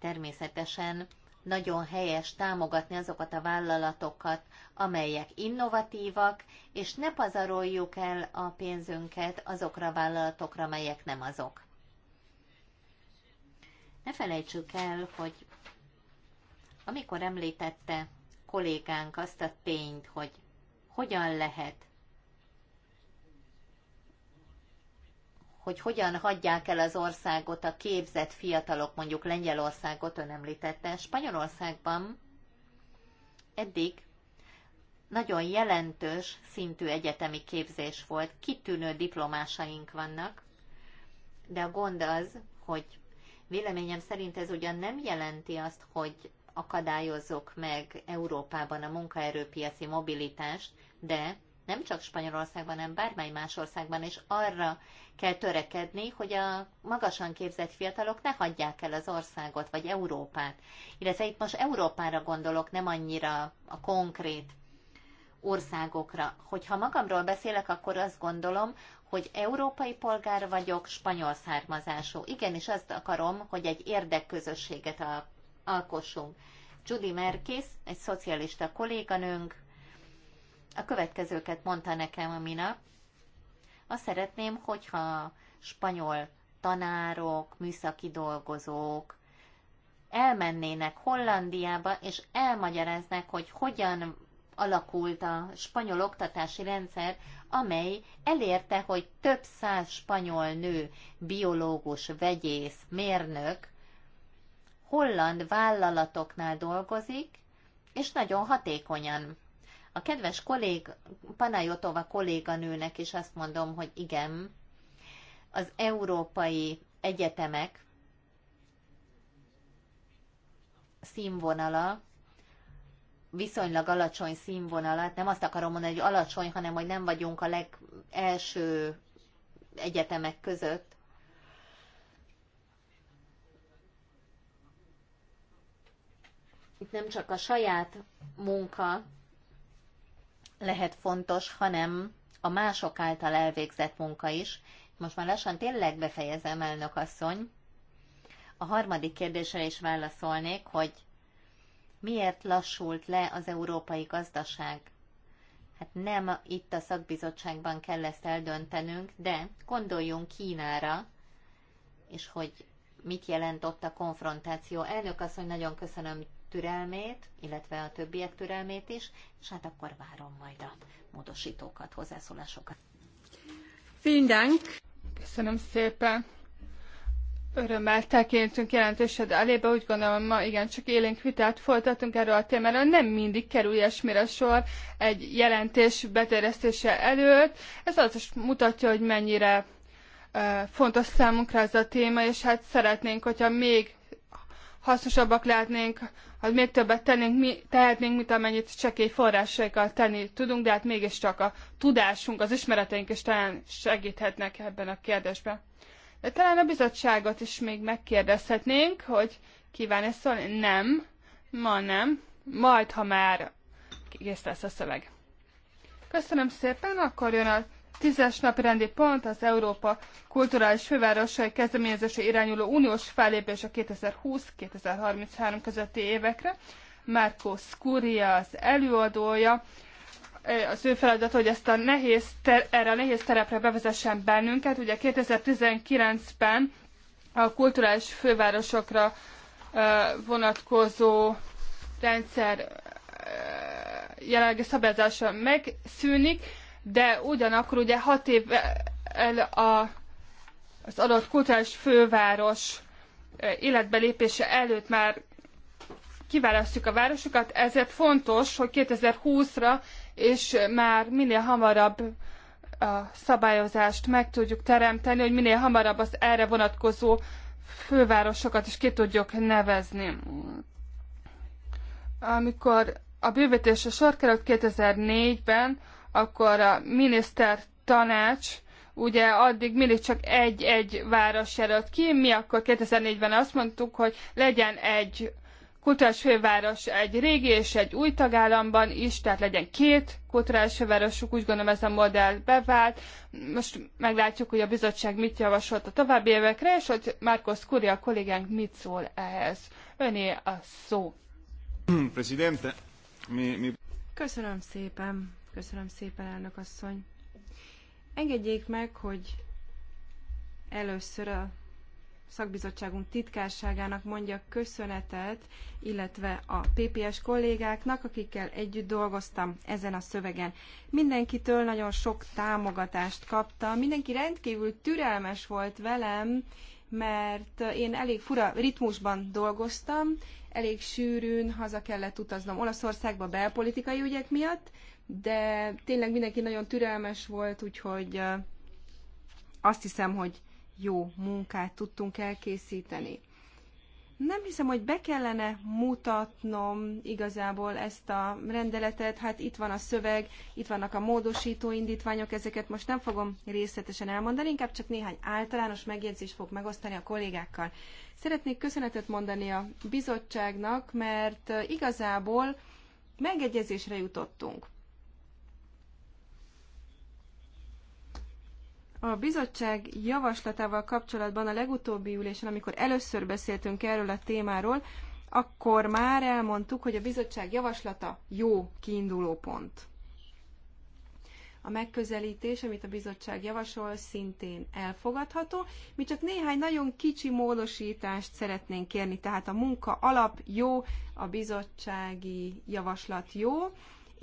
Természetesen nagyon helyes támogatni azokat a vállalatokat, amelyek innovatívak, és ne pazaroljuk el a pénzünket azokra a vállalatokra, amelyek nem azok. Ne felejtsük el, hogy amikor említette kollégánk azt a tényt, hogy hogyan lehet, hogy hogyan hagyják el az országot a képzett fiatalok, mondjuk Lengyelországot ön említette, Spanyolországban eddig nagyon jelentős szintű egyetemi képzés volt, kitűnő diplomásaink vannak, de a gond az, hogy Véleményem szerint ez ugyan nem jelenti azt, hogy akadályozzuk meg Európában a munkaerőpiaci mobilitást, de nem csak Spanyolországban, hanem bármely más országban és arra kell törekedni, hogy a magasan képzett fiatalok ne hagyják el az országot, vagy Európát. Illetve itt most Európára gondolok, nem annyira a konkrét országokra. Hogyha magamról beszélek, akkor azt gondolom, hogy európai polgár vagyok, spanyol származású. Igenis azt akarom, hogy egy érdekközösséget alkossunk. Judy Merkis, egy szocialista kolléganőnk, a következőket mondta nekem a minap. Azt szeretném, hogyha spanyol tanárok, műszaki dolgozók elmennének Hollandiába, és elmagyaráznak, hogy hogyan alakult a spanyol oktatási rendszer, amely elérte, hogy több száz spanyol nő, biológus, vegyész, mérnök holland vállalatoknál dolgozik, és nagyon hatékonyan. A kedves kollég, Panajotova kolléganőnek is azt mondom, hogy igen, az európai egyetemek színvonala viszonylag alacsony színvonalat, nem azt akarom mondani, hogy alacsony, hanem hogy nem vagyunk a legelső egyetemek között, itt nem csak a saját munka lehet fontos, hanem a mások által elvégzett munka is. Most már lassan tényleg befejezem, elnök asszony. A harmadik kérdésre is válaszolnék, hogy Miért lassult le az európai gazdaság? Hát nem itt a szakbizottságban kell ezt eldöntenünk, de gondoljunk Kínára, és hogy mit jelent ott a konfrontáció. Elnök asszony, nagyon köszönöm türelmét, illetve a többiek türelmét is, és hát akkor várom majd a módosítókat, hozzászólásokat. Vielen Dank! Köszönöm szépen! Örömmel tekintünk jelentésed elébe, úgy gondolom ma igen, csak élénk vitát folytatunk erről a témáról. Nem mindig kerül ilyesmire sor egy jelentés beterjesztése előtt. Ez az is mutatja, hogy mennyire fontos számunkra ez a téma, és hát szeretnénk, hogyha még hasznosabbak lehetnénk, ha még többet tennénk, mi, tehetnénk, mint amennyit csekély forrásaikkal tenni tudunk, de hát mégiscsak a tudásunk, az ismereteink is talán segíthetnek ebben a kérdésben. Talán a bizottságot is még megkérdezhetnénk, hogy kíván-e szólni? Nem, ma nem, majd, ha már kész lesz a szöveg. Köszönöm szépen, akkor jön a tízes napi rendi pont az Európa Kulturális Fővárosai Kezdeményezése irányuló uniós fellépés a 2020-2033 közötti évekre. Márkó Skúria az előadója, az ő feladat, hogy ezt a nehéz ter, erre a nehéz terepre bevezessen bennünket. Ugye 2019-ben a kulturális fővárosokra vonatkozó rendszer jelenlegi szabályozása megszűnik, de ugyanakkor ugye hat év el a, az adott kulturális főváros életbe lépése előtt már kiválasztjuk a városokat, ezért fontos, hogy 2020-ra és már minél hamarabb a szabályozást meg tudjuk teremteni, hogy minél hamarabb az erre vonatkozó fővárosokat is ki tudjuk nevezni. Amikor a bővítésre sor került 2004-ben, akkor a miniszter tanács ugye addig mindig csak egy-egy város jelölt ki, mi akkor 2004-ben azt mondtuk, hogy legyen egy kulturális főváros egy régi és egy új tagállamban is, tehát legyen két kulturális fővárosuk, úgy gondolom ez a modell bevált. Most meglátjuk, hogy a bizottság mit javasolt a további évekre, és hogy Márkusz Kuria a kollégánk mit szól ehhez. Öné a szó. Presidente, mi, mi... Köszönöm szépen, köszönöm szépen, elnök asszony. Engedjék meg, hogy először a szakbizottságunk titkárságának mondjak köszönetet, illetve a PPS kollégáknak, akikkel együtt dolgoztam ezen a szövegen. Mindenkitől nagyon sok támogatást kaptam, mindenki rendkívül türelmes volt velem, mert én elég fura ritmusban dolgoztam, elég sűrűn haza kellett utaznom Olaszországba belpolitikai ügyek miatt, de tényleg mindenki nagyon türelmes volt, úgyhogy azt hiszem, hogy jó munkát tudtunk elkészíteni. Nem hiszem, hogy be kellene mutatnom igazából ezt a rendeletet. Hát itt van a szöveg, itt vannak a módosító indítványok, ezeket most nem fogom részletesen elmondani, inkább csak néhány általános megjegyzést fog megosztani a kollégákkal. Szeretnék köszönetet mondani a bizottságnak, mert igazából megegyezésre jutottunk. A bizottság javaslatával kapcsolatban a legutóbbi ülésen, amikor először beszéltünk erről a témáról, akkor már elmondtuk, hogy a bizottság javaslata jó kiinduló pont. A megközelítés, amit a bizottság javasol, szintén elfogadható. Mi csak néhány nagyon kicsi módosítást szeretnénk kérni, tehát a munka alap jó, a bizottsági javaslat jó,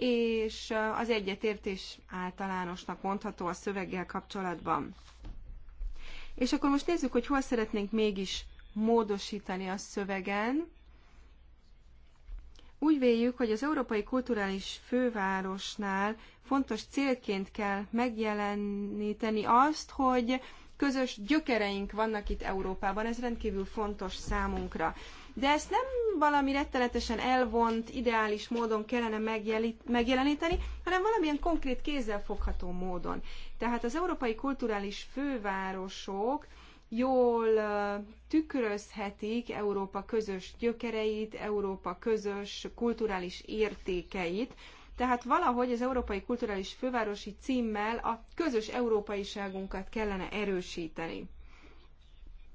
és az egyetértés általánosnak mondható a szöveggel kapcsolatban. És akkor most nézzük, hogy hol szeretnénk mégis módosítani a szövegen. Úgy véljük, hogy az Európai Kulturális Fővárosnál fontos célként kell megjeleníteni azt, hogy közös gyökereink vannak itt Európában, ez rendkívül fontos számunkra de ezt nem valami rettenetesen elvont, ideális módon kellene megjeleníteni, hanem valamilyen konkrét kézzelfogható módon. Tehát az európai kulturális fővárosok jól tükrözhetik Európa közös gyökereit, Európa közös kulturális értékeit, tehát valahogy az Európai Kulturális Fővárosi címmel a közös európaiságunkat kellene erősíteni.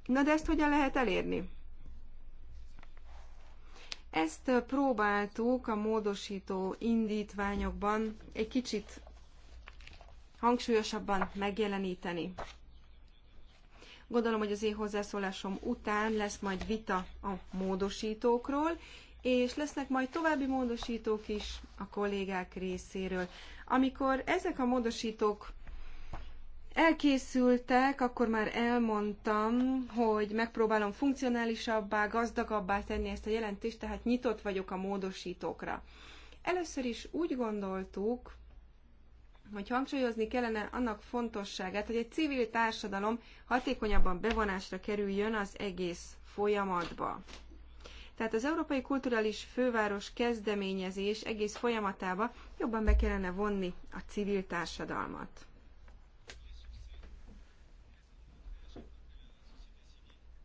Na de ezt hogyan lehet elérni? Ezt próbáltuk a módosító indítványokban egy kicsit hangsúlyosabban megjeleníteni. Gondolom, hogy az én hozzászólásom után lesz majd vita a módosítókról, és lesznek majd további módosítók is a kollégák részéről. Amikor ezek a módosítók elkészültek, akkor már elmondtam, hogy megpróbálom funkcionálisabbá, gazdagabbá tenni ezt a jelentést, tehát nyitott vagyok a módosítókra. Először is úgy gondoltuk, hogy hangsúlyozni kellene annak fontosságát, hogy egy civil társadalom hatékonyabban bevonásra kerüljön az egész folyamatba. Tehát az Európai Kulturális Főváros kezdeményezés egész folyamatába jobban be kellene vonni a civil társadalmat.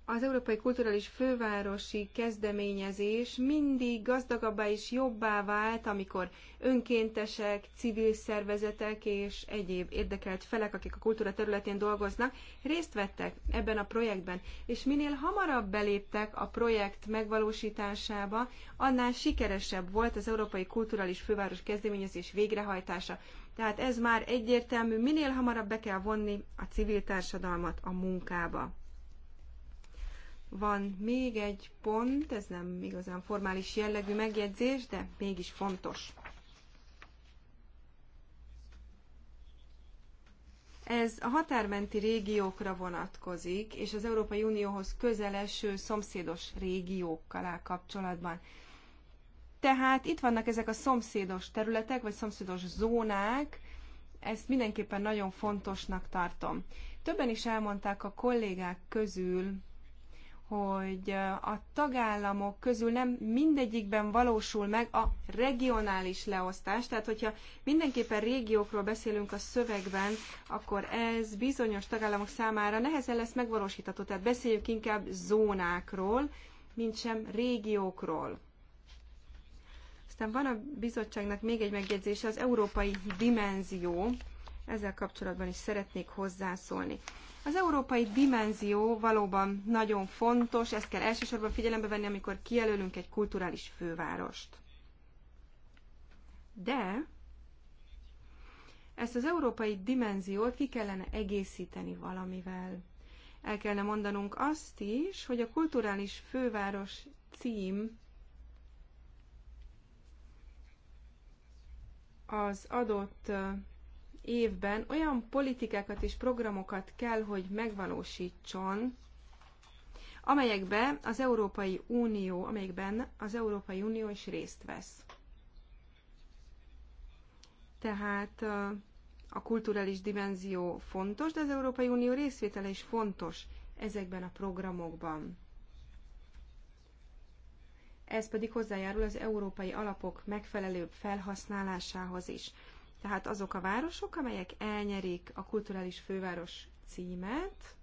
az Európai Kulturális Fővárosi kezdeményezés mindig gazdagabbá és jobbá vált, amikor önkéntesek, civil szervezetek és egyéb érdekelt felek, akik a kultúra területén dolgoznak, részt vettek ebben a projektben. És minél hamarabb beléptek a projekt megvalósításába, annál sikeresebb volt az Európai Kulturális Főváros kezdeményezés végrehajtása. Tehát ez már egyértelmű, minél hamarabb be kell vonni a civil társadalmat a munkába. Van még egy pont, ez nem igazán formális jellegű megjegyzés, de mégis fontos. Ez a határmenti régiókra vonatkozik, és az Európai Unióhoz közeleső szomszédos régiókkal áll kapcsolatban. Tehát itt vannak ezek a szomszédos területek, vagy szomszédos zónák, ezt mindenképpen nagyon fontosnak tartom. Többen is elmondták a kollégák közül, hogy a tagállamok közül nem mindegyikben valósul meg a regionális leosztás. Tehát, hogyha mindenképpen régiókról beszélünk a szövegben, akkor ez bizonyos tagállamok számára nehezen lesz megvalósítható. Tehát beszéljük inkább zónákról, mint sem régiókról. Aztán van a bizottságnak még egy megjegyzése, az európai dimenzió. Ezzel kapcsolatban is szeretnék hozzászólni. Az európai dimenzió valóban nagyon fontos, ezt kell elsősorban figyelembe venni, amikor kijelölünk egy kulturális fővárost. De ezt az európai dimenziót ki kellene egészíteni valamivel. El kellene mondanunk azt is, hogy a kulturális főváros cím az adott évben olyan politikákat és programokat kell, hogy megvalósítson, amelyekben az Európai Unió, amelyekben az Európai Unió is részt vesz. Tehát a kulturális dimenzió fontos, de az Európai Unió részvétele is fontos ezekben a programokban. Ez pedig hozzájárul az európai alapok megfelelőbb felhasználásához is. Tehát azok a városok, amelyek elnyerik a kulturális főváros címet,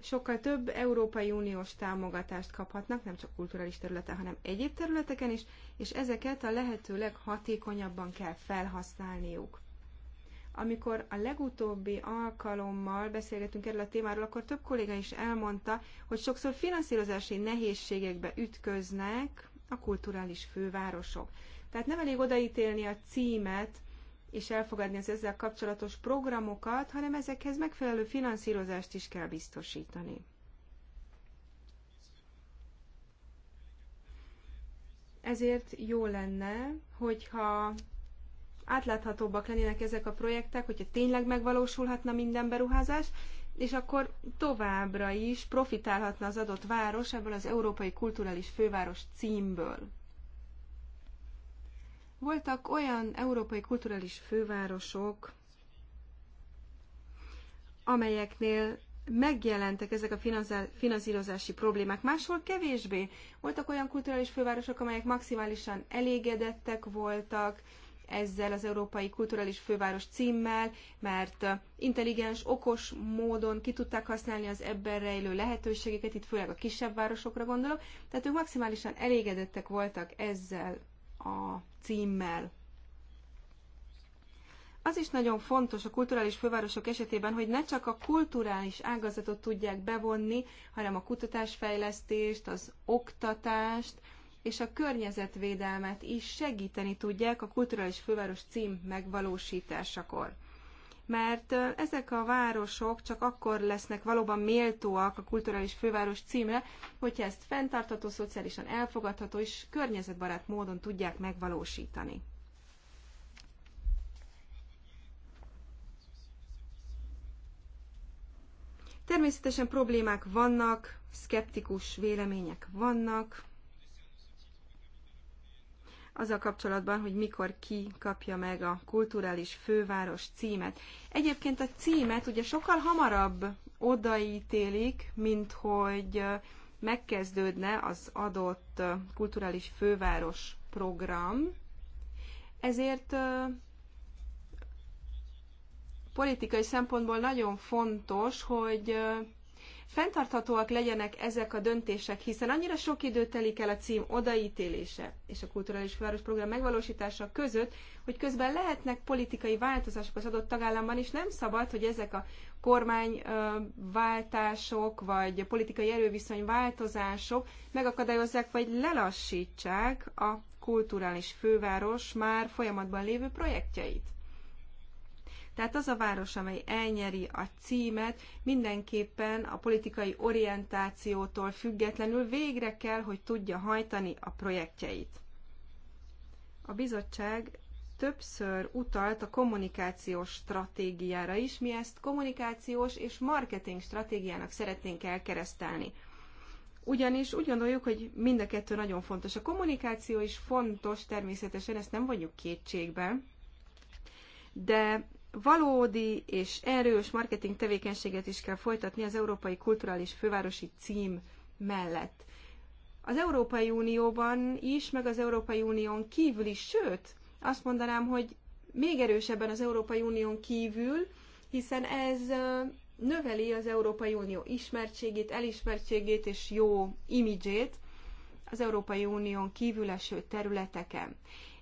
sokkal több Európai Uniós támogatást kaphatnak, nem csak kulturális területen, hanem egyéb területeken is, és ezeket a lehető leghatékonyabban kell felhasználniuk. Amikor a legutóbbi alkalommal beszélgetünk erről a témáról, akkor több kolléga is elmondta, hogy sokszor finanszírozási nehézségekbe ütköznek a kulturális fővárosok. Tehát nem elég odaítélni a címet, és elfogadni az ezzel kapcsolatos programokat, hanem ezekhez megfelelő finanszírozást is kell biztosítani. Ezért jó lenne, hogyha átláthatóbbak lennének ezek a projektek, hogyha tényleg megvalósulhatna minden beruházás, és akkor továbbra is profitálhatna az adott város ebből az Európai Kulturális Főváros címből. Voltak olyan európai kulturális fővárosok, amelyeknél megjelentek ezek a finanszírozási problémák. Máshol kevésbé. Voltak olyan kulturális fővárosok, amelyek maximálisan elégedettek voltak ezzel az Európai Kulturális Főváros címmel, mert intelligens, okos módon ki tudták használni az ebben rejlő lehetőségeket, itt főleg a kisebb városokra gondolok, tehát ők maximálisan elégedettek voltak ezzel a címmel. Az is nagyon fontos a kulturális fővárosok esetében, hogy ne csak a kulturális ágazatot tudják bevonni, hanem a kutatásfejlesztést, az oktatást és a környezetvédelmet is segíteni tudják a kulturális főváros cím megvalósításakor mert ezek a városok csak akkor lesznek valóban méltóak a kulturális főváros címre, hogyha ezt fenntartható, szociálisan elfogadható és környezetbarát módon tudják megvalósítani. Természetesen problémák vannak, szkeptikus vélemények vannak, azzal kapcsolatban, hogy mikor ki kapja meg a kulturális főváros címet. Egyébként a címet ugye sokkal hamarabb odaítélik, mint hogy megkezdődne az adott kulturális főváros program. Ezért politikai szempontból nagyon fontos, hogy fenntarthatóak legyenek ezek a döntések, hiszen annyira sok idő telik el a cím odaítélése és a kulturális főváros program megvalósítása között, hogy közben lehetnek politikai változások az adott tagállamban, és nem szabad, hogy ezek a kormányváltások vagy politikai erőviszony változások megakadályozzák vagy lelassítsák a kulturális főváros már folyamatban lévő projektjeit. Tehát az a város, amely elnyeri a címet, mindenképpen a politikai orientációtól függetlenül végre kell, hogy tudja hajtani a projektjeit. A bizottság többször utalt a kommunikációs stratégiára is, mi ezt kommunikációs és marketing stratégiának szeretnénk elkeresztelni. Ugyanis úgy gondoljuk, hogy mind a kettő nagyon fontos. A kommunikáció is fontos, természetesen ezt nem vagyunk kétségbe, de Valódi és erős marketing tevékenységet is kell folytatni az Európai Kulturális Fővárosi cím mellett. Az Európai Unióban is, meg az Európai Unión kívül is, sőt, azt mondanám, hogy még erősebben az Európai Unión kívül, hiszen ez növeli az Európai Unió ismertségét, elismertségét és jó imidzsét az Európai Unión kívül eső területeken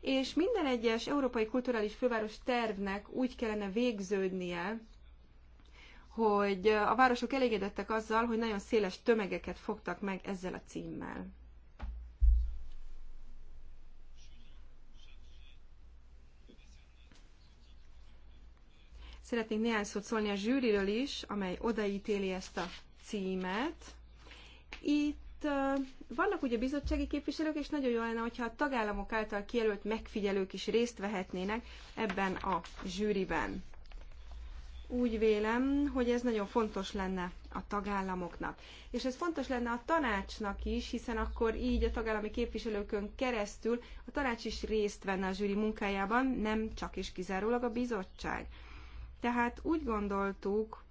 és minden egyes európai kulturális főváros tervnek úgy kellene végződnie, hogy a városok elégedettek azzal, hogy nagyon széles tömegeket fogtak meg ezzel a címmel. Szeretnék néhány szót szólni a zsűriről is, amely odaítéli ezt a címet. Itt vannak ugye bizottsági képviselők, és nagyon jó lenne, hogyha a tagállamok által kijelölt megfigyelők is részt vehetnének ebben a zsűriben. Úgy vélem, hogy ez nagyon fontos lenne a tagállamoknak. És ez fontos lenne a tanácsnak is, hiszen akkor így a tagállami képviselőkön keresztül a tanács is részt venne a zsűri munkájában, nem csak és kizárólag a bizottság. Tehát úgy gondoltuk,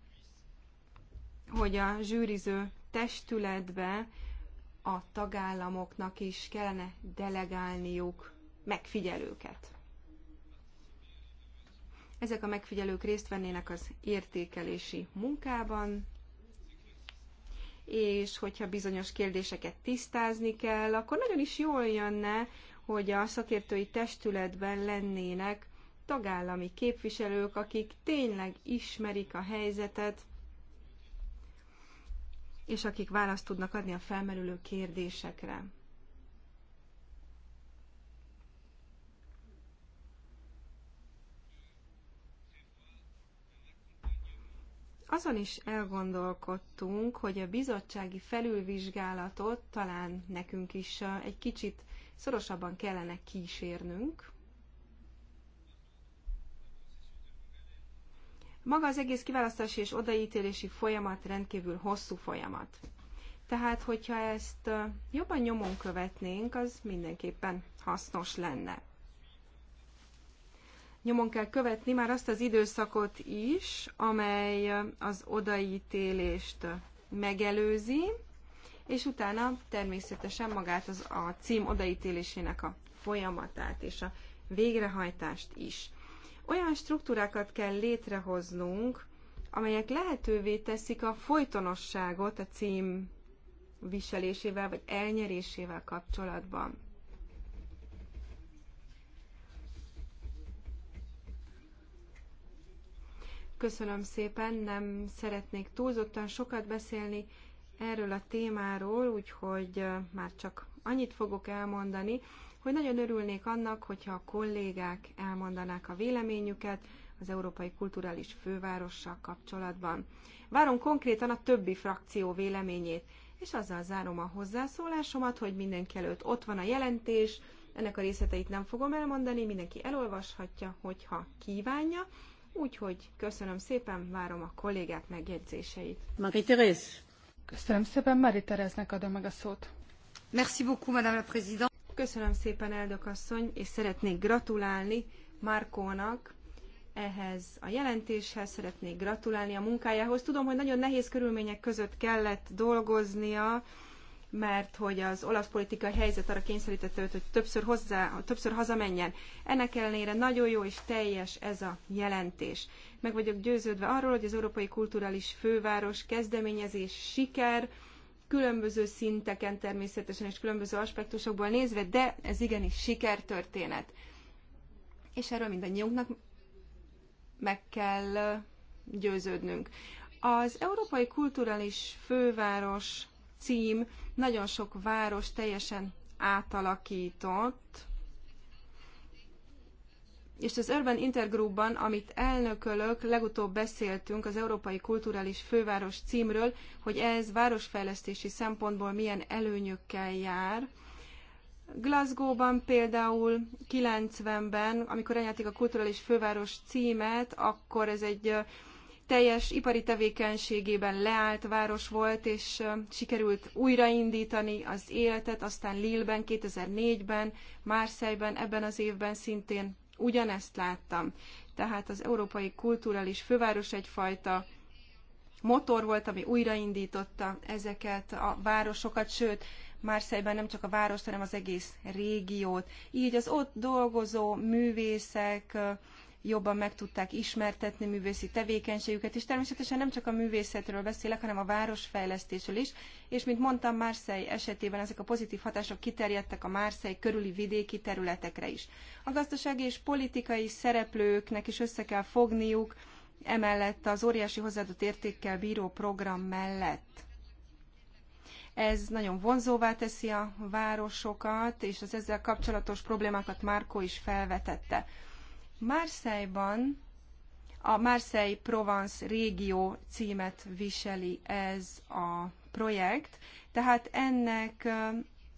hogy a zsűriző testületbe a tagállamoknak is kellene delegálniuk megfigyelőket. Ezek a megfigyelők részt vennének az értékelési munkában, és hogyha bizonyos kérdéseket tisztázni kell, akkor nagyon is jól jönne, hogy a szakértői testületben lennének tagállami képviselők, akik tényleg ismerik a helyzetet, és akik választ tudnak adni a felmerülő kérdésekre. Azon is elgondolkodtunk, hogy a bizottsági felülvizsgálatot talán nekünk is uh, egy kicsit szorosabban kellene kísérnünk, Maga az egész kiválasztási és odaítélési folyamat rendkívül hosszú folyamat. Tehát, hogyha ezt jobban nyomon követnénk, az mindenképpen hasznos lenne. Nyomon kell követni már azt az időszakot is, amely az odaítélést megelőzi, és utána természetesen magát az, a cím odaítélésének a folyamatát és a végrehajtást is. Olyan struktúrákat kell létrehoznunk, amelyek lehetővé teszik a folytonosságot a cím viselésével vagy elnyerésével kapcsolatban. Köszönöm szépen, nem szeretnék túlzottan sokat beszélni erről a témáról, úgyhogy eh, már csak annyit fogok elmondani, hogy nagyon örülnék annak, hogyha a kollégák elmondanák a véleményüket az Európai Kulturális Fővárossal kapcsolatban. Várom konkrétan a többi frakció véleményét, és azzal zárom a hozzászólásomat, hogy mindenki előtt ott van a jelentés, ennek a részleteit nem fogom elmondani, mindenki elolvashatja, hogyha kívánja. Úgyhogy köszönöm szépen, várom a kollégák megjegyzéseit. Marie-Thérèse. Köszönöm szépen, Marie-Thérèse-nek adom meg a szót. Merci beaucoup, Madame la Présidente. Köszönöm szépen, elnök asszony, és szeretnék gratulálni Markónak ehhez a jelentéshez, szeretnék gratulálni a munkájához. Tudom, hogy nagyon nehéz körülmények között kellett dolgoznia, mert hogy az olasz politikai helyzet arra kényszerítette őt, hogy többször, hozzá, többször hazamenjen. Ennek ellenére nagyon jó és teljes ez a jelentés. Meg vagyok győződve arról, hogy az Európai Kulturális Főváros kezdeményezés siker, különböző szinteken természetesen és különböző aspektusokból nézve, de ez igenis sikertörténet. És erről mindannyiunknak meg kell győződnünk. Az Európai Kulturális Főváros cím nagyon sok város teljesen átalakított, és az Urban Intergroupban, amit elnökölök, legutóbb beszéltünk az Európai Kulturális Főváros címről, hogy ez városfejlesztési szempontból milyen előnyökkel jár. Glasgow-ban például 90-ben, amikor elnyerték a kulturális főváros címet, akkor ez egy teljes ipari tevékenységében leállt város volt, és sikerült újraindítani az életet, aztán Lille-ben, 2004-ben, Marseille-ben, ebben az évben szintén ugyanezt láttam. Tehát az európai kulturális főváros egyfajta motor volt, ami újraindította ezeket a városokat, sőt, Márszejben nem csak a város, hanem az egész régiót. Így az ott dolgozó művészek, jobban meg tudták ismertetni művészi tevékenységüket, és természetesen nem csak a művészetről beszélek, hanem a városfejlesztésről is, és mint mondtam, Marseille esetében ezek a pozitív hatások kiterjedtek a Marseille körüli vidéki területekre is. A gazdasági és politikai szereplőknek is össze kell fogniuk, emellett az óriási hozzáadott értékkel bíró program mellett. Ez nagyon vonzóvá teszi a városokat, és az ezzel kapcsolatos problémákat Márko is felvetette. Marseille-ban a Marseille Provence régió címet viseli ez a projekt, tehát ennek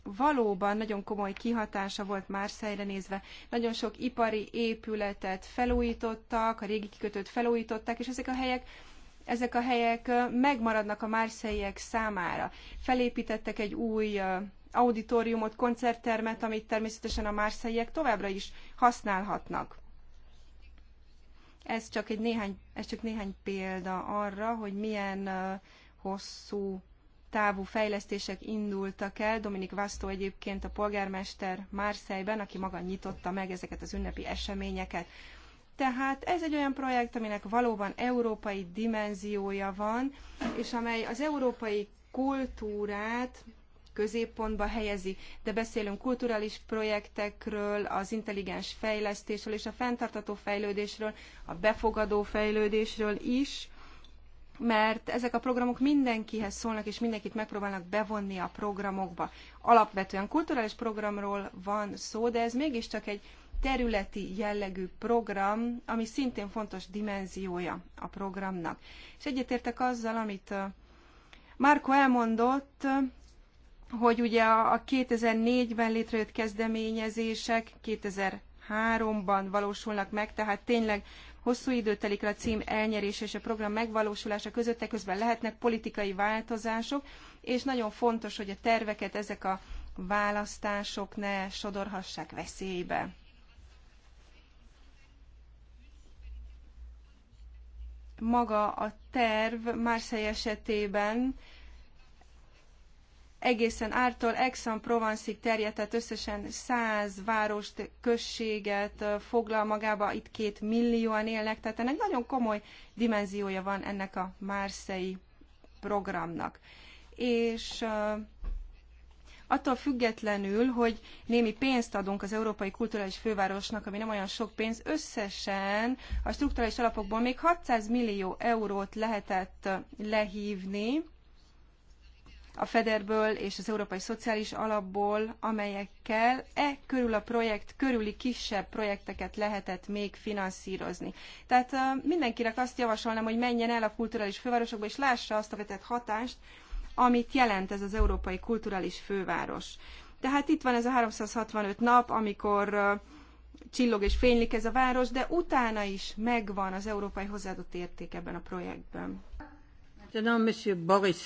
valóban nagyon komoly kihatása volt Marseille-re nézve. Nagyon sok ipari épületet felújítottak, a régi kikötőt felújították, és ezek a helyek ezek a helyek megmaradnak a márszeiek számára. Felépítettek egy új auditoriumot, koncerttermet, amit természetesen a márszeiek továbbra is használhatnak. Ez csak, egy néhány, ez csak néhány példa arra, hogy milyen hosszú távú fejlesztések indultak el. Dominik Vasztó egyébként a polgármester Márszejben, aki maga nyitotta meg ezeket az ünnepi eseményeket. Tehát ez egy olyan projekt, aminek valóban európai dimenziója van, és amely az európai kultúrát középpontba helyezi, de beszélünk kulturális projektekről, az intelligens fejlesztésről és a fenntartató fejlődésről, a befogadó fejlődésről is, mert ezek a programok mindenkihez szólnak, és mindenkit megpróbálnak bevonni a programokba. Alapvetően kulturális programról van szó, de ez mégiscsak egy területi jellegű program, ami szintén fontos dimenziója a programnak. És egyetértek azzal, amit Márko elmondott, hogy ugye a 2004-ben létrejött kezdeményezések 2003-ban valósulnak meg, tehát tényleg hosszú idő telik a cím elnyerése és a program megvalósulása között, közben lehetnek politikai változások, és nagyon fontos, hogy a terveket ezek a választások ne sodorhassák veszélybe. Maga a terv Márszely esetében egészen Ártól Exxon Provenceig terjedt, összesen 100 várost, községet foglal magába, itt két millióan élnek, tehát ennek nagyon komoly dimenziója van ennek a Márszei programnak. És attól függetlenül, hogy némi pénzt adunk az Európai Kulturális Fővárosnak, ami nem olyan sok pénz, összesen a strukturális alapokból még 600 millió eurót lehetett lehívni, a Federből és az Európai Szociális Alapból, amelyekkel e körül a projekt körüli kisebb projekteket lehetett még finanszírozni. Tehát mindenkinek azt javasolnám, hogy menjen el a kulturális fővárosokba, és lássa azt a vetett hatást, amit jelent ez az Európai Kulturális Főváros. Tehát itt van ez a 365 nap, amikor csillog és fénylik ez a város, de utána is megvan az európai hozzáadott érték ebben a projektben. Boris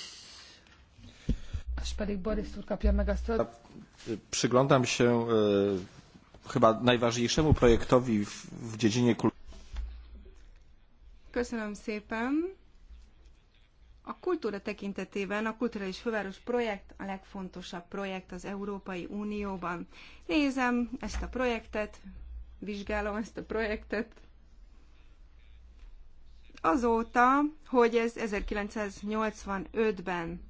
pedig kapja Przyglądam się e, chyba najważniejszemu projektowi w, w dziedzinie kultury. Köszönöm szépen. A kultúra tekintetében a Kulturális Főváros projekt a legfontosabb projekt az Európai Unióban. Nézem ezt a projektet, vizsgálom ezt a projektet. Azóta, hogy ez 1985-ben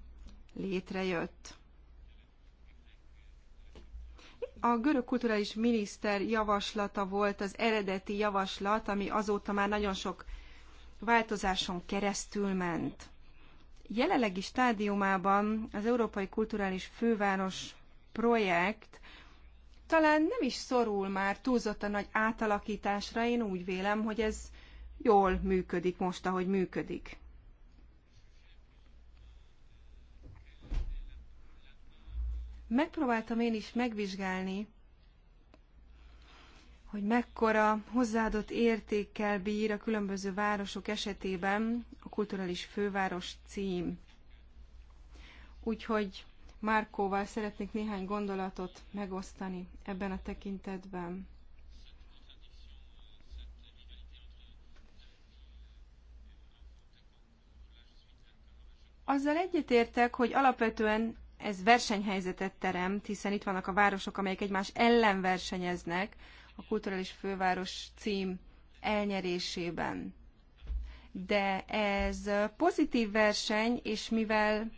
létrejött. A görög kulturális miniszter javaslata volt az eredeti javaslat, ami azóta már nagyon sok változáson keresztül ment. Jelenlegi stádiumában az Európai Kulturális Főváros projekt talán nem is szorul már túlzottan nagy átalakításra, én úgy vélem, hogy ez jól működik most, ahogy működik. Megpróbáltam én is megvizsgálni, hogy mekkora hozzáadott értékkel bír a különböző városok esetében a kulturális főváros cím. Úgyhogy Márkóval szeretnék néhány gondolatot megosztani ebben a tekintetben. Azzal egyetértek, hogy alapvetően ez versenyhelyzetet teremt, hiszen itt vannak a városok, amelyek egymás ellen versenyeznek a kulturális főváros cím elnyerésében. De ez pozitív verseny, és mivel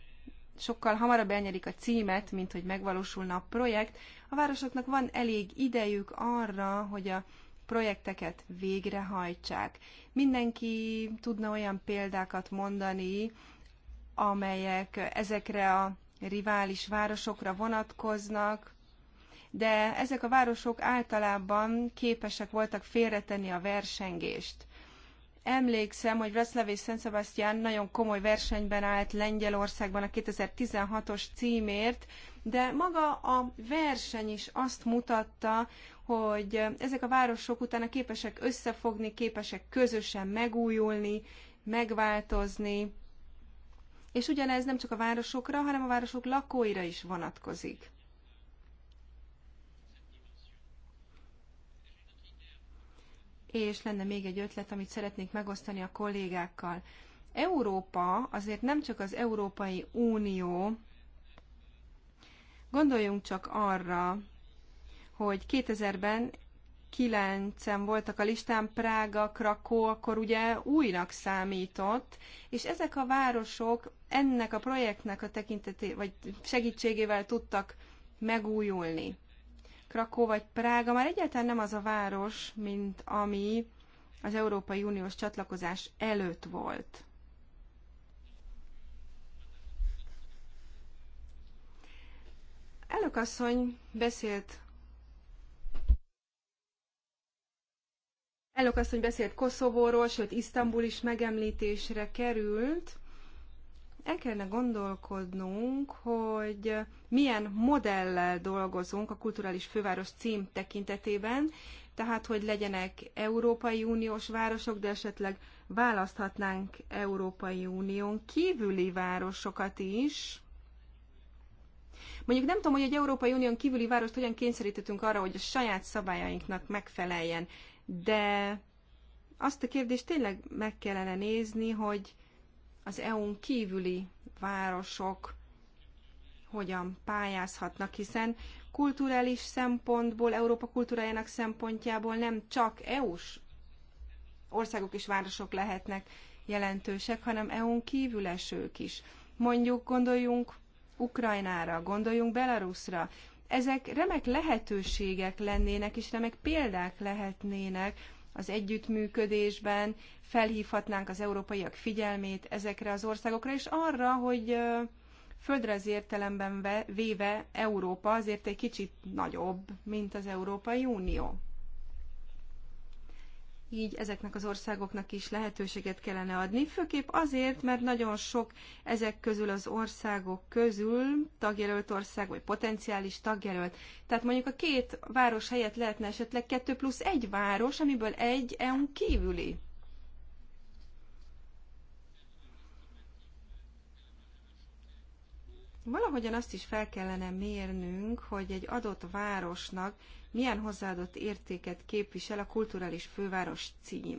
sokkal hamarabb elnyerik a címet, mint hogy megvalósulna a projekt, a városoknak van elég idejük arra, hogy a projekteket végrehajtsák. Mindenki tudna olyan példákat mondani, amelyek ezekre a rivális városokra vonatkoznak, de ezek a városok általában képesek voltak félretenni a versengést. Emlékszem, hogy Vraszlav és Szent Sebastian nagyon komoly versenyben állt Lengyelországban a 2016-os címért, de maga a verseny is azt mutatta, hogy ezek a városok utána képesek összefogni, képesek közösen megújulni, megváltozni, és ugyanez nem csak a városokra, hanem a városok lakóira is vonatkozik. És lenne még egy ötlet, amit szeretnék megosztani a kollégákkal. Európa azért nem csak az Európai Unió, gondoljunk csak arra, hogy 2000-ben kilencen voltak a listán, Prága, Krakó, akkor ugye újnak számított, és ezek a városok ennek a projektnek a tekinteté, vagy segítségével tudtak megújulni. Krakó vagy Prága már egyáltalán nem az a város, mint ami az Európai Uniós csatlakozás előtt volt. Elnök asszony beszélt Elnök asszony beszélt Koszovóról, sőt Isztambul is megemlítésre került. El kellene gondolkodnunk, hogy milyen modellel dolgozunk a kulturális főváros cím tekintetében, tehát hogy legyenek Európai Uniós városok, de esetleg választhatnánk Európai Unión kívüli városokat is. Mondjuk nem tudom, hogy egy Európai Unión kívüli várost hogyan kényszerítettünk arra, hogy a saját szabályainknak megfeleljen de azt a kérdést tényleg meg kellene nézni, hogy az EU-n kívüli városok hogyan pályázhatnak, hiszen kulturális szempontból, Európa kultúrájának szempontjából nem csak EU-s országok és városok lehetnek jelentősek, hanem EU-n kívül esők is. Mondjuk gondoljunk Ukrajnára, gondoljunk Belarusra, ezek remek lehetőségek lennének, és remek példák lehetnének az együttműködésben, felhívhatnánk az európaiak figyelmét ezekre az országokra, és arra, hogy földrajzi értelemben véve Európa azért egy kicsit nagyobb, mint az Európai Unió így ezeknek az országoknak is lehetőséget kellene adni, főképp azért, mert nagyon sok ezek közül az országok közül tagjelölt ország, vagy potenciális tagjelölt. Tehát mondjuk a két város helyett lehetne esetleg kettő plusz egy város, amiből egy EU kívüli. Valahogyan azt is fel kellene mérnünk, hogy egy adott városnak milyen hozzáadott értéket képvisel a kulturális főváros cím.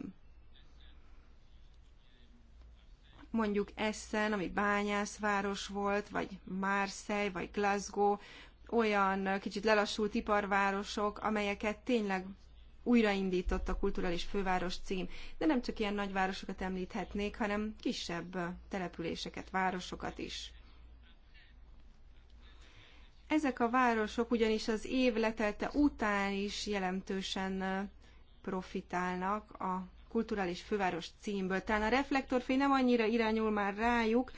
Mondjuk Essen, ami bányászváros volt, vagy Marseille, vagy Glasgow, olyan kicsit lelassult iparvárosok, amelyeket tényleg újraindított a kulturális főváros cím. De nem csak ilyen nagyvárosokat említhetnék, hanem kisebb településeket, városokat is. Ezek a városok ugyanis az év letelte után is jelentősen profitálnak a kulturális főváros címből. Talán a reflektorfény nem annyira irányul már rájuk,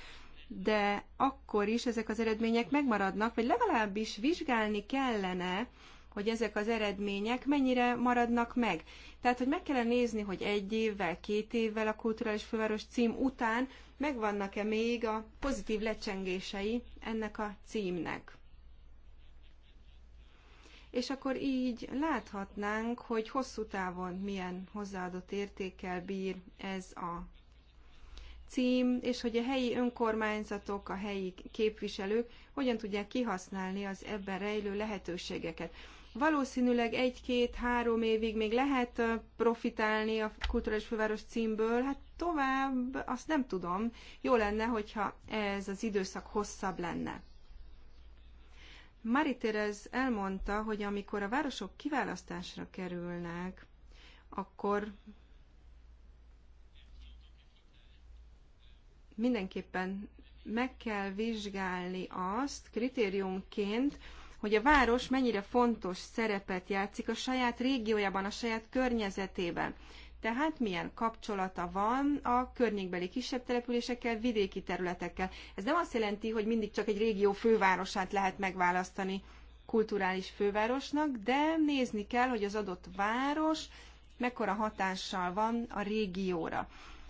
de akkor is ezek az eredmények megmaradnak, vagy legalábbis vizsgálni kellene, hogy ezek az eredmények mennyire maradnak meg. Tehát, hogy meg kellene nézni, hogy egy évvel, két évvel a kulturális főváros cím után megvannak-e még a pozitív lecsengései ennek a címnek és akkor így láthatnánk, hogy hosszú távon milyen hozzáadott értékkel bír ez a cím, és hogy a helyi önkormányzatok, a helyi képviselők hogyan tudják kihasználni az ebben rejlő lehetőségeket. Valószínűleg egy-két-három évig még lehet profitálni a kulturális főváros címből, hát tovább azt nem tudom. Jó lenne, hogyha ez az időszak hosszabb lenne. Mari elmondta, hogy amikor a városok kiválasztásra kerülnek, akkor mindenképpen meg kell vizsgálni azt kritériumként, hogy a város mennyire fontos szerepet játszik a saját régiójában, a saját környezetében tehát milyen kapcsolata van a környékbeli kisebb településekkel, vidéki területekkel. Ez nem azt jelenti, hogy mindig csak egy régió fővárosát lehet megválasztani kulturális fővárosnak, de nézni kell, hogy az adott város mekkora hatással van a régióra.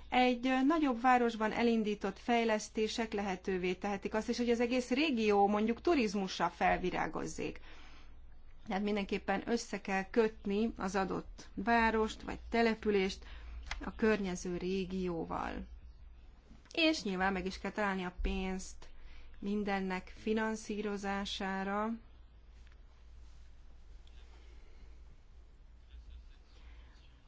Egy nagyobb városban elindított fejlesztések lehetővé tehetik azt is, hogy az egész régió mondjuk turizmussal felvirágozzék. Tehát mindenképpen össze kell kötni az adott várost vagy települést a környező régióval. És nyilván meg is kell találni a pénzt mindennek finanszírozására.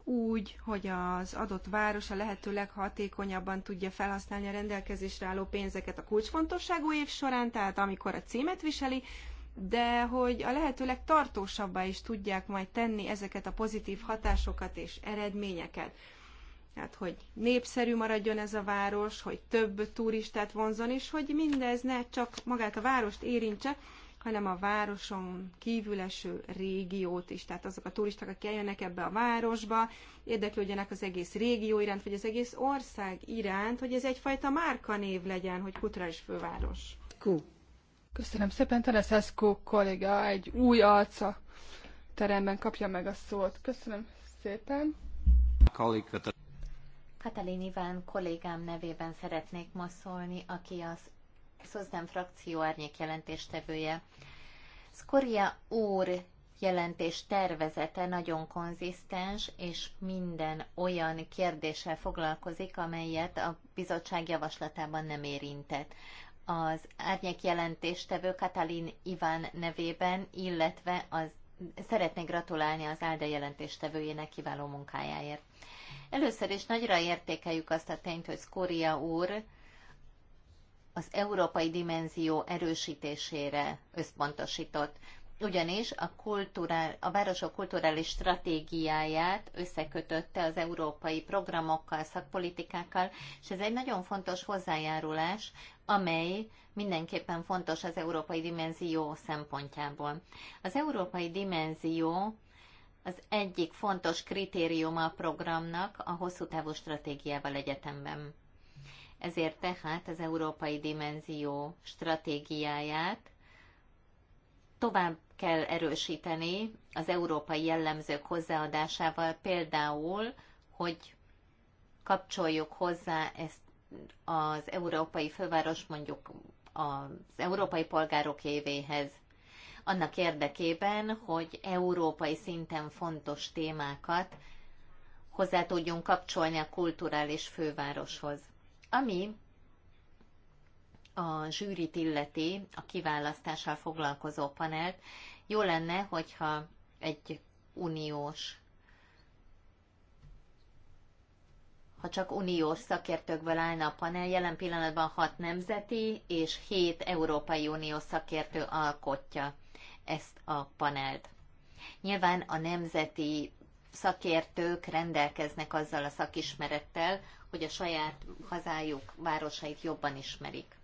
Úgy, hogy az adott város a lehető leghatékonyabban tudja felhasználni a rendelkezésre álló pénzeket a kulcsfontosságú év során, tehát amikor a címet viseli, de hogy a lehető legtartósabbá is tudják majd tenni ezeket a pozitív hatásokat és eredményeket. Hát, hogy népszerű maradjon ez a város, hogy több turistát vonzon, és hogy mindez ne csak magát a várost érintse, hanem a városon kívül eső régiót is. Tehát azok a turisták, akik eljönnek ebbe a városba, érdeklődjenek az egész régió iránt, vagy az egész ország iránt, hogy ez egyfajta márkanév legyen, hogy is főváros. Cool. Köszönöm szépen, Tereszeszkó kolléga egy új alca teremben kapja meg a szót. Köszönöm szépen. Katalin Iván kollégám nevében szeretnék ma szólni, aki az Szozdem frakció árnyék jelentéstevője. Skoria úr jelentés tervezete nagyon konzisztens, és minden olyan kérdéssel foglalkozik, amelyet a bizottság javaslatában nem érintett az árnyék jelentéstevő Katalin Iván nevében, illetve az szeretnék gratulálni az Álda jelentéstevőjének kiváló munkájáért. Először is nagyra értékeljük azt a tényt, hogy Skória úr az európai dimenzió erősítésére összpontosított ugyanis a, kulturál, a városok kulturális stratégiáját összekötötte az európai programokkal, szakpolitikákkal, és ez egy nagyon fontos hozzájárulás, amely mindenképpen fontos az európai dimenzió szempontjából. Az európai dimenzió az egyik fontos kritériuma a programnak a hosszú távú stratégiával egyetemben. Ezért tehát az európai dimenzió stratégiáját tovább kell erősíteni az európai jellemzők hozzáadásával, például, hogy kapcsoljuk hozzá ezt az európai főváros mondjuk az európai polgárok évéhez, annak érdekében, hogy európai szinten fontos témákat hozzá tudjunk kapcsolni a kulturális fővároshoz. Ami a zsűrit illeti, a kiválasztással foglalkozó panelt, jó lenne, hogyha egy uniós ha csak uniós szakértőkből állna a panel, jelen pillanatban hat nemzeti és hét Európai Uniós szakértő alkotja ezt a panelt. Nyilván a nemzeti szakértők rendelkeznek azzal a szakismerettel, hogy a saját hazájuk városait jobban ismerik.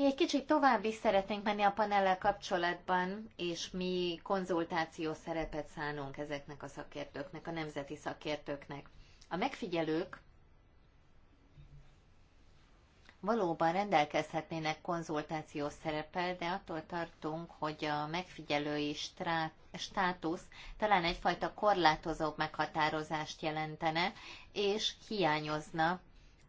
Mi egy kicsit tovább is szeretnénk menni a panellel kapcsolatban, és mi konzultáció szerepet szánunk ezeknek a szakértőknek, a nemzeti szakértőknek. A megfigyelők valóban rendelkezhetnének konzultációs szereppel, de attól tartunk, hogy a megfigyelői státusz talán egyfajta korlátozóbb meghatározást jelentene, és hiányozna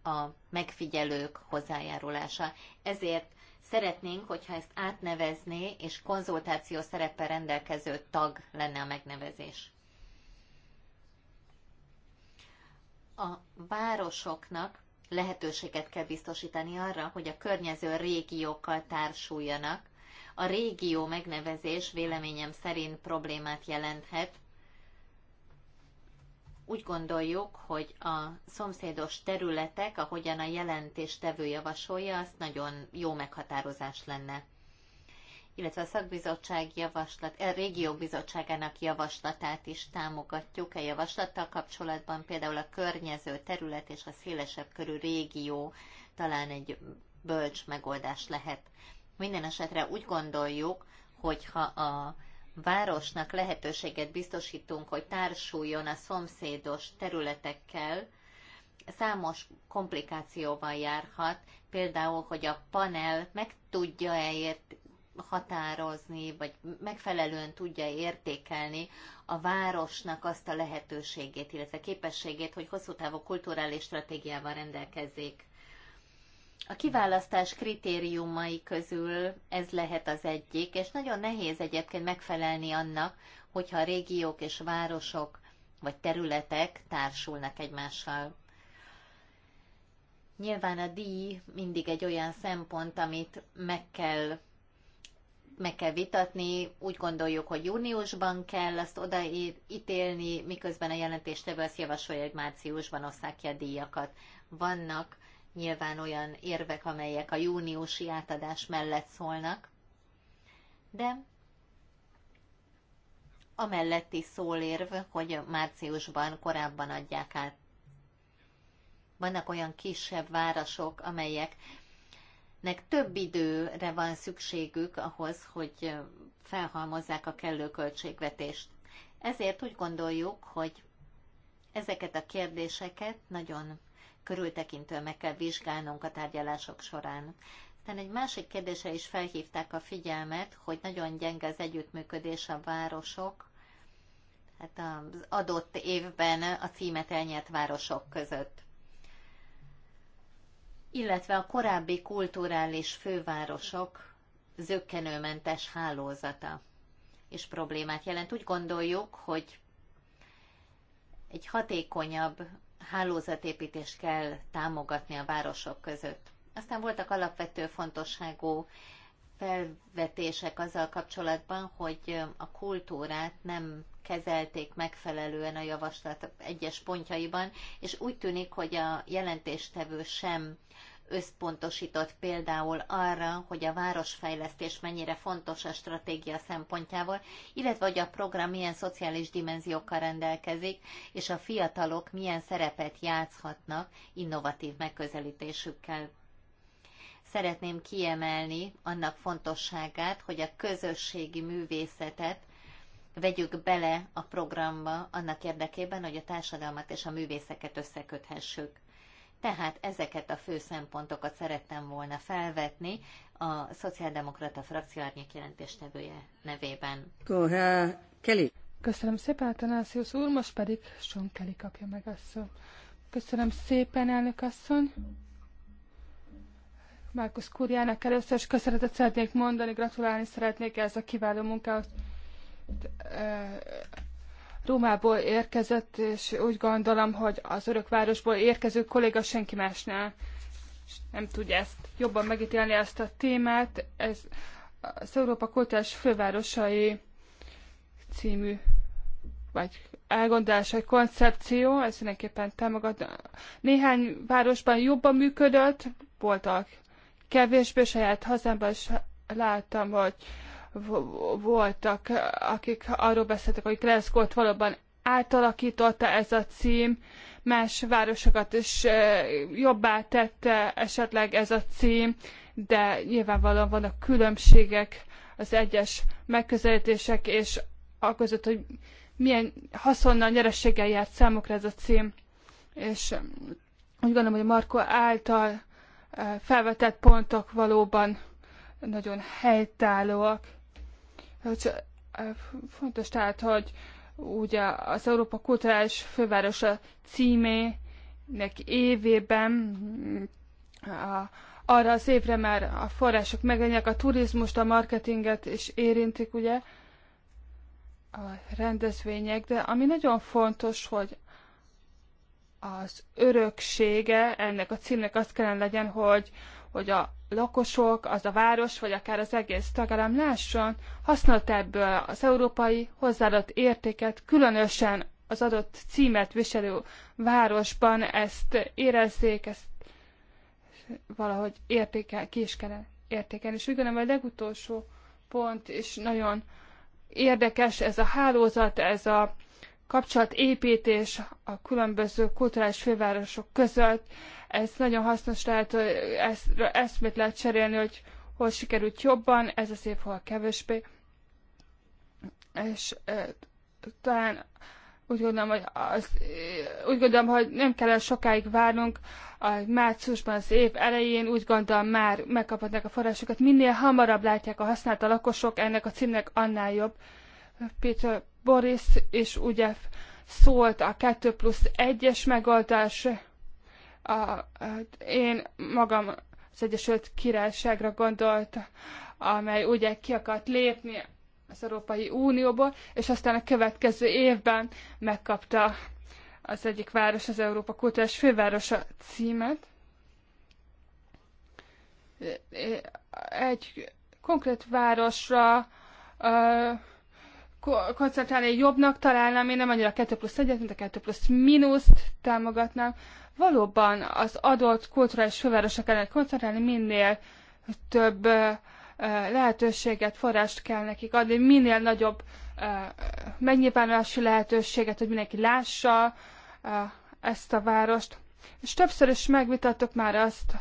a megfigyelők hozzájárulása. Ezért Szeretnénk, hogyha ezt átnevezné, és konzultáció szereppel rendelkező tag lenne a megnevezés. A városoknak lehetőséget kell biztosítani arra, hogy a környező régiókkal társuljanak. A régió megnevezés véleményem szerint problémát jelenthet, úgy gondoljuk, hogy a szomszédos területek, ahogyan a tevő javasolja, az nagyon jó meghatározás lenne illetve a szakbizottság javaslat, a eh, régió bizottságának javaslatát is támogatjuk. A e javaslattal kapcsolatban például a környező terület és a szélesebb körű régió talán egy bölcs megoldás lehet. Minden esetre úgy gondoljuk, hogy ha a városnak lehetőséget biztosítunk, hogy társuljon a szomszédos területekkel, számos komplikációval járhat, például, hogy a panel meg tudja-e ért határozni, vagy megfelelően tudja értékelni a városnak azt a lehetőségét, illetve képességét, hogy hosszú távú kulturális stratégiával rendelkezik. A kiválasztás kritériumai közül ez lehet az egyik, és nagyon nehéz egyébként megfelelni annak, hogyha a régiók és városok vagy területek társulnak egymással. Nyilván a díj mindig egy olyan szempont, amit meg kell, meg kell vitatni. Úgy gondoljuk, hogy júniusban kell azt odaítélni, miközben a jelentéstevő azt javasolja, hogy márciusban osszák ki a díjakat. Vannak nyilván olyan érvek, amelyek a júniusi átadás mellett szólnak, de a melletti szólérv, hogy márciusban korábban adják át. Vannak olyan kisebb városok, amelyeknek több időre van szükségük ahhoz, hogy felhalmozzák a kellő költségvetést. Ezért úgy gondoljuk, hogy ezeket a kérdéseket nagyon körültekintően meg kell vizsgálnunk a tárgyalások során. Aztán egy másik kérdése is felhívták a figyelmet, hogy nagyon gyenge az együttműködés a városok, hát az adott évben a címet elnyert városok között. Illetve a korábbi kulturális fővárosok zöggenőmentes hálózata és problémát jelent. Úgy gondoljuk, hogy egy hatékonyabb hálózatépítést kell támogatni a városok között. Aztán voltak alapvető fontosságú felvetések azzal kapcsolatban, hogy a kultúrát nem kezelték megfelelően a javaslat egyes pontjaiban, és úgy tűnik, hogy a jelentéstevő sem összpontosított például arra, hogy a városfejlesztés mennyire fontos a stratégia szempontjából, illetve hogy a program milyen szociális dimenziókkal rendelkezik, és a fiatalok milyen szerepet játszhatnak innovatív megközelítésükkel. Szeretném kiemelni annak fontosságát, hogy a közösségi művészetet vegyük bele a programba annak érdekében, hogy a társadalmat és a művészeket összeköthessük. Tehát ezeket a fő szempontokat szerettem volna felvetni a Szociáldemokrata frakció árnyék jelentéstevője nevében. Kelly. Köszönöm szépen, Atanációs úr, most pedig Sean Kelly kapja meg a szót. Köszönöm szépen, elnök asszony. Márkusz Kúriának először is köszönetet szeretnék mondani, gratulálni szeretnék ez a kiváló munkához Rómából érkezett, és úgy gondolom, hogy az örökvárosból érkező kolléga senki másnál nem tudja ezt jobban megítélni ezt a témát. Ez az Európa Kultúrás Fővárosai című vagy elgondolás, vagy koncepció, ez mindenképpen támogatna. Néhány városban jobban működött, voltak kevésbé saját hazámban is láttam, hogy voltak, akik arról beszéltek, hogy Glasgow-t valóban átalakította ez a cím, más városokat is jobbá tette esetleg ez a cím, de nyilvánvalóan vannak különbségek az egyes megközelítések, és a között, hogy milyen haszonnal, nyerességgel járt számukra ez a cím. És úgy gondolom, hogy Marko által felvetett pontok valóban nagyon helytállóak hogy fontos tehát, hogy ugye az Európa Kulturális Fővárosa címének évében a, arra az évre már a források megjelennek, a turizmust, a marketinget is érintik, ugye, a rendezvények, de ami nagyon fontos, hogy az öröksége ennek a címnek az kellene legyen, hogy hogy a lakosok, az a város, vagy akár az egész tagállam lásson, használt ebből az európai hozzáadott értéket, különösen az adott címet viselő városban ezt érezzék, ezt valahogy értékel, ki is kell értékelni. És úgy gondolom, a legutolsó pont, és nagyon érdekes ez a hálózat, ez a kapcsolatépítés a különböző kulturális fővárosok között. Ez nagyon hasznos lehet, ezt, eszmét lehet cserélni, hogy hol sikerült jobban, ez a szép, hol kevésbé. És e, talán úgy gondolom, hogy az, úgy gondolom, hogy nem kell sokáig várnunk, a márciusban az év elején úgy gondolom már megkaphatnak a forrásokat, minél hamarabb látják a használt a lakosok, ennek a címnek annál jobb. Péter, Boris is ugye szólt a 2 plusz 1-es megoldás. A, a, hát én magam az Egyesült Királyságra gondolt, amely ugye ki akart lépni az Európai Unióból, és aztán a következő évben megkapta az egyik város, az Európa Kultúrás Fővárosa címet. Egy konkrét városra koncentrálni, jobbnak találnám, én nem annyira a 2 plusz 1 mint a 2 plusz mínuszt támogatnám. Valóban az adott kulturális fővárosra kellene koncentrálni, minél több lehetőséget, forrást kell nekik adni, minél nagyobb megnyilvánulási lehetőséget, hogy mindenki lássa ezt a várost. És többször is megvitattuk már azt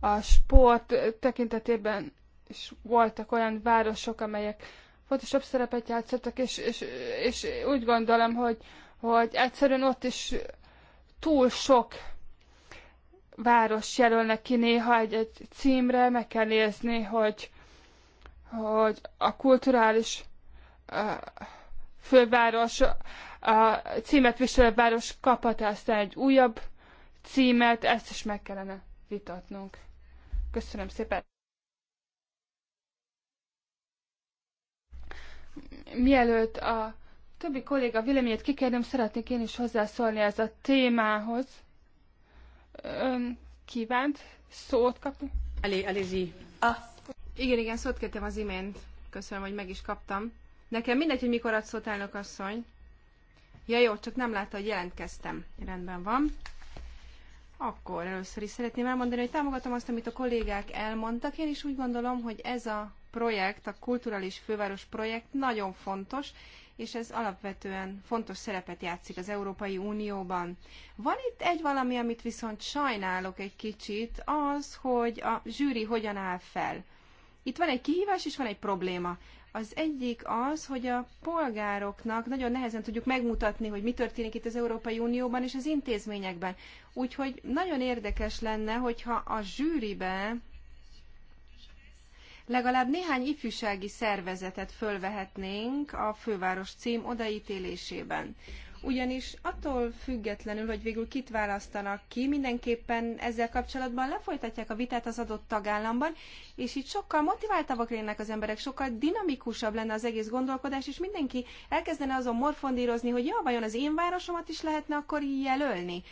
a sport tekintetében, és voltak olyan városok, amelyek fontosabb szerepet játszottak, és, és, és úgy gondolom, hogy, hogy egyszerűen ott is túl sok város jelölnek ki néha egy, egy címre, meg kell nézni, hogy, hogy a kulturális uh, főváros, a címet viselő város kaphat aztán egy újabb címet, ezt is meg kellene vitatnunk. Köszönöm szépen! mielőtt a többi kolléga véleményét kikérném, szeretnék én is hozzászólni ez a témához. Ön kívánt szót kapni? Elé, elézi. Ah. Igen, igen, szót kértem az imént. Köszönöm, hogy meg is kaptam. Nekem mindegy, hogy mikor ad szót, elnök asszony. Ja jó, csak nem látta, hogy jelentkeztem. Rendben van. Akkor először is szeretném elmondani, hogy támogatom azt, amit a kollégák elmondtak. Én is úgy gondolom, hogy ez a projekt, a kulturális főváros projekt nagyon fontos, és ez alapvetően fontos szerepet játszik az Európai Unióban. Van itt egy valami, amit viszont sajnálok egy kicsit, az, hogy a zsűri hogyan áll fel. Itt van egy kihívás és van egy probléma. Az egyik az, hogy a polgároknak nagyon nehezen tudjuk megmutatni, hogy mi történik itt az Európai Unióban és az intézményekben. Úgyhogy nagyon érdekes lenne, hogyha a zsűribe legalább néhány ifjúsági szervezetet fölvehetnénk a főváros cím odaítélésében. Ugyanis attól függetlenül, hogy végül kit választanak ki, mindenképpen ezzel kapcsolatban lefolytatják a vitát az adott tagállamban, és itt sokkal motiváltabbak lennének az emberek, sokkal dinamikusabb lenne az egész gondolkodás, és mindenki elkezdene azon morfondírozni, hogy ja, vajon az én városomat is lehetne akkor jelölni.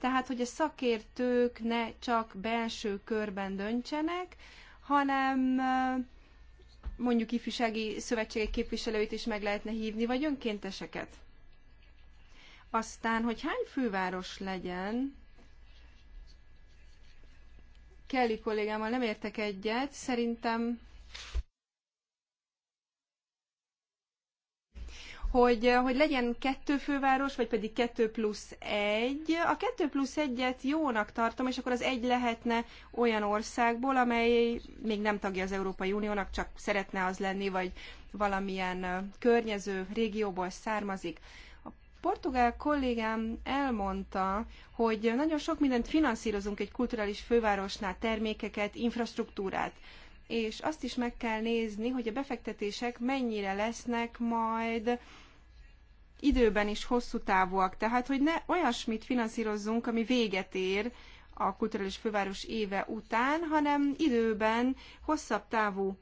Tehát, hogy a szakértők ne csak belső körben döntsenek, hanem mondjuk ifjúsági szövetségek képviselőit is meg lehetne hívni, vagy önkénteseket. Aztán, hogy hány főváros legyen, Kelly kollégámmal nem értek egyet, szerintem hogy, eh, hogy legyen kettő főváros, vagy pedig kettő plusz egy. A kettő plusz egyet jónak tartom, és akkor az egy lehetne olyan országból, amely még nem tagja az Európai Uniónak, csak szeretne az lenni, vagy valamilyen eh, környező régióból származik. A portugál kollégám elmondta, hogy nagyon sok mindent finanszírozunk egy kulturális fővárosnál, termékeket, infrastruktúrát és azt is meg kell nézni, hogy a befektetések mennyire lesznek majd időben is hosszú távúak. Tehát, hogy ne olyasmit finanszírozzunk, ami véget ér a kulturális főváros éve után, hanem időben hosszabb távú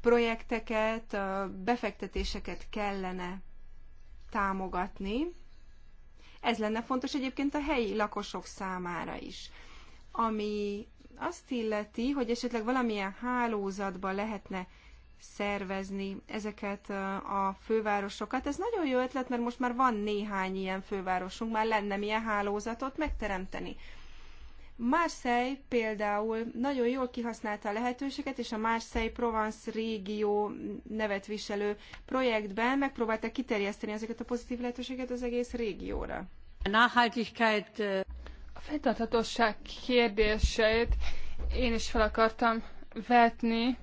projekteket, befektetéseket kellene támogatni. Ez lenne fontos egyébként a helyi lakosok számára is. Ami azt illeti, hogy esetleg valamilyen hálózatba lehetne szervezni ezeket a fővárosokat. Ez nagyon jó ötlet, mert most már van néhány ilyen fővárosunk, már lenne milyen hálózatot megteremteni. Marseille például nagyon jól kihasználta a lehetőséget, és a Marseille Provence régió nevet viselő projektben megpróbálta kiterjeszteni ezeket a pozitív lehetőséget az egész régióra. A fenntarthatóság kérdéseit én is fel akartam vetni.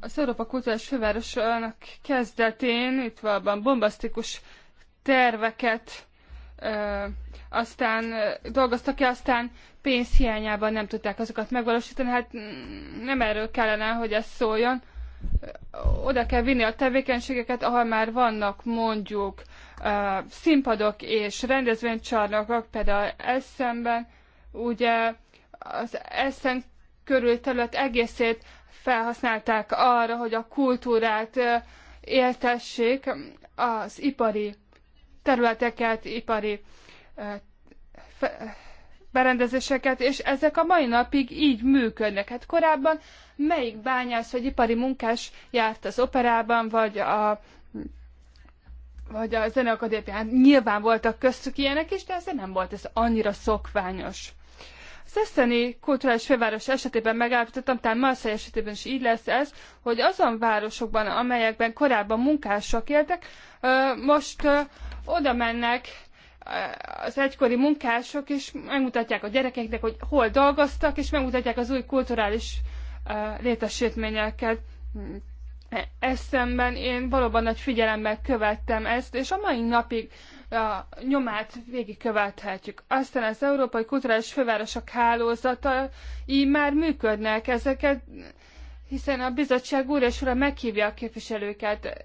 Az Európa Kulturális Fővárosának kezdetén itt valóban bombasztikus terveket ö, aztán ö, dolgoztak ki, aztán pénz hiányában nem tudták azokat megvalósítani. Hát mm, nem erről kellene, hogy ez szóljon. Oda kell vinni a tevékenységeket, ahol már vannak mondjuk színpadok és rendezvénycsarnokok, például Eszenben, ugye az Eszen körül terület egészét felhasználták arra, hogy a kultúrát éltessék, az ipari területeket, ipari berendezéseket, és ezek a mai napig így működnek. Hát korábban melyik bányász vagy ipari munkás járt az operában, vagy a vagy a Zeneakadémián nyilván voltak köztük ilyenek is, de azért nem volt ez annyira szokványos. Az eszeni kulturális főváros esetében megállapítottam, tehát Marseille esetében is így lesz ez, hogy azon városokban, amelyekben korábban munkások éltek, most oda mennek az egykori munkások, és megmutatják a gyerekeknek, hogy hol dolgoztak, és megmutatják az új kulturális létesítményeket ezt szemben én valóban nagy figyelemmel követtem ezt, és a mai napig a nyomát végigkövethetjük. Aztán az Európai Kulturális Fővárosok hálózata így már működnek ezeket, hiszen a bizottság úr és ura meghívja a képviselőket.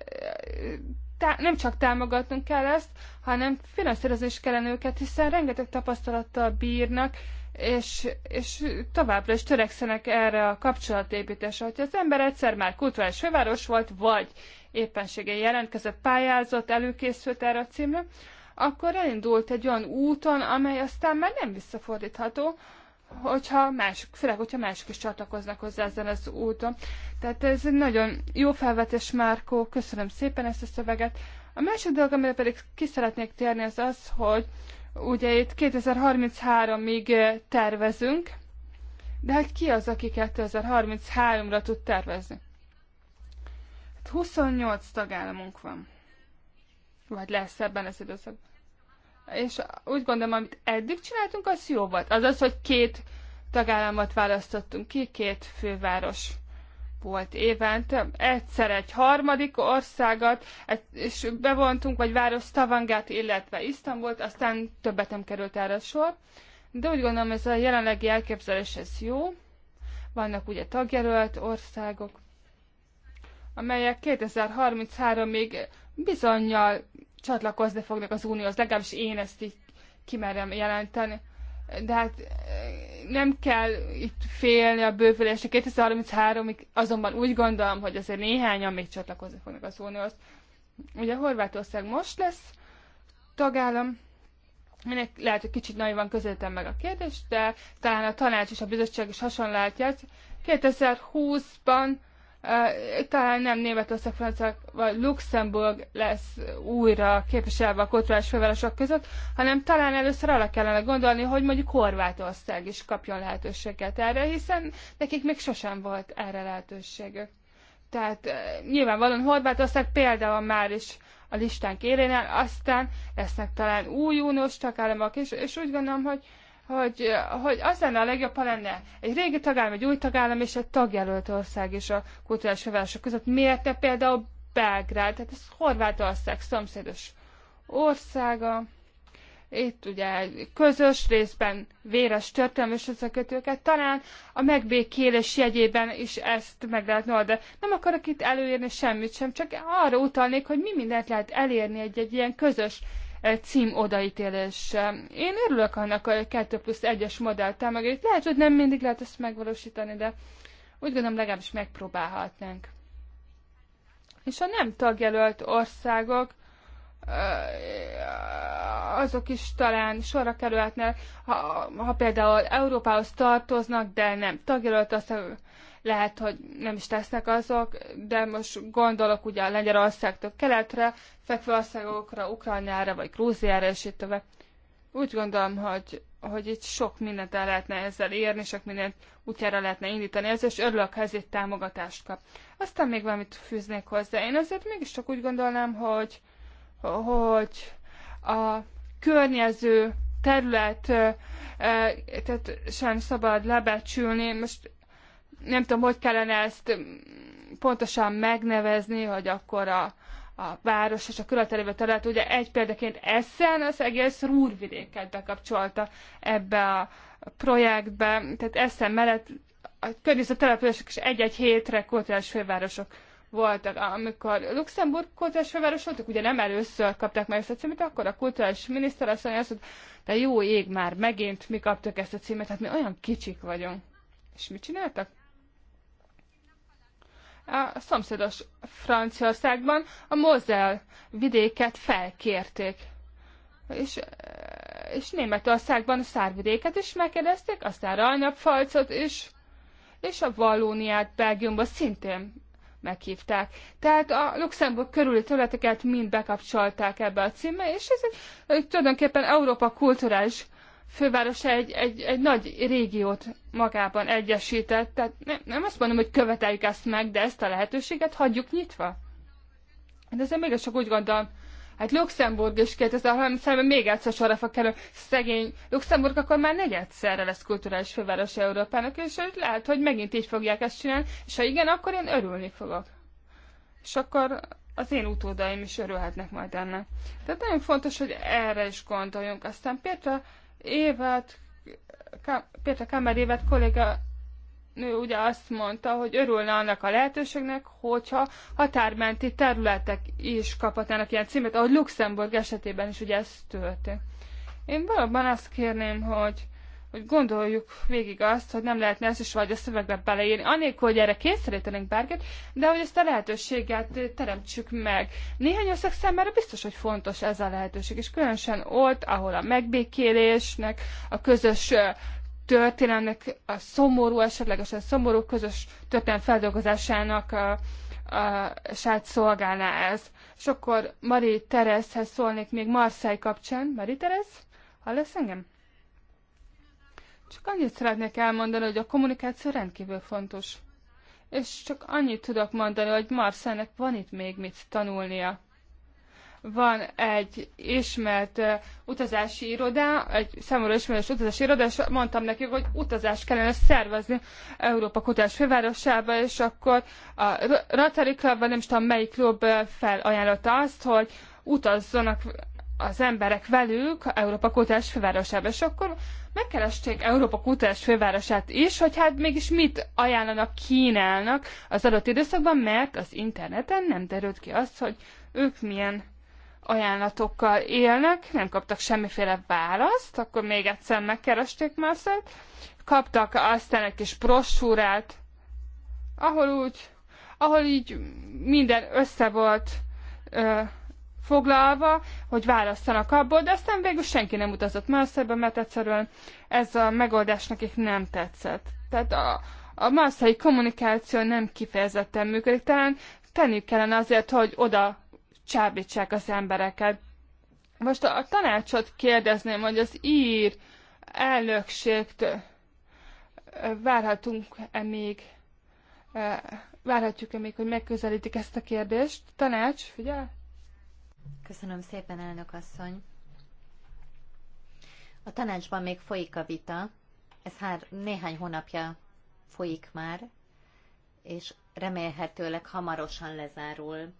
Tá- nem csak támogatnunk kell ezt, hanem finanszírozni is kellene őket, hiszen rengeteg tapasztalattal bírnak, és, és továbbra is törekszenek erre a kapcsolatépítésre. Hogyha az ember egyszer már kulturális főváros volt, vagy éppenséggel jelentkezett, pályázott, előkészült erre a címre, akkor elindult egy olyan úton, amely aztán már nem visszafordítható, hogyha mások, főleg, hogyha mások is csatlakoznak hozzá ezen az úton. Tehát ez egy nagyon jó felvetés, Márkó, köszönöm szépen ezt a szöveget. A másik dolog, amire pedig ki szeretnék térni, az az, hogy Ugye itt 2033-ig eh, tervezünk, de hát ki az, aki 2033-ra tud tervezni? Hát 28 tagállamunk van. Vagy lesz ebben az időszakban. És úgy gondolom, amit eddig csináltunk, az jó volt. Azaz, hogy két tagállamot választottunk ki, két főváros volt évente. Egyszer egy harmadik országot, és bevontunk, vagy város Tavangát, illetve Isztambult, aztán többet nem került erre sor. De úgy gondolom, ez a jelenlegi elképzelés, ez jó. Vannak ugye tagjelölt országok, amelyek 2033-ig bizonyal csatlakozni fognak az Unióhoz, legalábbis én ezt így kimerem jelenteni de hát eh, nem kell itt félni a bővülésre. 2033-ig azonban úgy gondolom, hogy azért néhányan még csatlakozni fognak az unióhoz. Ugye Horvátország most lesz tagállam, minek lehet, hogy kicsit naivan közöltem meg a kérdést, de talán a tanács és a bizottság is hasonló 2020-ban talán nem Németország, Francia vagy Luxemburg lesz újra képviselve a kulturális fővárosok között, hanem talán először arra kellene gondolni, hogy mondjuk Horvátország is kapjon lehetőséget erre, hiszen nekik még sosem volt erre lehetőségük. Tehát nyilvánvalóan Horvátország például már is a listánk érénel, aztán lesznek talán új uniós tagállamok, és, és úgy gondolom, hogy, hogy, hogy az lenne a legjobb, ha lenne egy régi tagállam, egy új tagállam és egy tagjelölt ország is a kulturális fővárosok között. Miért ne például Belgrád, tehát ez Horvátország szomszédos országa. Itt ugye közös részben véres történelmi összekötőket, talán a megbékélés jegyében is ezt meg lehet de nem akarok itt előírni semmit sem, csak arra utalnék, hogy mi mindent lehet elérni egy, egy ilyen közös E, cím odaítélése. Én örülök annak a 2 plusz 1-es modell támogatjuk. Lehet, hogy nem mindig lehet ezt megvalósítani, de úgy gondolom legalábbis megpróbálhatnánk. És a nem tagjelölt országok e, azok is talán sorra kerülhetnek, ha, ha például Európához tartoznak, de nem tagjelölt országok, lehet, hogy nem is tesznek azok, de most gondolok ugye a Lengyelországtól keletre, fekvő országokra, Ukrajnára vagy Grúziára, és itt tovább. Úgy gondolom, hogy, hogy itt sok mindent el lehetne ezzel érni, sok mindent útjára lehetne indítani ezzel, és örülök, ha ezért támogatást kap. Aztán még valamit fűznék hozzá. Én azért mégiscsak úgy gondolnám, hogy, hogy a környező terület, tehát sem szabad lebecsülni. Most nem tudom, hogy kellene ezt pontosan megnevezni, hogy akkor a, a város és a külatelébe terület, ugye egy példaként Essen az egész Rúrvidéket bekapcsolta ebbe a projektbe, tehát Essen mellett a környező települések is egy-egy hétre kulturális fővárosok voltak. Amikor Luxemburg kulturális főváros voltak, ugye nem először kapták meg ezt a címet, akkor a kulturális miniszter azt mondja, hogy de jó ég már megint, mi kaptuk ezt a címet, hát mi olyan kicsik vagyunk. És mit csináltak? a szomszédos Franciaországban a Mosel vidéket felkérték. És, és Németországban a szárvidéket is megkérdezték, aztán Rajnapfalcot is, és a Vallóniát Belgiumba szintén meghívták. Tehát a Luxemburg körüli területeket mind bekapcsolták ebbe a címbe, és ez egy, tulajdonképpen Európa kulturális főváros egy, egy, egy nagy régiót magában egyesített. Tehát nem, nem azt mondom, hogy követeljük ezt meg, de ezt a lehetőséget hagyjuk nyitva. De azért mégis csak úgy gondolom, hát Luxemburg is 2030 szemben még egyszer sorra fog kerül. Szegény Luxemburg akkor már negyedszerre lesz kulturális főváros Európának, és lehet, hogy megint így fogják ezt csinálni, és ha igen, akkor én örülni fogok. És akkor az én utódaim is örülhetnek majd ennek. Tehát nagyon fontos, hogy erre is gondoljunk. Aztán például Évet, Péter Kámer évet kolléga nő ugye azt mondta, hogy örülne annak a lehetőségnek, hogyha határmenti területek is kaphatnának ilyen címet, ahogy Luxemburg esetében is ugye ez történt. Én valóban azt kérném, hogy hogy gondoljuk végig azt, hogy nem lehetne ezt is vagy a szövegbe beleírni, anélkül, hogy erre kényszerítenénk bárkit, de hogy ezt a lehetőséget teremtsük meg. Néhány ország számára biztos, hogy fontos ez a lehetőség, és különösen ott, ahol a megbékélésnek, a közös történelmnek, a szomorú, esetlegesen szomorú közös történelm feldolgozásának a, a sát szolgálná ez. És akkor Mari Terezhez szólnék még Marseille kapcsán. Mari Terez, hallasz engem? Csak annyit szeretnék elmondani, hogy a kommunikáció rendkívül fontos. És csak annyit tudok mondani, hogy Marcelnek van itt még mit tanulnia. Van egy ismert uh, utazási irodá, egy számomra ismerős utazási irodá, és mondtam nekik, hogy utazást kellene szervezni Európa Kutás fővárosába, és akkor a Rotary Club, vagy nem is tudom melyik klub felajánlotta azt, hogy utazzanak az emberek velük Európa kultúrás fővárosába, és akkor megkeresték Európa kultúrás fővárosát is, hogy hát mégis mit ajánlanak, kínálnak az adott időszakban, mert az interneten nem derült ki az, hogy ők milyen ajánlatokkal élnek, nem kaptak semmiféle választ, akkor még egyszer megkeresték Marcelt, kaptak aztán egy kis brosúrát, ahol úgy, ahol így minden össze volt ö, foglalva, hogy választanak abból, de aztán végül senki nem utazott Marseille-be, mert egyszerűen ez a megoldás nekik nem tetszett. Tehát a, a marszai kommunikáció nem kifejezetten működik, talán tenni kellene azért, hogy oda csábítsák az embereket. Most a, a tanácsot kérdezném, hogy az ír elnökségtől várhatunk-e még, várhatjuk-e még, hogy megközelítik ezt a kérdést? Tanács, figyel? Köszönöm szépen, elnök asszony. A tanácsban még folyik a vita, ez hár, néhány hónapja folyik már, és remélhetőleg hamarosan lezárul.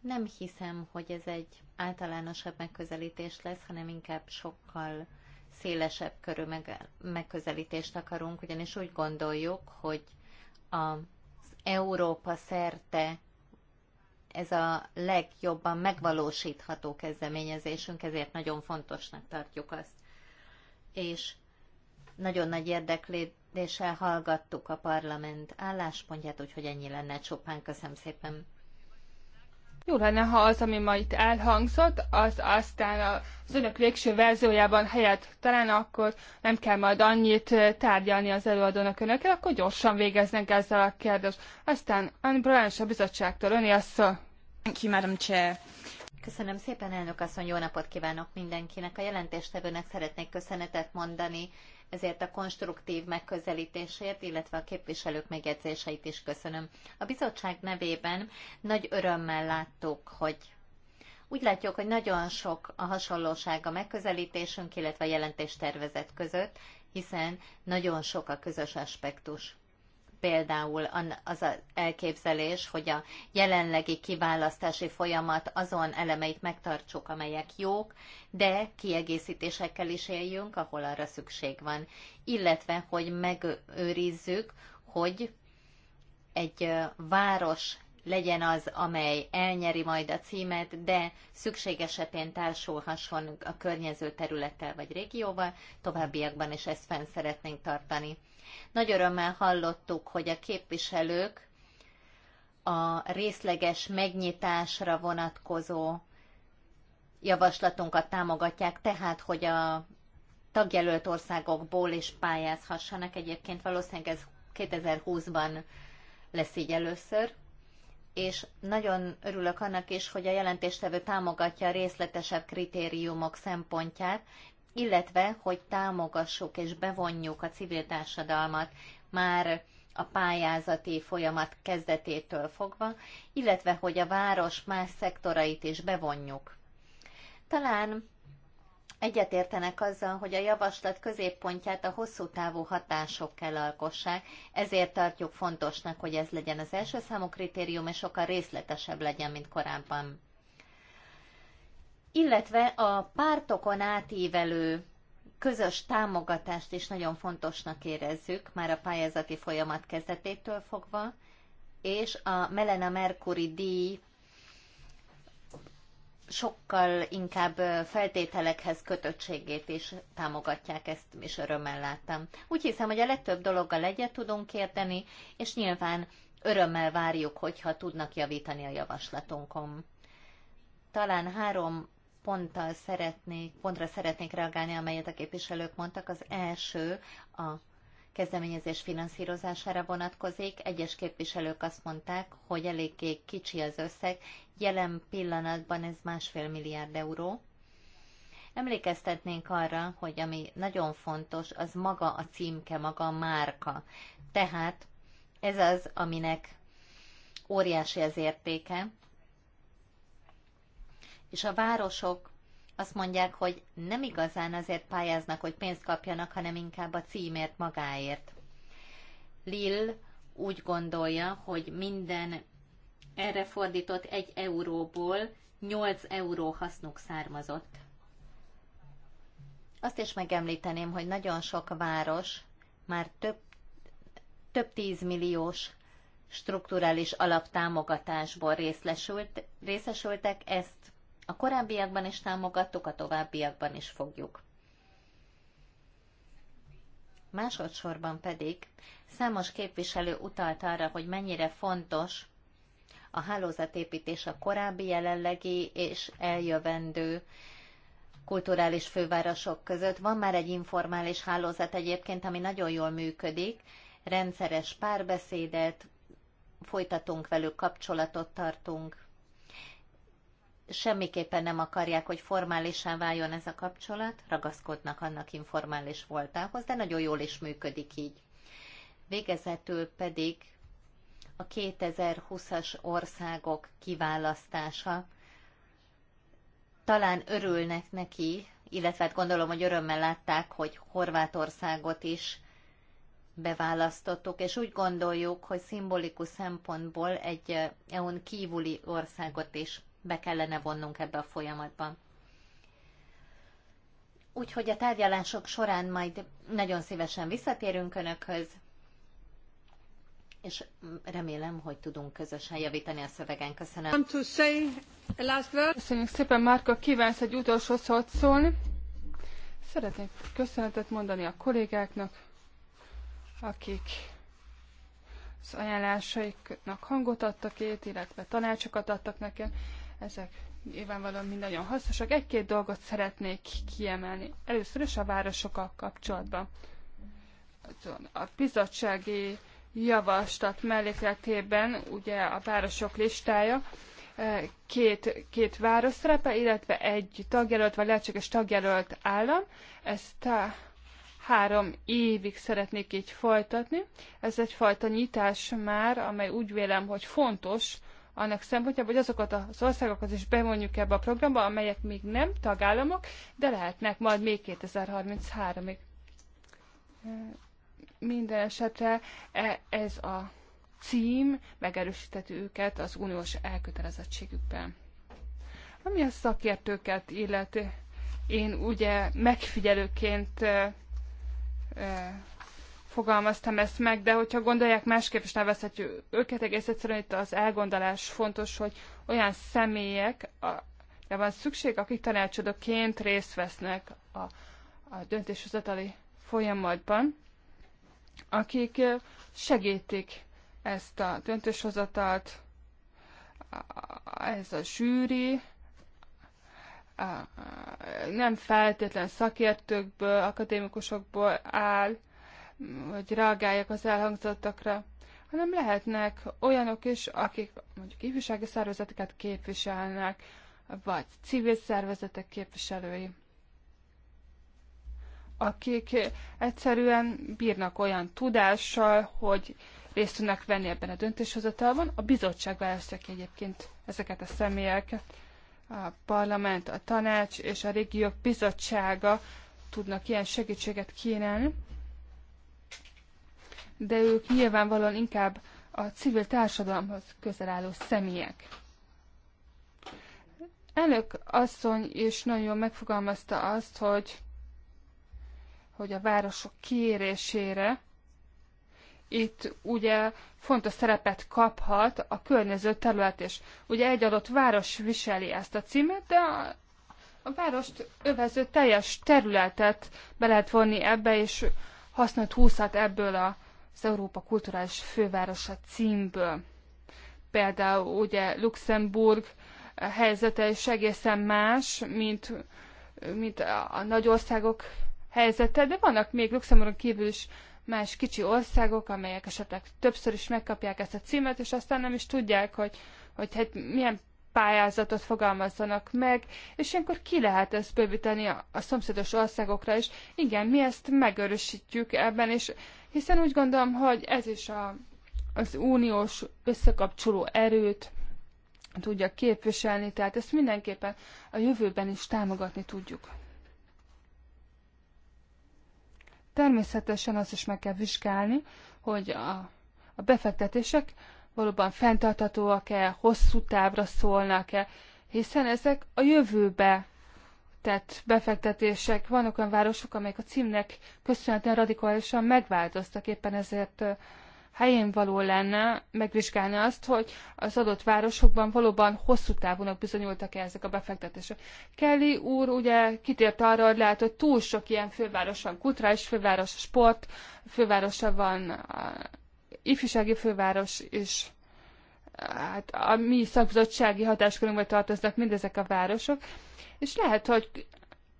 Nem hiszem, hogy ez egy általánosabb megközelítés lesz, hanem inkább sokkal szélesebb körű meg, megközelítést akarunk, ugyanis úgy gondoljuk, hogy az Európa szerte ez a legjobban megvalósítható kezdeményezésünk, ezért nagyon fontosnak tartjuk azt. És nagyon nagy érdeklődéssel hallgattuk a parlament álláspontját, úgyhogy ennyi lenne csupán. Köszönöm szépen. Jó lenne, ha az, ami ma itt elhangzott, az aztán az önök végső verziójában helyet talán akkor nem kell majd annyit tárgyalni az előadónak önökkel, akkor gyorsan végeznek ezzel a kérdést. Aztán Anbrán a bizottságtól öné Thank you, Madam Chair. Köszönöm szépen, elnök asszony, jó napot kívánok mindenkinek. A jelentéstevőnek szeretnék köszönetet mondani ezért a konstruktív megközelítésért, illetve a képviselők megjegyzéseit is köszönöm. A bizottság nevében nagy örömmel láttuk, hogy úgy látjuk, hogy nagyon sok a hasonlóság a megközelítésünk, illetve a jelentéstervezet között, hiszen nagyon sok a közös aspektus például az az elképzelés, hogy a jelenlegi kiválasztási folyamat azon elemeit megtartsuk, amelyek jók, de kiegészítésekkel is éljünk, ahol arra szükség van. Illetve, hogy megőrizzük, hogy egy város legyen az, amely elnyeri majd a címet, de szükség esetén társulhasson a környező területtel vagy régióval, továbbiakban is ezt fenn szeretnénk tartani. Nagy örömmel hallottuk, hogy a képviselők a részleges megnyitásra vonatkozó javaslatunkat támogatják, tehát hogy a tagjelölt országokból is pályázhassanak. Egyébként valószínűleg ez 2020-ban lesz így először. És nagyon örülök annak is, hogy a jelentéstevő támogatja a részletesebb kritériumok szempontját, illetve hogy támogassuk és bevonjuk a civil társadalmat már a pályázati folyamat kezdetétől fogva, illetve hogy a város más szektorait is bevonjuk. Talán Egyetértenek azzal, hogy a javaslat középpontját a hosszú távú hatások kell alkossák, ezért tartjuk fontosnak, hogy ez legyen az első számú kritérium, és sokkal részletesebb legyen, mint korábban illetve a pártokon átívelő közös támogatást is nagyon fontosnak érezzük, már a pályázati folyamat kezdetétől fogva, és a Melena Mercury díj sokkal inkább feltételekhez kötöttségét is támogatják, ezt is örömmel láttam. Úgy hiszem, hogy a legtöbb dologgal egyet tudunk érteni, és nyilván örömmel várjuk, hogyha tudnak javítani a javaslatunkon. Talán három ponttal szeretnék, pontra szeretnék reagálni, amelyet a képviselők mondtak. Az első a kezdeményezés finanszírozására vonatkozik. Egyes képviselők azt mondták, hogy eléggé kicsi az összeg, jelen pillanatban ez másfél milliárd euró. Emlékeztetnénk arra, hogy ami nagyon fontos, az maga a címke, maga a márka. Tehát ez az, aminek óriási az értéke, és a városok azt mondják, hogy nem igazán azért pályáznak, hogy pénzt kapjanak, hanem inkább a címért magáért. Lil úgy gondolja, hogy minden erre fordított egy euróból 8 euró hasznuk származott. Azt is megemlíteném, hogy nagyon sok város már több, több tízmilliós strukturális alaptámogatásból részesült, részesültek, ezt a korábbiakban is támogattuk, a továbbiakban is fogjuk. Másodszorban pedig számos képviselő utalt arra, hogy mennyire fontos a hálózatépítés a korábbi, jelenlegi és eljövendő kulturális fővárosok között. Van már egy informális hálózat egyébként, ami nagyon jól működik. Rendszeres párbeszédet folytatunk velük, kapcsolatot tartunk semmiképpen nem akarják, hogy formálisan váljon ez a kapcsolat, ragaszkodnak annak informális voltához, de nagyon jól is működik így. Végezetül pedig a 2020-as országok kiválasztása. Talán örülnek neki, illetve hát gondolom, hogy örömmel látták, hogy Horvátországot is beválasztottuk, és úgy gondoljuk, hogy szimbolikus szempontból egy EU-n eh, kívüli országot is be kellene vonnunk ebbe a folyamatba. Úgyhogy a tárgyalások során majd nagyon szívesen visszatérünk Önökhöz, és remélem, hogy tudunk közösen javítani a szövegen. Köszönöm. Köszönjük szépen, Márka, kívánsz egy utolsó szót szólni. Szeretnék köszönetet mondani a kollégáknak, akik az ajánlásaiknak hangot adtak ét, illetve tanácsokat adtak nekem. Ezek nyilvánvalóan mind nagyon hasznosak. Egy-két dolgot szeretnék kiemelni. Először is a városokkal kapcsolatban. A bizottsági javaslat mellékletében ugye a városok listája, eh, két, két város szerepe, illetve egy tagjelölt vagy lehetséges tagjelölt állam. Ezt a három évig szeretnék így folytatni. Ez egyfajta nyitás már, amely úgy vélem, hogy fontos annak szempontjából, hogy azokat az országokat is bevonjuk ebbe a programba, amelyek még nem tagállamok, de lehetnek majd még 2033-ig. Minden esetre e, ez a cím megerősíteti őket az uniós elkötelezettségükben. Ami a szakértőket illeti, én ugye megfigyelőként e, e, fogalmaztam ezt meg, de hogyha gondolják másképp is nevezhetjük őket, egész egyszerűen itt az elgondolás fontos, hogy olyan személyek, de van szükség, akik tanácsadóként részt vesznek a, a döntéshozatali folyamatban, akik segítik ezt a döntéshozatalt, ez a zsűri, nem feltétlen szakértőkből, akadémikusokból áll, hogy reagáljak az elhangzottakra, hanem lehetnek olyanok is, akik mondjuk ifjúsági szervezeteket képviselnek, vagy civil szervezetek képviselői, akik egyszerűen bírnak olyan tudással, hogy részt tudnak venni ebben a döntéshozatalban. A bizottság választja ki egyébként ezeket a személyeket. A parlament, a tanács és a régiók bizottsága tudnak ilyen segítséget kínálni de ők nyilvánvalóan inkább a civil társadalomhoz közel álló személyek. Elnök asszony is nagyon megfogalmazta azt, hogy, hogy a városok kérésére itt ugye fontos szerepet kaphat a környező terület is. Ugye egy adott város viseli ezt a címet, de a, a várost övező teljes területet be lehet vonni ebbe, és hasznot húzhat ebből a az Európa Kulturális Fővárosa címből. Például ugye Luxemburg helyzete is egészen más, mint, mint a nagy országok helyzete, de vannak még Luxemburgon kívül is más kicsi országok, amelyek esetleg többször is megkapják ezt a címet, és aztán nem is tudják, hogy, hogy hát milyen pályázatot fogalmazzanak meg, és ilyenkor ki lehet ezt bővíteni a, a szomszédos országokra is. Igen, mi ezt megörösítjük ebben, és hiszen úgy gondolom, hogy ez is a, az uniós összekapcsoló erőt tudja képviselni, tehát ezt mindenképpen a jövőben is támogatni tudjuk. Természetesen azt is meg kell vizsgálni, hogy a, a befektetések valóban fenntarthatóak e hosszú távra szólnak-e, hiszen ezek a jövőbe tett befektetések. Vannak olyan városok, amelyek a címnek köszönhetően radikálisan megváltoztak, éppen ezért helyén való lenne megvizsgálni azt, hogy az adott városokban valóban hosszú távonak bizonyultak-e ezek a befektetések. Kelly úr ugye kitért arra, hogy lehet, hogy túl sok ilyen főváros van, kulturális főváros, sport fővárosa van, ifjúsági főváros és hát a mi szakbizottsági hatáskörünkbe tartoznak mindezek a városok, és lehet, hogy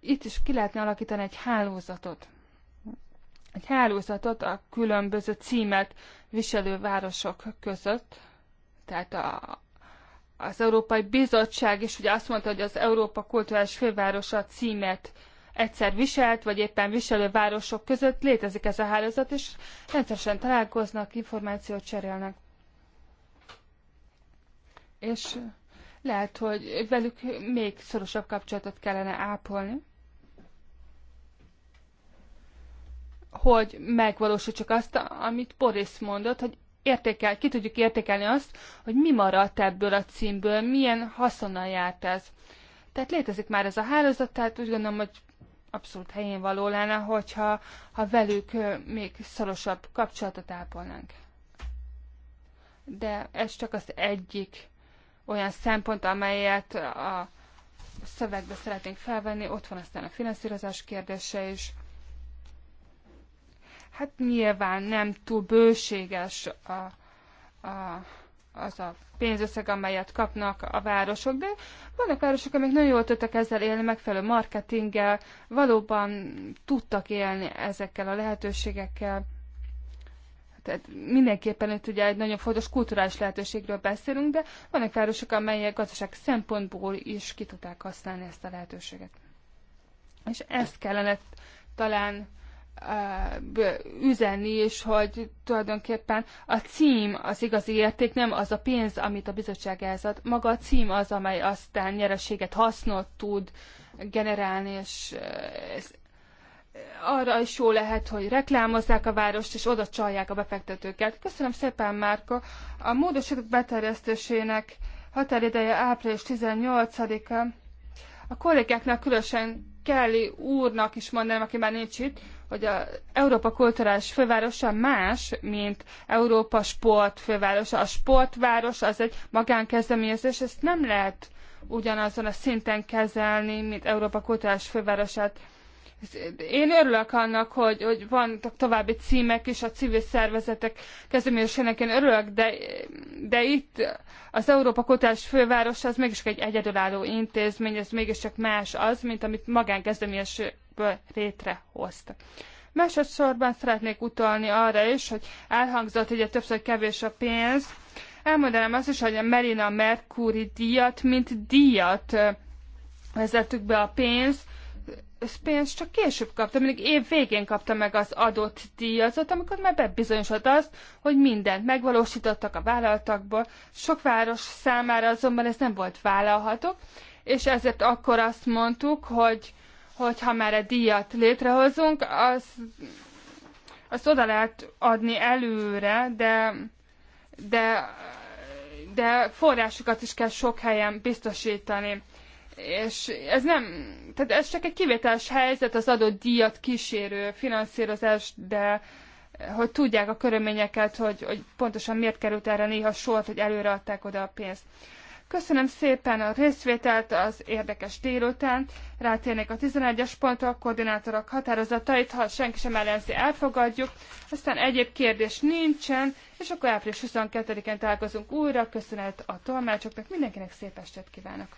itt is ki lehetne alakítani egy hálózatot. Egy hálózatot a különböző címet viselő városok között. Tehát a, az Európai Bizottság is ugye azt mondta, hogy az Európa Kulturális Fővárosa címet egyszer viselt, vagy éppen viselő városok között létezik ez a hálózat, és rendszeresen találkoznak, információt cserélnek. És lehet, hogy velük még szorosabb kapcsolatot kellene ápolni. Hogy megvalósítsuk azt, amit Boris mondott, hogy értékel, ki tudjuk értékelni azt, hogy mi maradt ebből a címből, milyen haszonnal járt ez. Tehát létezik már ez a hálózat, tehát úgy gondolom, hogy abszolút helyén való lenne, hogyha ha velük még szorosabb kapcsolatot ápolnánk. De ez csak az egyik olyan szempont, amelyet a szövegbe szeretnénk felvenni, ott van aztán a finanszírozás kérdése is. Hát nyilván nem túl bőséges a, a az a pénzösszeg, amelyet kapnak a városok, de vannak városok, amik nagyon jól tudtak ezzel élni, megfelelő marketinggel, valóban tudtak élni ezekkel a lehetőségekkel. Tehát mindenképpen itt ugye egy nagyon fontos kulturális lehetőségről beszélünk, de vannak városok, amelyek gazdaság szempontból is ki tudták használni ezt a lehetőséget. És ezt kellene talán üzenni és hogy tulajdonképpen a cím az igazi érték, nem az a pénz, amit a bizottság elzad. Maga a cím az, amely aztán nyereséget, hasznot tud generálni, és ez arra is jó lehet, hogy reklámozzák a várost, és oda csalják a befektetőket. Köszönöm szépen, Márka. A módosítók beterjesztésének határideje április 18-a. A kollégáknak, különösen Kelly úrnak is mondanám, aki már nincs itt, hogy a Európa kulturális fővárosa más, mint Európa sport fővárosa. A sportváros az egy magánkezdeményezés, ezt nem lehet ugyanazon a szinten kezelni, mint Európa kulturális fővárosát. Én örülök annak, hogy, hogy vannak további címek is a civil szervezetek kezdeményezésének, én örülök, de, de itt az Európa Kultúrás Főváros az mégis egy egyedülálló intézmény, ez mégiscsak más az, mint amit magánkezdeményezés ezekből létrehozta. Másodszorban szeretnék utalni arra is, hogy elhangzott, hogy a többször kevés a pénz. Elmondanám azt is, hogy a Merina Mercury díjat, mint díjat vezettük be a pénz, pénz csak később kaptam, mindig év végén kapta meg az adott díjazat, amikor már bebizonyosodott azt, hogy mindent megvalósítottak a vállaltakból. Sok város számára azonban ez nem volt vállalható, és ezért akkor azt mondtuk, hogy hogyha már a díjat létrehozunk, az, azt oda lehet adni előre, de, de, de forrásokat is kell sok helyen biztosítani. És ez nem, tehát ez csak egy kivételes helyzet az adott díjat kísérő finanszírozás, de hogy tudják a körülményeket, hogy, hogy pontosan miért került erre néha sort, hogy előre adták oda a pénzt. Köszönöm szépen a részvételt az érdekes délután. Rátérnék a 11-es pontra, a koordinátorok határozatait, ha senki sem ellenzi, elfogadjuk. Aztán egyéb kérdés nincsen, és akkor április 22-én találkozunk újra. Köszönet a tolmácsoknak, mindenkinek szép estet kívánok!